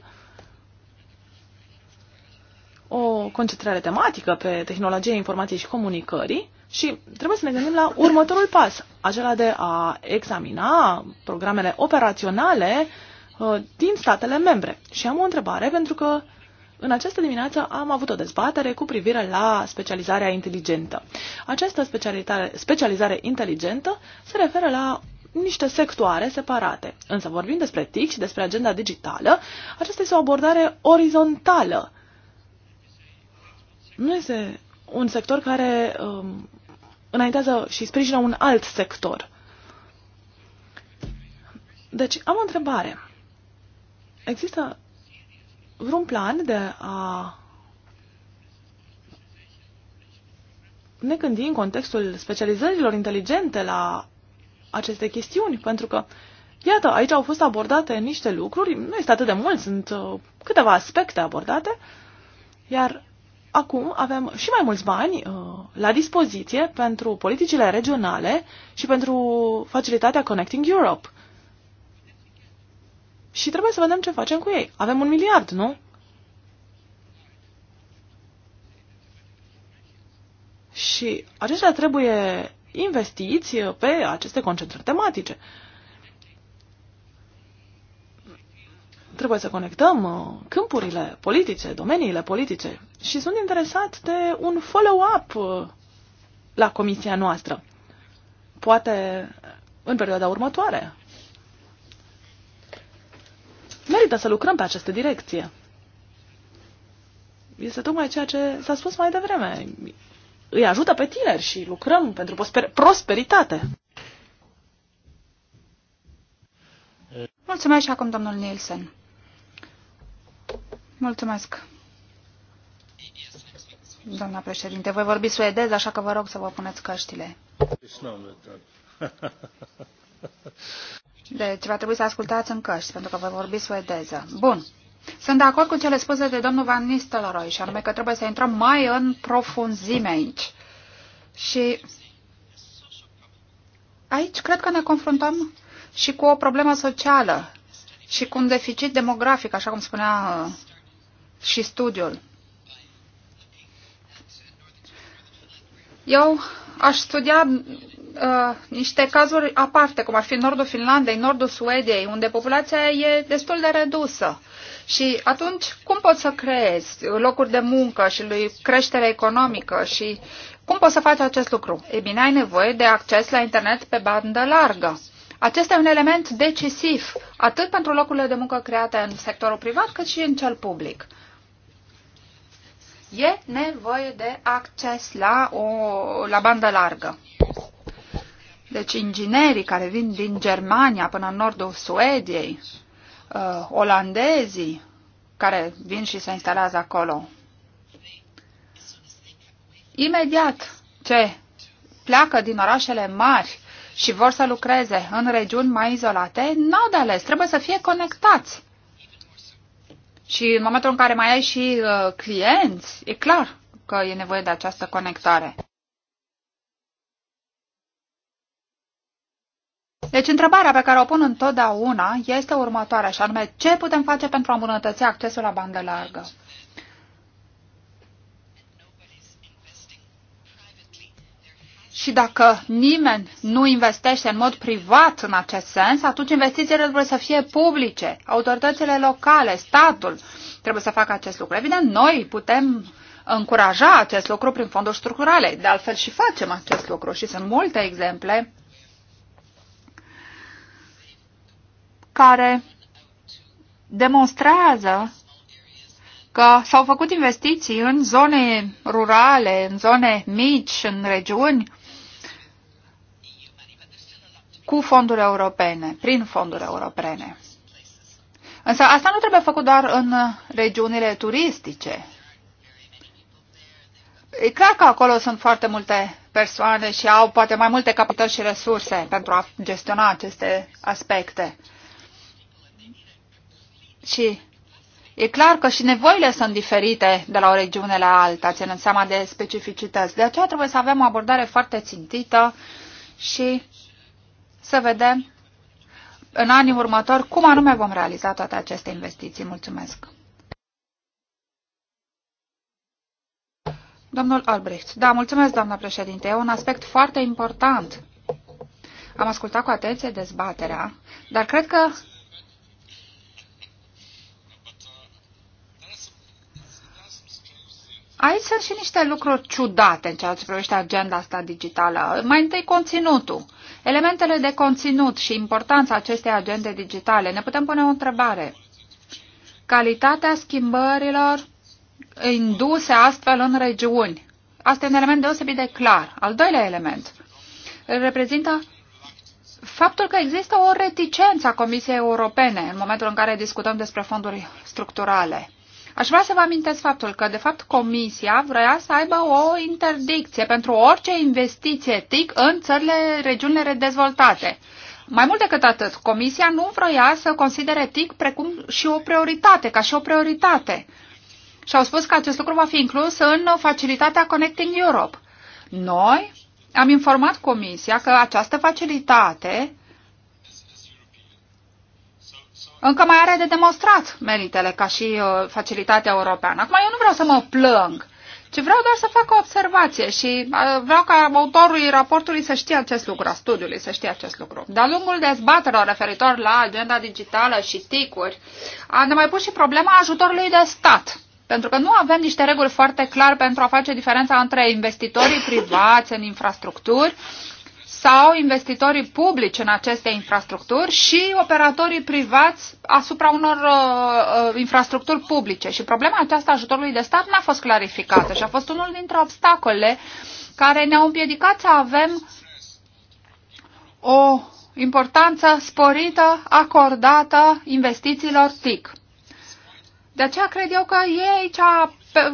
o concentrare tematică pe tehnologie informației și comunicării și trebuie să ne gândim la următorul pas, acela de a examina programele operaționale uh, din statele membre. Și am o întrebare pentru că în această dimineață am avut o dezbatere cu privire la specializarea inteligentă. Această specializare, specializare inteligentă se referă la niște sectoare separate. Însă vorbim despre TIC și despre agenda digitală. Aceasta este o abordare orizontală. Nu este un sector care um, înaintează și sprijină un alt sector. Deci am o întrebare. Există vreun plan de a ne gândi în contextul specializărilor inteligente la aceste chestiuni, pentru că, iată, aici au fost abordate niște lucruri, nu este atât de mult, sunt uh, câteva aspecte abordate, iar acum avem și mai mulți bani uh, la dispoziție pentru politicile regionale și pentru facilitatea Connecting Europe. Și trebuie să vedem ce facem cu ei. Avem un miliard, nu? Și aceștia trebuie investiți pe aceste concentrări tematice. Uh, trebuie să conectăm uh, câmpurile politice, domeniile politice și sunt interesat de un follow-up uh, la comisia noastră. Poate în perioada următoare. Merită să lucrăm pe această direcție. Este tocmai ceea ce s-a spus mai devreme. Îi ajută pe tineri și lucrăm pentru prosperitate. Mulțumesc și acum, domnul Nielsen. Mulțumesc. Doamna președinte, voi vorbi suedez, așa că vă rog să vă puneți căștile. Deci va trebui să ascultați în căști, pentru că voi vorbi suedeză. Bun. Sunt de acord cu cele spuse de domnul Van Nistelrooy, și anume că trebuie să intrăm mai în profunzime aici. Și aici cred că ne confruntăm și cu o problemă socială și cu un deficit demografic, așa cum spunea și studiul. Eu aș studia uh, niște cazuri aparte, cum ar fi nordul Finlandei, nordul Suediei, unde populația e destul de redusă. Și atunci, cum poți să creezi locuri de muncă și lui creștere economică și cum poți să faci acest lucru? E bine, ai nevoie de acces la internet pe bandă largă. Acesta e un element decisiv, atât pentru locurile de muncă create în sectorul privat, cât și în cel public e nevoie de acces la, o, la bandă largă. Deci inginerii care vin din Germania până în nordul Suediei, uh, olandezii care vin și se instalează acolo, imediat ce pleacă din orașele mari și vor să lucreze în regiuni mai izolate, n-au de ales, trebuie să fie conectați. Și în momentul în care mai ai și uh, clienți, e clar că e nevoie de această conectare. Deci întrebarea pe care o pun întotdeauna este următoarea, și anume ce putem face pentru a îmbunătăți accesul la bandă largă? Și dacă nimeni nu investește în mod privat în acest sens, atunci investițiile trebuie să fie publice. Autoritățile locale, statul trebuie să facă acest lucru. Evident, noi putem încuraja acest lucru prin fonduri structurale. De altfel și facem acest lucru și sunt multe exemple care demonstrează că s-au făcut investiții în zone rurale, în zone mici, în regiuni cu fonduri europene, prin fonduri europene. Însă asta nu trebuie făcut doar în regiunile turistice. E clar că acolo sunt foarte multe persoane și au poate mai multe capitări și resurse pentru a gestiona aceste aspecte. Și e clar că și nevoile sunt diferite de la o regiune la alta, ținând seama de specificități. De aceea trebuie să avem o abordare foarte țintită și să vedem în anii următori cum anume vom realiza toate aceste investiții. Mulțumesc! Domnul Albrecht. Da, mulțumesc, doamna președinte. E un aspect foarte important. Am ascultat cu atenție dezbaterea, dar cred că Aici sunt și niște lucruri ciudate în ceea ce privește agenda asta digitală. Mai întâi conținutul. Elementele de conținut și importanța acestei agende digitale. Ne putem pune o întrebare. Calitatea schimbărilor induse astfel în regiuni. Asta e un element deosebit de clar. Al doilea element reprezintă faptul că există o reticență a Comisiei Europene în momentul în care discutăm despre fonduri structurale. Aș vrea să vă amintesc faptul că, de fapt, Comisia vrea să aibă o interdicție pentru orice investiție TIC în țările, regiunile dezvoltate. Mai mult decât atât, Comisia nu vrea să considere TIC precum și o prioritate, ca și o prioritate. Și au spus că acest lucru va fi inclus în facilitatea Connecting Europe. Noi am informat Comisia că această facilitate încă mai are de demonstrat meritele ca și uh, facilitatea europeană. Acum eu nu vreau să mă plâng, ci vreau doar să fac o observație și uh, vreau ca autorul raportului să știe acest lucru, a studiului să știe acest lucru. De-a lungul dezbaterilor referitor la agenda digitală și ticuri, ne mai pus și problema ajutorului de stat. Pentru că nu avem niște reguli foarte clare pentru a face diferența între investitorii privați în infrastructuri sau investitorii publici în aceste infrastructuri și operatorii privați asupra unor uh, uh infrastructuri publice. Și problema aceasta ajutorului de stat n-a fost clarificată și a fost unul dintre obstacole care ne-au împiedicat să avem o importanță sporită acordată investițiilor TIC. De aceea cred eu că e aici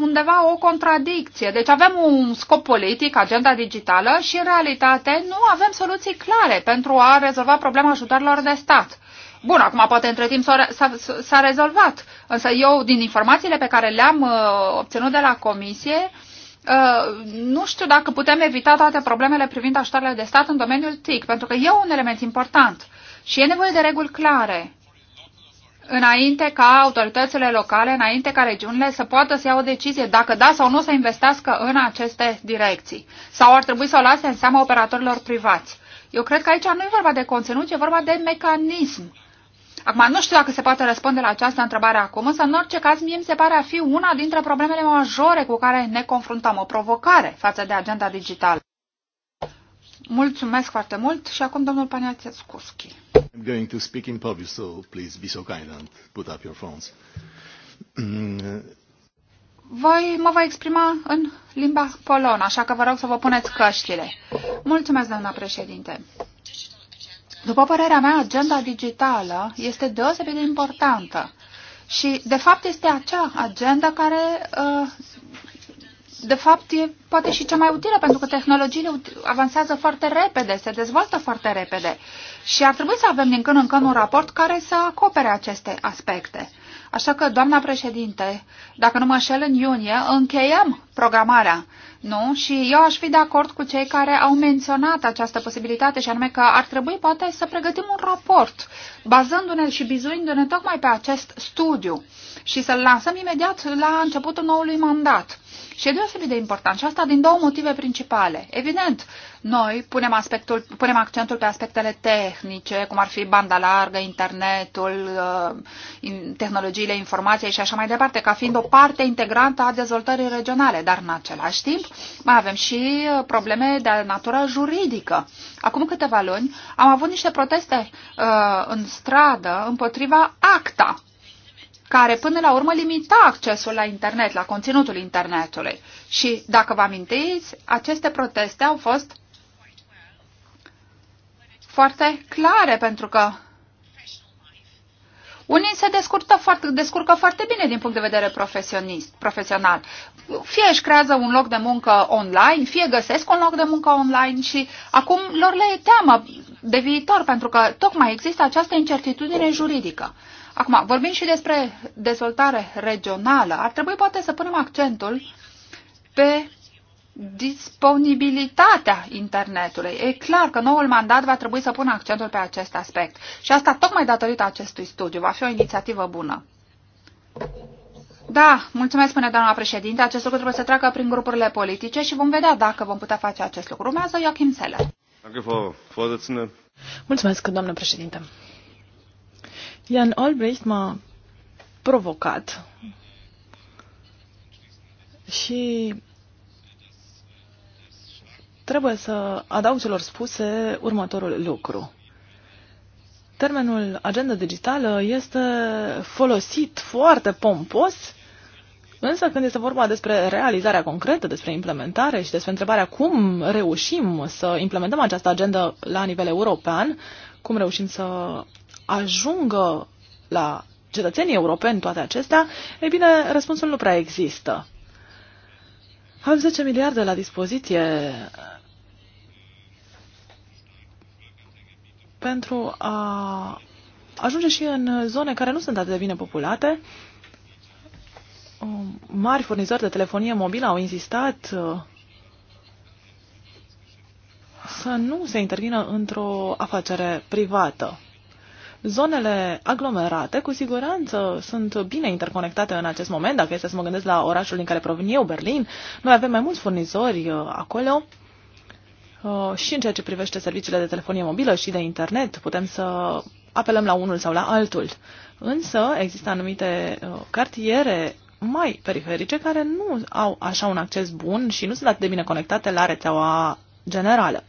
undeva o contradicție. Deci avem un scop politic, agenda digitală, și în realitate nu avem soluții clare pentru a rezolva problema ajutorilor de stat. Bun, acum poate între timp s-a rezolvat, însă eu din informațiile pe care le-am uh, obținut de la comisie, Uh, nu știu dacă putem evita toate problemele privind ajutoarele de stat în domeniul TIC, pentru că e un element important și e nevoie de reguli clare înainte ca autoritățile locale, înainte ca regiunile să poată să ia o decizie dacă da sau nu să investească în aceste direcții. Sau ar trebui să o lase în seama operatorilor privați. Eu cred că aici nu e vorba de conținut, e vorba de mecanism. Acum, nu știu dacă se poate răspunde la această întrebare acum, însă în orice caz mie mi se pare a fi una dintre problemele majore cu care ne confruntăm, o provocare față de agenda digitală. Mulțumesc foarte mult și acum domnul Paniațescuschi. I'm going to speak in so please be so kind and put up your phones. Mm. Voi mă voi exprima în limba polonă, așa că vă rog să vă puneți căștile. Mulțumesc, doamna președinte. După părerea mea, agenda digitală este deosebit de importantă și, de fapt, este acea agenda care uh, de fapt, e poate și cea mai utilă, pentru că tehnologiile avansează foarte repede, se dezvoltă foarte repede. Și ar trebui să avem din când în când un raport care să acopere aceste aspecte. Așa că, doamna președinte, dacă nu mă șel în iunie, încheiem programarea, nu? Și eu aș fi de acord cu cei care au menționat această posibilitate și anume că ar trebui poate să pregătim un raport, bazându-ne și bizuindu-ne tocmai pe acest studiu și să-l lansăm imediat la începutul noului mandat. Și e deosebit de important. Și asta din două motive principale. Evident, noi punem, aspectul, punem accentul pe aspectele tehnice, cum ar fi banda largă, internetul, uh, tehnologiile informației și așa mai departe, ca fiind o parte integrantă a dezvoltării regionale. Dar în același timp mai avem și uh, probleme de natură juridică. Acum câteva luni am avut niște proteste uh, în stradă împotriva ACTA, care până la urmă limita accesul la internet, la conținutul internetului. Și dacă vă amintiți, aceste proteste au fost foarte clare pentru că unii se descurcă foarte, descurcă foarte bine din punct de vedere profesionist, profesional. Fie își creează un loc de muncă online, fie găsesc un loc de muncă online și acum lor le e teamă de viitor, pentru că tocmai există această incertitudine juridică. Acum, vorbim și despre dezvoltare regională. Ar trebui poate să punem accentul pe disponibilitatea internetului. E clar că noul mandat va trebui să pună accentul pe acest aspect. Și asta tocmai datorită acestui studiu. Va fi o inițiativă bună. Da, mulțumesc, spune doamna președinte. Acest lucru trebuie să treacă prin grupurile politice și vom vedea dacă vom putea face acest lucru. Urmează Joachim Seller. Mulțumesc, doamnă președinte. Ian Albrecht m-a provocat și trebuie să adaug celor spuse următorul lucru. Termenul agenda digitală este folosit foarte pompos, însă când este vorba despre realizarea concretă, despre implementare și despre întrebarea cum reușim să implementăm această agenda la nivel european, cum reușim să ajungă la cetățenii europeni toate acestea, e bine, răspunsul nu prea există. Am 10 miliarde la dispoziție pentru a ajunge și în zone care nu sunt atât de bine populate. Um, mari furnizori de telefonie mobilă au insistat uh, să nu se intervină într-o afacere privată. Zonele aglomerate cu siguranță sunt bine interconectate în acest moment. Dacă este să mă gândesc la orașul din care provin eu, Berlin, noi avem mai mulți furnizori uh, acolo uh, și în ceea ce privește serviciile de telefonie mobilă și de internet putem să apelăm la unul sau la altul. Însă există anumite uh, cartiere mai periferice care nu au așa un acces bun și nu sunt atât de bine conectate la rețeaua generală.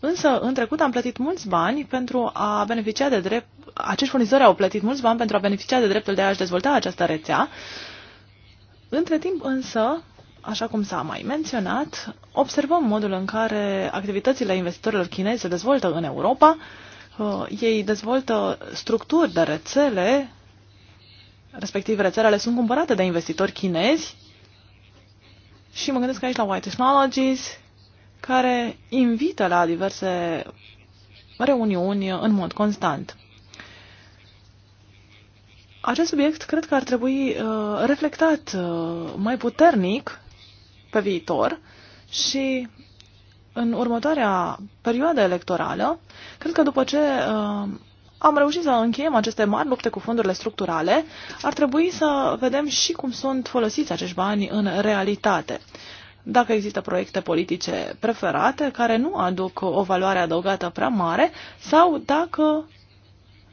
Însă, în trecut am plătit mulți bani pentru a beneficia de drept, acești furnizori au plătit mulți bani pentru a beneficia de dreptul de a-și dezvolta această rețea. Între timp însă, așa cum s-a mai menționat, observăm modul în care activitățile investitorilor chinezi se dezvoltă în Europa. Uh, ei dezvoltă structuri de rețele, respectiv rețelele sunt cumpărate de investitori chinezi și mă gândesc aici la White Technologies, care invită la diverse reuniuni în mod constant. Acest subiect cred că ar trebui uh, reflectat uh, mai puternic pe viitor și în următoarea perioadă electorală, cred că după ce uh, am reușit să încheiem aceste mari lupte cu fondurile structurale, ar trebui să vedem și cum sunt folosiți acești bani în realitate dacă există proiecte politice preferate care nu aduc o valoare adăugată prea mare sau dacă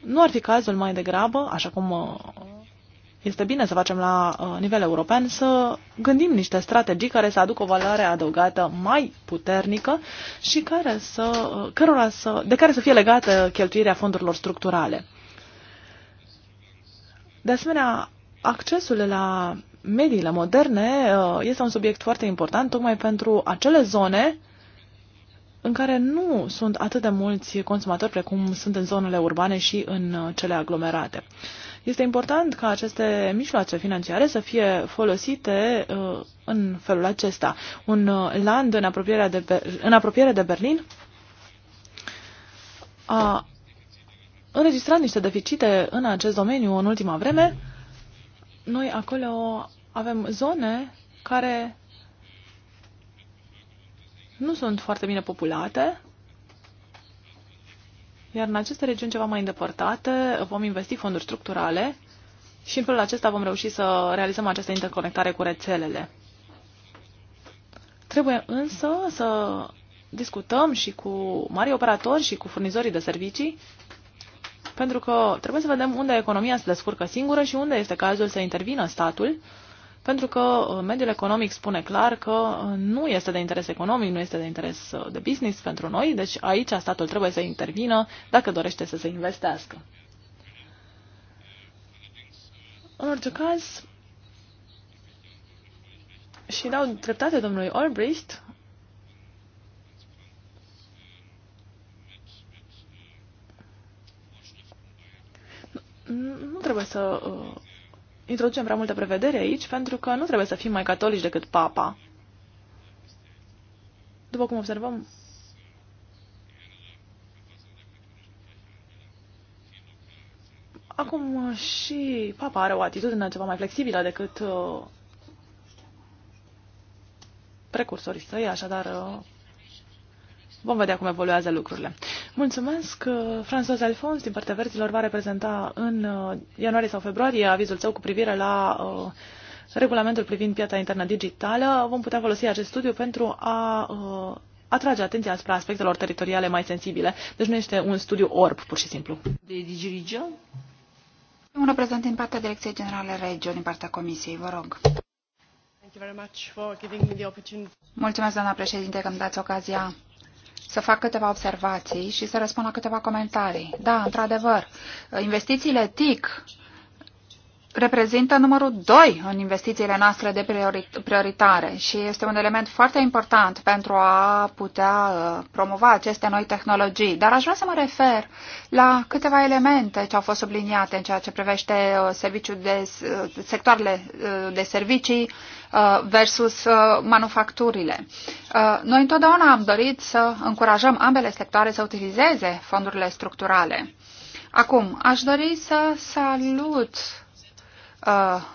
nu ar fi cazul mai degrabă, așa cum uh, este bine să facem la uh, nivel european, să gândim niște strategii care să aducă o valoare adăugată mai puternică și care să, uh, cărora să, de care să fie legată cheltuirea fondurilor structurale. De asemenea, accesul la mediile moderne uh, este un subiect foarte important tocmai pentru acele zone în care nu sunt atât de mulți consumatori precum sunt în zonele urbane și în uh, cele aglomerate. Este important ca aceste mijloace financiare să fie folosite uh, în felul acesta. Un land în apropiere de, Ber- în apropiere de Berlin a înregistrat niște deficite în acest domeniu în ultima vreme. Noi acolo avem zone care nu sunt foarte bine populate, iar în aceste regiuni ceva mai îndepărtate vom investi fonduri structurale și în felul acesta vom reuși să realizăm această interconectare cu rețelele. Trebuie însă să discutăm și cu mari operatori și cu furnizorii de servicii, pentru că trebuie să vedem unde economia se descurcă singură și unde este cazul să intervină statul pentru că uh, mediul economic spune clar că uh, nu este de interes economic, nu este de interes uh, de business pentru noi, deci aici statul trebuie să intervină dacă dorește să se investească. În orice caz, și dau dreptate domnului Albrecht, nu trebuie să uh, introducem prea multe prevedere aici, pentru că nu trebuie să fim mai catolici decât papa. După cum observăm, acum și papa are o atitudine ceva mai flexibilă decât uh, precursorii săi, așadar uh, vom vedea cum evoluează lucrurile. Mulțumesc. Uh, François Alfons, din partea verzilor, va reprezenta în uh, ianuarie sau februarie avizul său cu privire la uh, regulamentul privind piața internă digitală. Vom putea folosi acest studiu pentru a atrage atenția asupra aspectelor teritoriale mai sensibile. Deci nu este un studiu orb, pur și simplu. De DigiRegio? Un reprezentant din partea Direcției Generale Regio, din partea Comisiei, vă rog. Mulțumesc, doamna președinte, că îmi dați ocazia să fac câteva observații și să răspund la câteva comentarii. Da, într-adevăr, investițiile TIC reprezintă numărul 2 în investițiile noastre de priorit prioritare și este un element foarte important pentru a putea uh, promova aceste noi tehnologii. Dar aș vrea să mă refer la câteva elemente ce au fost subliniate în ceea ce privește uh, serviciul de, uh, sectoarele de servicii versus manufacturile. Noi întotdeauna am dorit să încurajăm ambele sectoare să utilizeze fondurile structurale. Acum, aș dori să salut uh,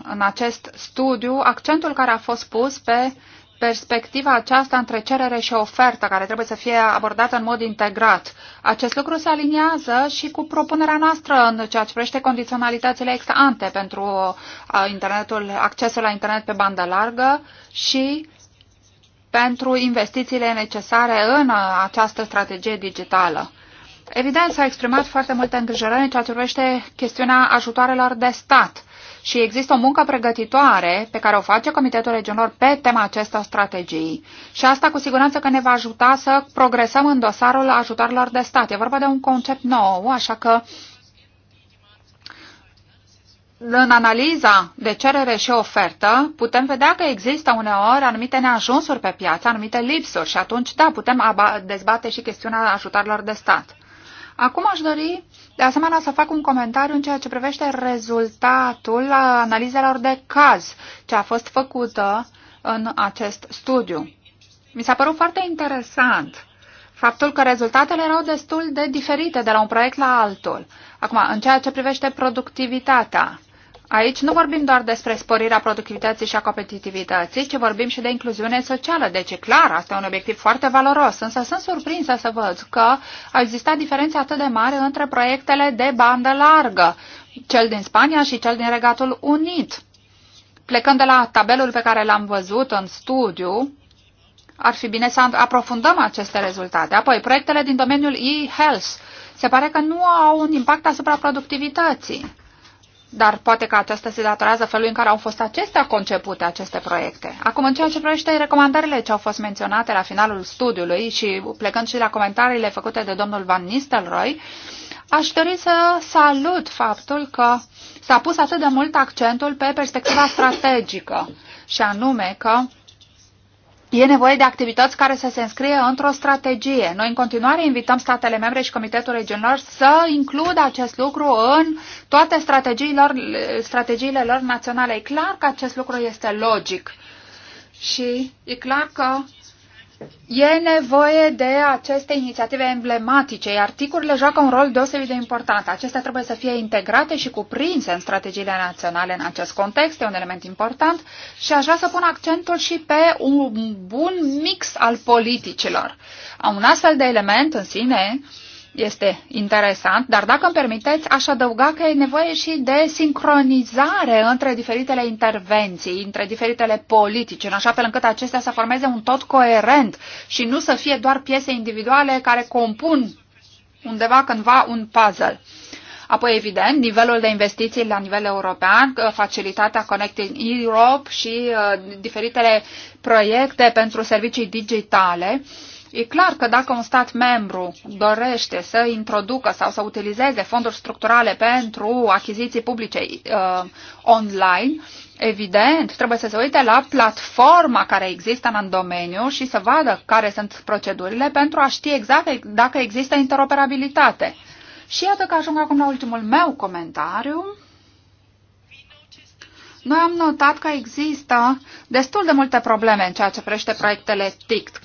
în acest studiu accentul care a fost pus pe perspectiva aceasta între cerere și ofertă, care trebuie să fie abordată în mod integrat. Acest lucru se aliniază și cu propunerea noastră în ceea ce privește condiționalitățile ex ante pentru internetul, accesul la internet pe bandă largă și pentru investițiile necesare în această strategie digitală. Evident, s a exprimat foarte multe îngrijorări în ceea ce privește chestiunea ajutoarelor de stat și există o muncă pregătitoare pe care o face Comitetul Regiunilor pe tema acestor strategii. Și asta cu siguranță că ne va ajuta să progresăm în dosarul ajutorilor de stat. E vorba de un concept nou, așa că în analiza de cerere și ofertă, putem vedea că există uneori anumite neajunsuri pe piață, anumite lipsuri și atunci, da, putem dezbate și chestiunea ajutorilor de stat. Acum aș dori, de asemenea, să fac un comentariu în ceea ce privește rezultatul analizelor de caz ce a fost făcută în acest studiu. Mi s-a părut foarte interesant faptul că rezultatele erau destul de diferite de la un proiect la altul. Acum, în ceea ce privește productivitatea, Aici nu vorbim doar despre sporirea productivității și a competitivității, ci vorbim și de incluziune socială. Deci, clar, asta e un obiectiv foarte valoros, însă sunt surprinsă să văd că a existat diferențe atât de mari între proiectele de bandă largă, cel din Spania și cel din Regatul Unit. Plecând de la tabelul pe care l-am văzut în studiu, ar fi bine să aprofundăm aceste rezultate. Apoi, proiectele din domeniul e-health se pare că nu au un impact asupra productivității. Dar poate că aceasta se datorează felului în care au fost acestea concepute, aceste proiecte. Acum, în ceea ce privește recomandările ce au fost menționate la finalul studiului și plecând și la comentariile făcute de domnul Van Nistelrooy, aș dori să salut faptul că s-a pus atât de mult accentul pe perspectiva strategică și anume că E nevoie de activități care să se înscrie într-o strategie. Noi în continuare invităm statele membre și Comitetul Regional să includă acest lucru în toate strategiilor, strategiile lor naționale. E clar că acest lucru este logic și e clar că E nevoie de aceste inițiative emblematice, iar ticurile joacă un rol deosebit de important. Acestea trebuie să fie integrate și cuprinse în strategiile naționale în acest context, e un element important și aș vrea să pun accentul și pe un bun mix al politicilor. Un astfel de element în sine este interesant, dar dacă îmi permiteți, aș adăuga că e nevoie și de sincronizare între diferitele intervenții, între diferitele politici, în așa fel încât acestea să formeze un tot coerent și nu să fie doar piese individuale care compun undeva cândva un puzzle. Apoi, evident, nivelul de investiții la nivel european, facilitatea Connecting Europe și uh, diferitele proiecte pentru servicii digitale. Uh, E clar că dacă un stat membru dorește să introducă sau să utilizeze fonduri structurale pentru achiziții publice uh, online, evident, trebuie să se uite la platforma care există în domeniu și să vadă care sunt procedurile pentru a ști exact dacă există interoperabilitate. Și iată că ajung acum la ultimul meu comentariu. Noi am notat că există destul de multe probleme în ceea ce privește proiectele TICT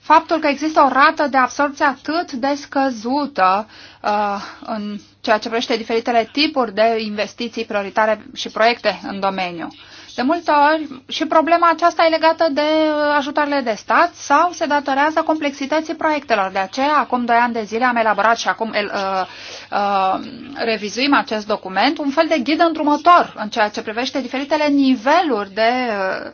faptul că există o rată de absorpție atât de scăzută uh, în ceea ce privește diferitele tipuri de investiții prioritare și proiecte în domeniu. De multe ori și problema aceasta e legată de uh, ajutoarele de stat sau se datorează complexității proiectelor. De aceea, acum doi ani de zile am elaborat și acum el, uh, uh, revizuim acest document, un fel de ghid îndrumător în ceea ce privește diferitele niveluri de uh,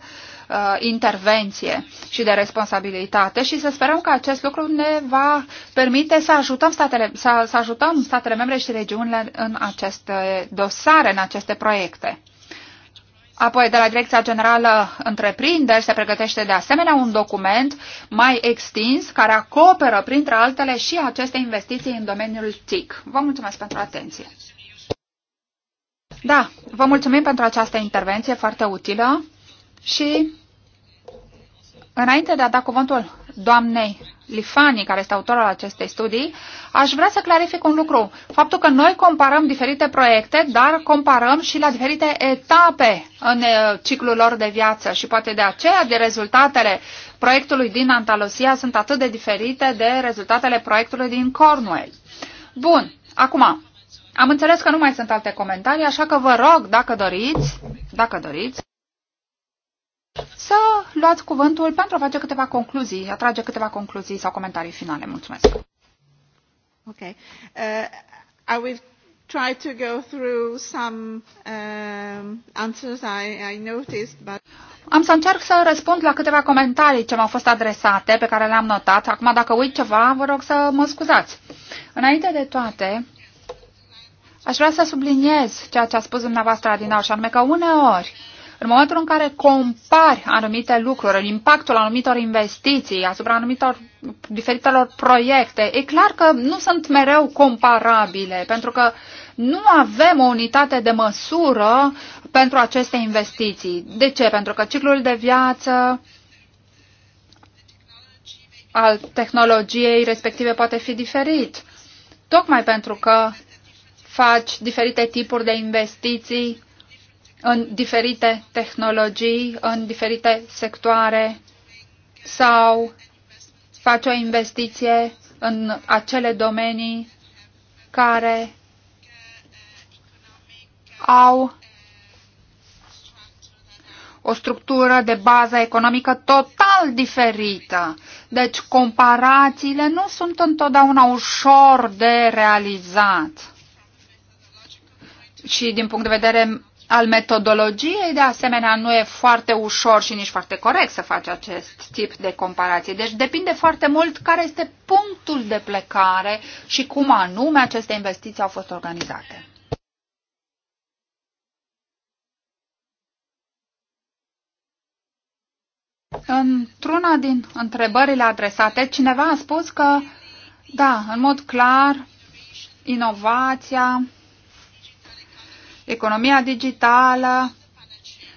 uh, intervenție și de responsabilitate și să sperăm că acest lucru ne va permite să ajutăm statele, să, să ajutăm statele membre și regiunile în aceste dosare, în aceste proiecte. Apoi, de la Direcția Generală Întreprinderi se pregătește de asemenea un document mai extins care acoperă, printre altele, și aceste investiții în domeniul TIC. Vă mulțumesc pentru atenție! Da, vă mulțumim pentru această intervenție foarte utilă. Și înainte de a da cuvântul doamnei Lifani, care este autorul acestei studii, aș vrea să clarific un lucru. Faptul că noi comparăm diferite proiecte, dar comparăm și la diferite etape în uh, ciclul lor de viață și poate de aceea de rezultatele proiectului din Antalosia sunt atât de diferite de rezultatele proiectului din Cornwall. Bun, acum, am înțeles că nu mai sunt alte comentarii, așa că vă rog, dacă doriți, dacă doriți, să luați cuvântul pentru a face câteva concluzii, a trage câteva concluzii sau comentarii finale. Mulțumesc. Ok. Uh, I will try to go through some uh, answers I, I noticed, but... Am să încerc să răspund la câteva comentarii ce m-au fost adresate, pe care le-am notat. Acum, dacă uit ceva, vă rog să mă scuzați. Înainte de toate, aș vrea să subliniez ceea ce a spus dumneavoastră, Adinau, și anume că uneori în momentul în care compari anumite lucruri, impactul anumitor investiții asupra anumitor diferitelor proiecte, e clar că nu sunt mereu comparabile, pentru că nu avem o unitate de măsură pentru aceste investiții. De ce? Pentru că ciclul de viață al tehnologiei respective poate fi diferit. Tocmai pentru că faci diferite tipuri de investiții în diferite tehnologii, în diferite sectoare sau face o investiție în acele domenii care au o structură de bază economică total diferită. Deci comparațiile nu sunt întotdeauna ușor de realizat. Și din punct de vedere al metodologiei, de asemenea, nu e foarte ușor și nici foarte corect să faci acest tip de comparație. Deci depinde foarte mult care este punctul de plecare și cum anume aceste investiții au fost organizate. Într-una din întrebările adresate, cineva a spus că, da, în mod clar, inovația Economia digitală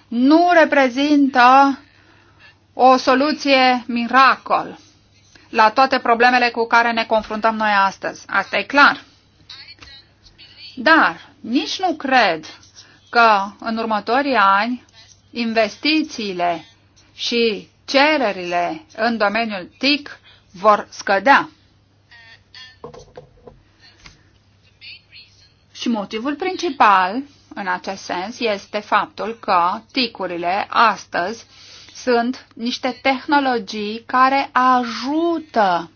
nu reprezintă o soluție miracol la toate problemele cu care ne confruntăm noi astăzi. Asta e clar. Dar nici nu cred că în următorii ani investițiile și cererile în domeniul TIC vor scădea. Și motivul principal în acest sens este faptul că ticurile astăzi sunt niște tehnologii care ajută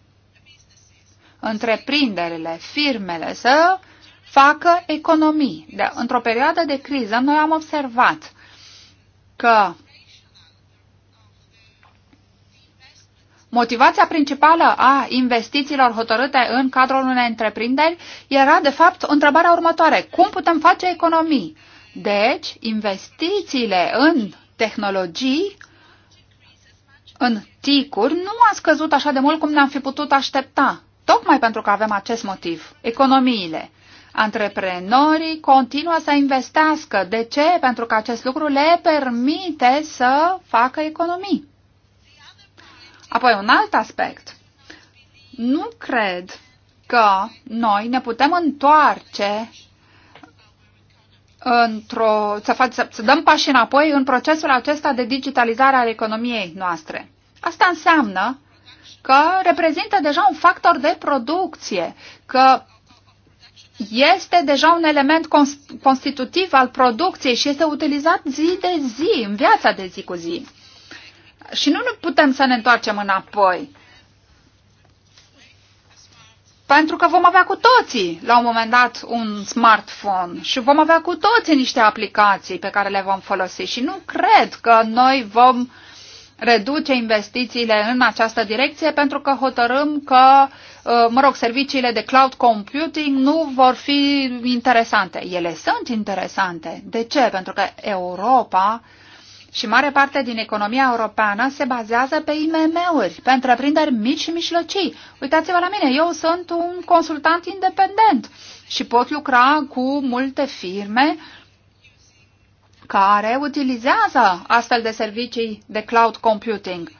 întreprinderile, firmele să facă economii. De, într-o perioadă de criză noi am observat că Motivația principală a investițiilor hotărâte în cadrul unei întreprinderi era, de fapt, întrebarea următoare. Cum putem face economii? Deci, investițiile în tehnologii, în ticuri, nu a scăzut așa de mult cum ne-am fi putut aștepta. Tocmai pentru că avem acest motiv, economiile. Antreprenorii continuă să investească. De ce? Pentru că acest lucru le permite să facă economii. Apoi, un alt aspect. Nu cred că noi ne putem întoarce într-o, să, fac, să, să dăm pași înapoi în procesul acesta de digitalizare al economiei noastre. Asta înseamnă că reprezintă deja un factor de producție, că este deja un element constitutiv al producției și este utilizat zi de zi, în viața de zi cu zi și nu putem să ne întoarcem înapoi. Pentru că vom avea cu toții, la un moment dat, un smartphone și vom avea cu toții niște aplicații pe care le vom folosi și nu cred că noi vom reduce investițiile în această direcție pentru că hotărâm că, uh, mă rog, serviciile de cloud computing nu vor fi interesante. Ele sunt interesante. De ce? Pentru că Europa uh, și mare parte din economia europeană se bazează pe IMM-uri, pe întreprinderi mici și mijlocii. Uitați-vă la mine, eu sunt un consultant independent și pot lucra cu multe firme care utilizează astfel de servicii de cloud computing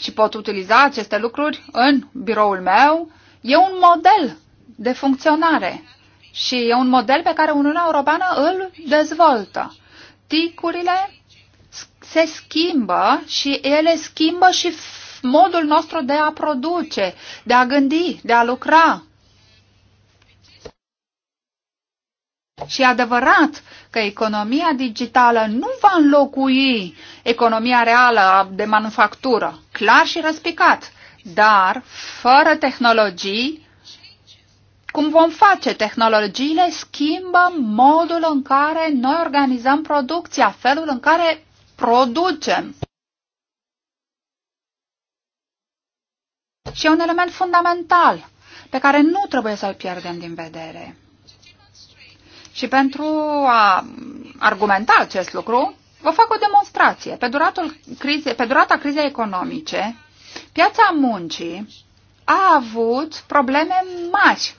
și pot utiliza aceste lucruri în biroul meu. E un model de funcționare și e un model pe care Uniunea Europeană îl dezvoltă practicurile se schimbă și ele schimbă și modul nostru de a produce, de a gândi, de a lucra. Și adevărat că economia digitală nu va înlocui economia reală de manufactură, clar și răspicat, dar fără tehnologii cum vom face? Tehnologiile schimbă modul în care noi organizăm producția, felul în care producem. Și e un element fundamental pe care nu trebuie să-l pierdem din vedere. Și pentru a argumenta acest lucru, vă fac o demonstrație. Pe, duratul crize, pe durata crizei economice, piața muncii a avut probleme mari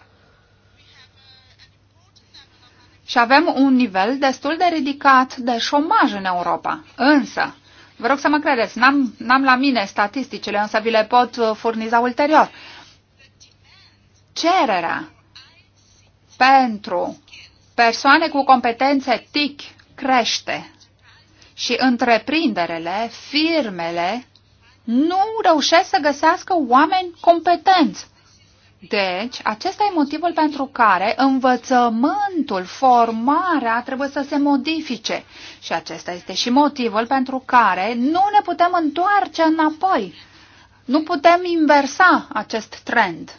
și avem un nivel destul de ridicat de șomaj în Europa. Însă, vă rog să mă credeți, n-am, n-am la mine statisticile, însă vi le pot uh, furniza ulterior. Cererea pentru persoane cu competențe TIC crește și întreprinderele, firmele, nu reușesc să găsească oameni competenți deci, acesta e motivul pentru care învățământul, formarea trebuie să se modifice. Și acesta este și motivul pentru care nu ne putem întoarce înapoi. Nu putem inversa acest trend.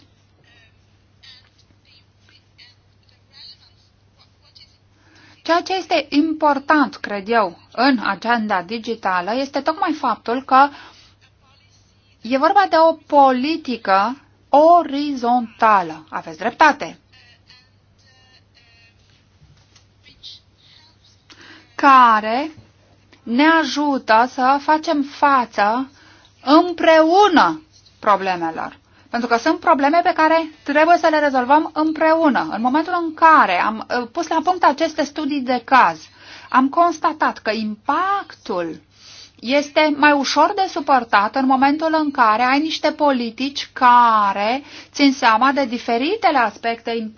Ceea ce este important, cred eu, în agenda digitală este tocmai faptul că e vorba de o politică orizontală. Aveți dreptate. Care ne ajută să facem față împreună problemelor. Pentru că sunt probleme pe care trebuie să le rezolvăm împreună. În momentul în care am uh, pus la punct aceste studii de caz, am constatat că impactul este mai ușor de suportat în momentul în care ai niște politici care țin seama de diferitele aspecte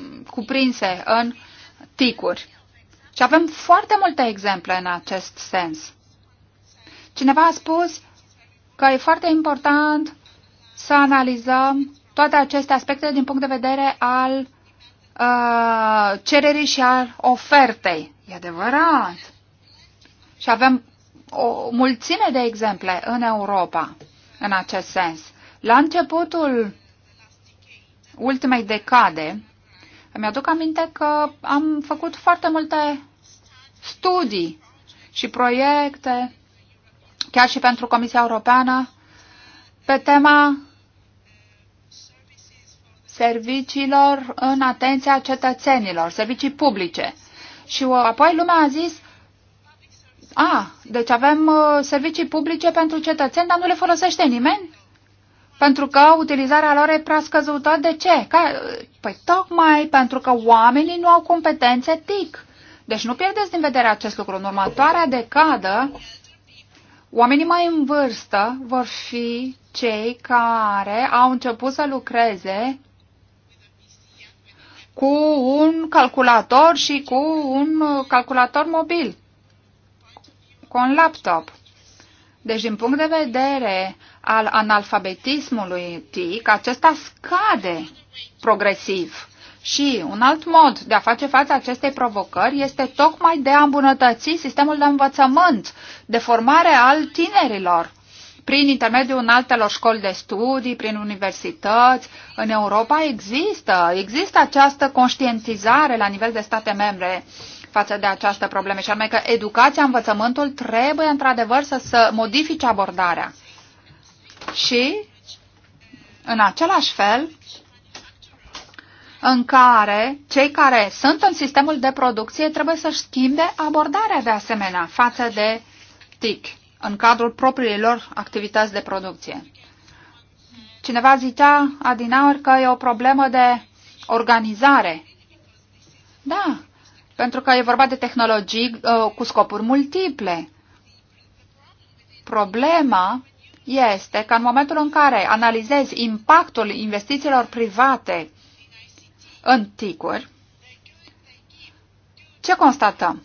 um, cuprinse în ticuri. Și avem foarte multe exemple în acest sens. Cineva a spus că e foarte important să analizăm toate aceste aspecte din punct de vedere al uh, cererii și al ofertei. E adevărat. Și avem o mulțime de exemple în Europa în acest sens. La începutul ultimei decade, îmi aduc aminte că am făcut foarte multe studii și proiecte, chiar și pentru Comisia Europeană, pe tema serviciilor în atenția cetățenilor, servicii publice. Și apoi lumea a zis, a, ah, deci avem uh, servicii publice pentru cetățeni, dar nu le folosește nimeni? Pentru că utilizarea lor e prea scăzută. De ce? Ca, păi tocmai pentru că oamenii nu au competențe TIC. Deci nu pierdeți din vedere acest lucru. În următoarea decadă, oamenii mai în vârstă vor fi cei care au început să lucreze cu un calculator și cu un uh, calculator mobil cu un laptop. Deci, din punct de vedere al analfabetismului TIC, acesta scade progresiv. Și un alt mod de a face față acestei provocări este tocmai de a îmbunătăți sistemul de învățământ, de formare al tinerilor, prin intermediul altelor școli de studii, prin universități. În Europa există, există această conștientizare la nivel de state membre față de această problemă, și anume că educația, învățământul trebuie într-adevăr să, să modifice abordarea. Și, în același fel, în care cei care sunt în sistemul de producție trebuie să-și schimbe abordarea de asemenea față de TIC în cadrul propriilor activități de producție. Cineva zicea adinaur că e o problemă de organizare. Da, pentru că e vorba de tehnologii uh, cu scopuri multiple. Problema este că în momentul în care analizezi impactul investițiilor private în ticuri, ce constatăm?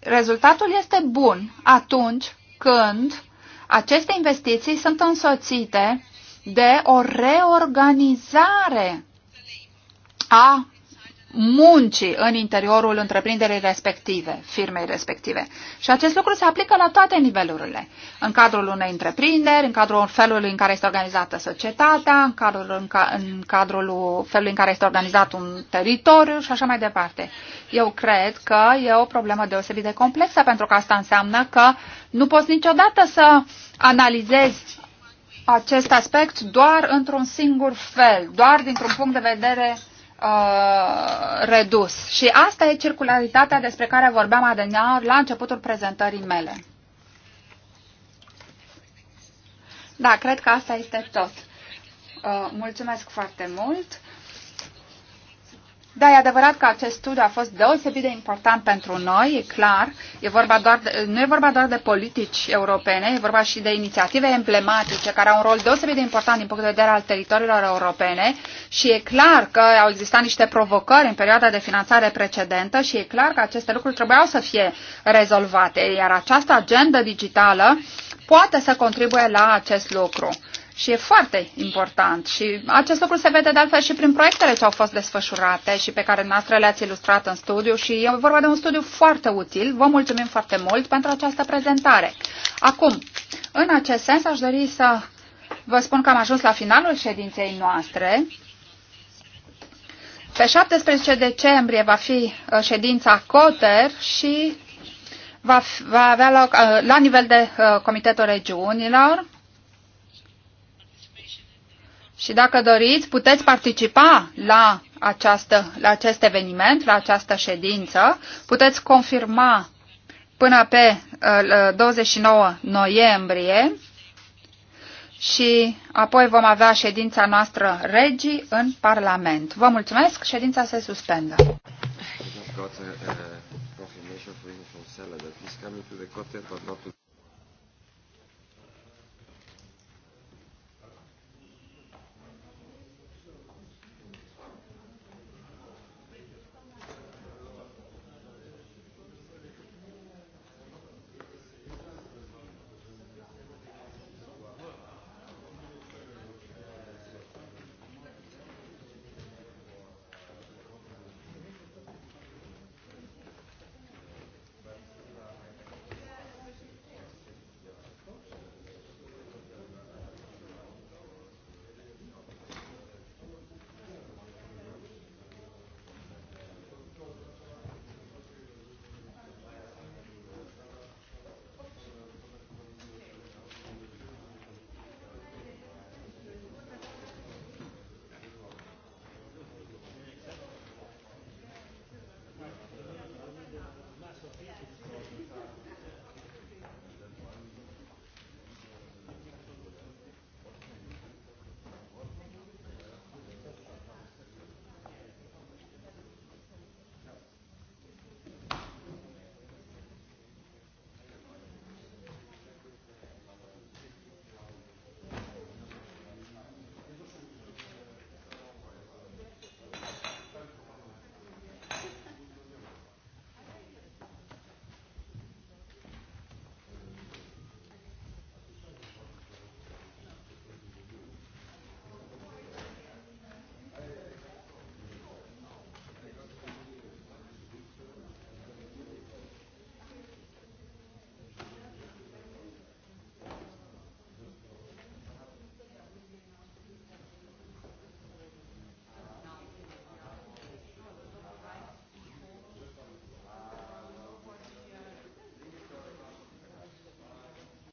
Rezultatul este bun atunci când aceste investiții sunt însoțite de o reorganizare a muncii în interiorul întreprinderii respective, firmei respective. Și acest lucru se aplică la toate nivelurile. În cadrul unei întreprinderi, în cadrul felului în care este organizată societatea, în cadrul, în, ca, în cadrul felului în care este organizat un teritoriu și așa mai departe. Eu cred că e o problemă deosebit de complexă, pentru că asta înseamnă că nu poți niciodată să analizezi acest aspect doar într-un singur fel, doar dintr-un punct de vedere Uh, redus. Și asta e circularitatea despre care vorbeam adeneaori la începutul prezentării mele. Da, cred că asta este tot. Uh, mulțumesc foarte mult. Da, e adevărat că acest studiu a fost deosebit de important pentru noi, e clar. E vorba doar de, nu e vorba doar de politici europene, e vorba și de inițiative emblematice care au un rol deosebit de important din punct de vedere al teritoriilor europene și e clar că au existat niște provocări în perioada de finanțare precedentă și e clar că aceste lucruri trebuiau să fie rezolvate, iar această agendă digitală poate să contribuie la acest lucru. Și e foarte important. Și acest lucru se vede de altfel și prin proiectele ce au fost desfășurate și pe care noastră le-ați ilustrat în studiu. Și e vorba de un studiu foarte util. Vă mulțumim foarte mult pentru această prezentare. Acum, în acest sens, aș dori să vă spun că am ajuns la finalul ședinței noastre. Pe 17 decembrie va fi uh, ședința COTER și va, va avea loc uh, la nivel de uh, Comitetul Regiunilor și dacă doriți, puteți participa la, această, la acest eveniment, la această ședință. Puteți confirma până pe uh, 29 uh, noiembrie și apoi vom avea ședința noastră regii în Parlament. Vă mulțumesc, ședința se suspendă. Got a, confirmation for him from Seller that he's coming to the but not to